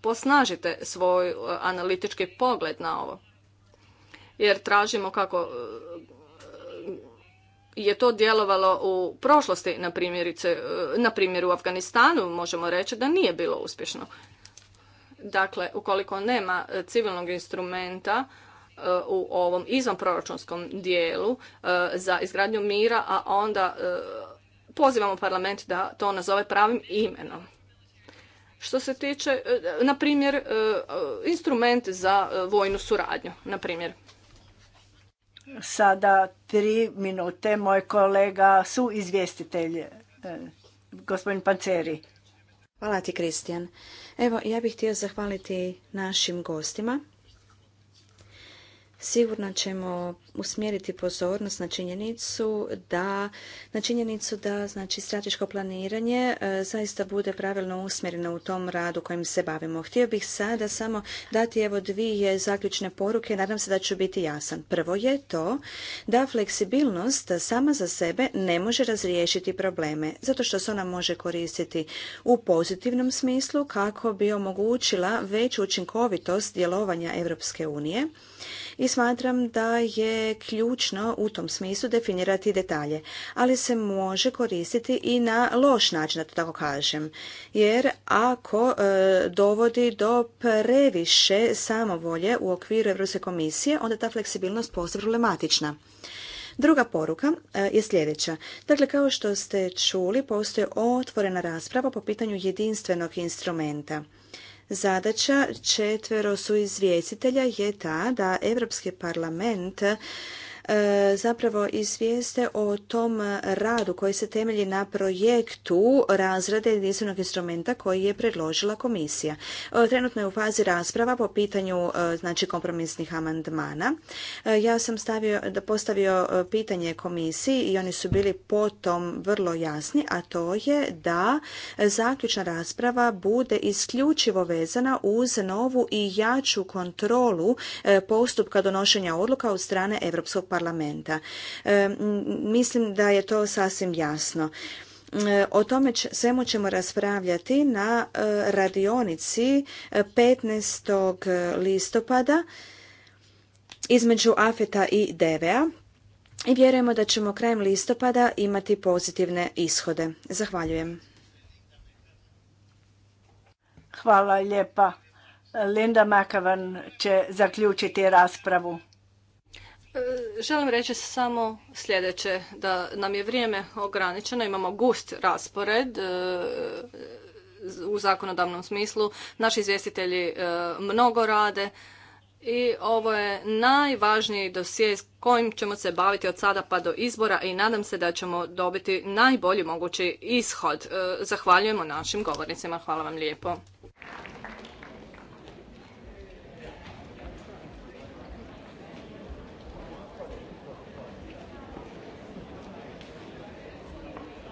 A: posnažite svoj e, analitički pogled na ovo. Jer tražimo kako e, je to djelovalo u prošlosti, na, e, na primjer u Afganistanu, možemo reći da nije bilo uspješno. Dakle, ukoliko nema civilnog instrumenta, u ovom izvanproračunskom dijelu za izgradnju mira, a onda pozivamo parlament da to nazove pravim imenom što se tiče, e, na primjer, e, e, instrument za vojnu suradnju, na primjer.
B: Sada tri minute, moj kolega su izvjestitelj, gospodin Panceri. Hvala ti, Kristijan. Evo, ja bih htio zahvaliti našim gostima
C: sigurno ćemo usmjeriti pozornost na činjenicu da na činjenicu da znači strateško planiranje e, zaista bude pravilno usmjereno u tom radu kojim se bavimo. Htio bih sada samo dati evo dvije zaključne poruke, nadam se da ću biti jasan. Prvo je to da fleksibilnost sama za sebe ne može razriješiti probleme, zato što se ona može koristiti u pozitivnom smislu kako bi omogućila veću učinkovitost djelovanja Europske unije i smatram da je ključno u tom smislu definirati detalje, ali se može koristiti i na loš način, da to tako kažem. Jer ako e, dovodi do previše samovolje u okviru Europske komisije, onda ta fleksibilnost postaje problematična. Druga poruka e, je sljedeća. Dakle, kao što ste čuli, postoje otvorena rasprava po pitanju jedinstvenog instrumenta. Zadaća četvero su izvjestitelja je ta da Europski parlament E, zapravo izvijeste o tom radu koji se temelji na projektu razrade jedinstvenog instrumenta koji je predložila komisija. E, trenutno je u fazi rasprava po pitanju e, znači, kompromisnih amandmana. Ja sam stavio, postavio pitanje komisiji i oni su bili potom vrlo jasni, a to je da zaključna rasprava bude isključivo vezana uz novu i jaču kontrolu postupka donošenja odluka od strane Europskog parlamenta parlamenta. E, mislim da je to sasvim jasno. E, o tome svemu ćemo raspravljati na e, radionici 15. listopada između Afeta i Devea i vjerujemo da ćemo krajem listopada imati pozitivne ishode. Zahvaljujem.
B: Hvala lijepa. Linda Makavan će zaključiti raspravu.
A: Želim reći samo sljedeće, da nam je vrijeme ograničeno, imamo gust raspored e, u zakonodavnom smislu, naši izvjestitelji e, mnogo rade i ovo je najvažniji dosije s kojim ćemo se baviti od sada pa do izbora i nadam se da ćemo dobiti najbolji mogući ishod. E, zahvaljujemo našim govornicima, hvala vam lijepo.